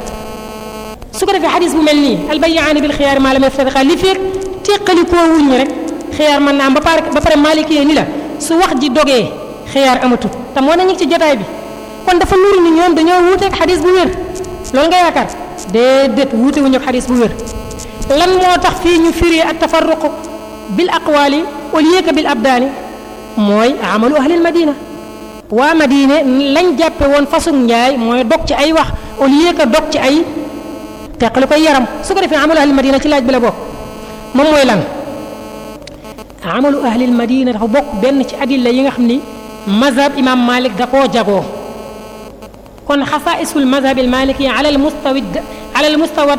su ko defee mel nii albayaani bil xiyaar maa lam yaftariqaa li feeg teqalikoo rek xiyaar mën naa am ba pare ba pare maalikee ni la su wax ji dogee xiyaar amatul te moo ne ñu ci jotaay bi kon dafa nuru ni ñoom dañoo wuuteeg xadis bu wér loolu nga yaakaar déedéet wuute wuñu xadis bu wér lan moo tax fii ñu firi ak tafarruq bil aqwaali au lieu que bil abdaani mooy amalu ahlil madina waa lañ jàppe woon façon njaay mooy dog ci ay wax au lieu que dog ci ay teqali yaram su ko defee amalu ahlil madina ci laaj bi la bokk moom mooy lan amalu ahlil madina dafa bokk benn ci adilla yi nga xam ni mazhab imam malik da koo jagoo kon xasaa'isul mazhabil maalikiyya alal mustawi alal mustawa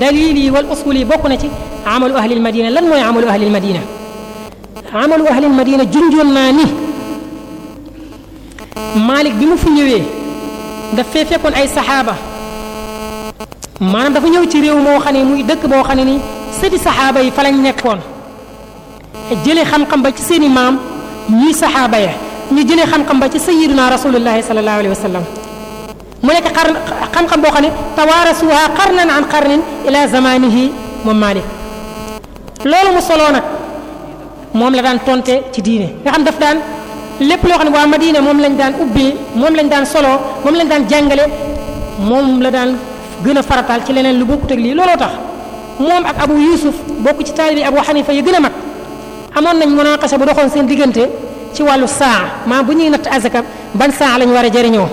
dalil yi wal usul yi bokk na ci amalu ahlil madina lan mooy amalu ahlil madina amalu ahlil madina junjoon naa ni Malik bi mu fi ñëwee daf fee fekkoon ay saxaaba maanaam dafa ñëw ci réew moo xam ne muy dëkk boo xam ne ni sëti saxaaba yi fa lañ nekkoon jëlee xam-xam ba ci seeni maam ñuy saxaaba ya ñu jëlee xam-xam ba ci sayyiduna rasulullahi sallallahu alayhi wa sallam mu nekk xar xam-xam boo xam ne tawaarasuha qarnan an qarnin ila zamanihi moom Malik loolu mu solo nag moom la daan tonte ci diine nga xam daf daan lépp loo xam ne waa Madina moom lañ daan ubbi moom lañ daan solo moom lañ daan jàngale moom la daan gën a farataal ci leneen lu bokkut ak lii looloo tax moom ak Abu Yusuf bokk ci taalibi Abu Hanifa yi gën a mag amoon nañ munaqasha bu doxoon seen diggante ci wàllu saa maa bu ñuy natt azaka ban saa lañ war a jëriñoo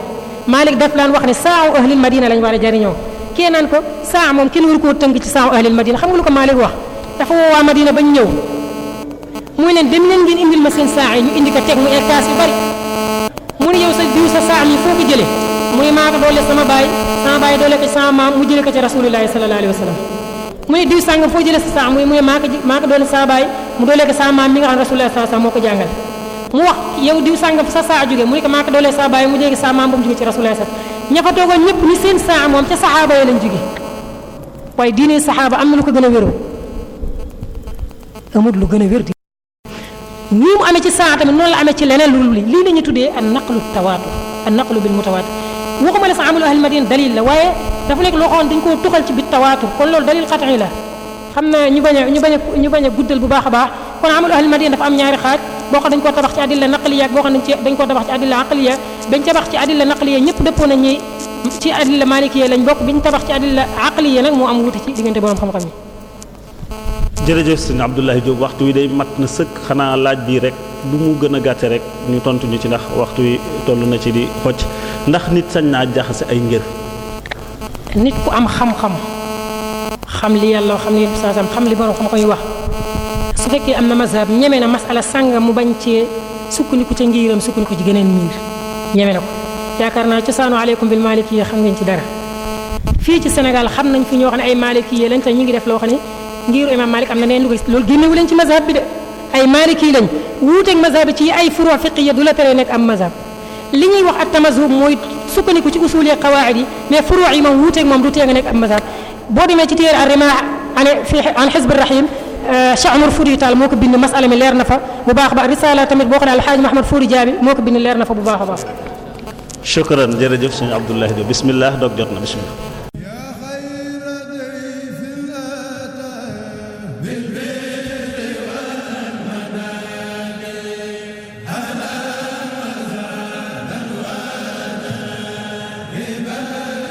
Malik daf laan wax ne saaw ahlil madina lañ war a jariñoo kee naan ko saa moom kenn waru koo tënk ci saaw ahlil madina xam nga lu ko Malik wax dafa woo waa madina bañ ñëw muy leen dem leen ngeen indil ma seen saa yi ñu indi ko teg mu erkaas yu bari mu ne yow sa diw sa saa mi foo ko mu ne maa ko doole sama mu jëlee ko ci rasulillahi sallallahu alayhi wa sallam mu ne diw sàngam foo jëlee sa saa mu ne maa ko doole sama baay mu doole ko sama maam mi nga xam rasulillahi sallallahu alayhi moo ko jàngal mu wax yow diw sàngam sa saa jóge mu ne ko maa ko doolee saa bàyyi mu jéegi saa maam ba mu jóge ci rasulullah sa ña fa toogoon ñëpp ñi seen saa moom ca saxaaba yi lañ jóge waaye diine saxaaba am na lu ko gën a wéroo amul lu gën a wér di ni mu amee ci saa tamit noonu la amee ci leneen lu li lii la ñu tuddee an naqlu tawaatur an naqlu bil mutawaatir waxuma la sa amalu ahli madina dalil la waaye dafa nekk loo xam dañ koo tuxal ci bit tawaatu kon loolu dalil xat'i la xam na ñu bañ a ñu bañ ñu bañ a guddal bu baax a baax kon amalu ahli madina dafa am ñaari xaaj boo ko dañ koo tabax ci adilla naqliya boo xam dañ koo tabax ci adilla aqliya bañ tabax ci adilla naqliya ñëpp dëppoo nañ ñi ci adilla malikiya lañ bokk biñ tabax ci adilla aqliya nag moo am wuute ci diggante borom xam-xam yi jërëjëf sëñ Abdoulaye Diop waxtu wi day mat na sëkk xanaa laaj bi rek du mu gën a gàtte rek ñu tontu ci ndax waxtu wi toll na ci di xocc ndax nit sañ naa jaxase ay ngir. nit ku am xam-xam xam li yàlla xam li yàlla saa xam li borom xam-xam yi wax su fekkee am na mazhab ñeme na masala sàngam mu bañ cee sukkandiku ca ngiiram sukkandiku ci geneen miir ñeme na ko yaakaar naa cosaanu aleykum bil maliki yi xam ngeen ci dara fii ci Sénégal xam nañ fi ñoo xam ne ay maliki yi lañ ñu ngi def loo xam ne ngiiru imam malik am na neen lu koy loolu génnewu leen ci mazhab bi de ay maliki yi lañ wuuteeg mazhab bi ci ay furu fiqiya du la teree nekk am mazhab li ñuy wax ak tamazhub mooy sukkandiku ci usulee qawaid yi mais furu yi moom wuuteeg moom du tee nga nekk am mazhab boo demee ci téere ar-rimaa an fi an xisb rahim Eh, Cheikh Omar Foutiyou Tall moo ko bind masala mi leer na fa bu baax a baax risala tamit boo xam ne alxaaji Mahamad Fouri Jaabi moo ko bind leer na fa bu baax a baax. shukran jërëjëf suñu Abdoulaye Diop bismillah doog jot na bismillah.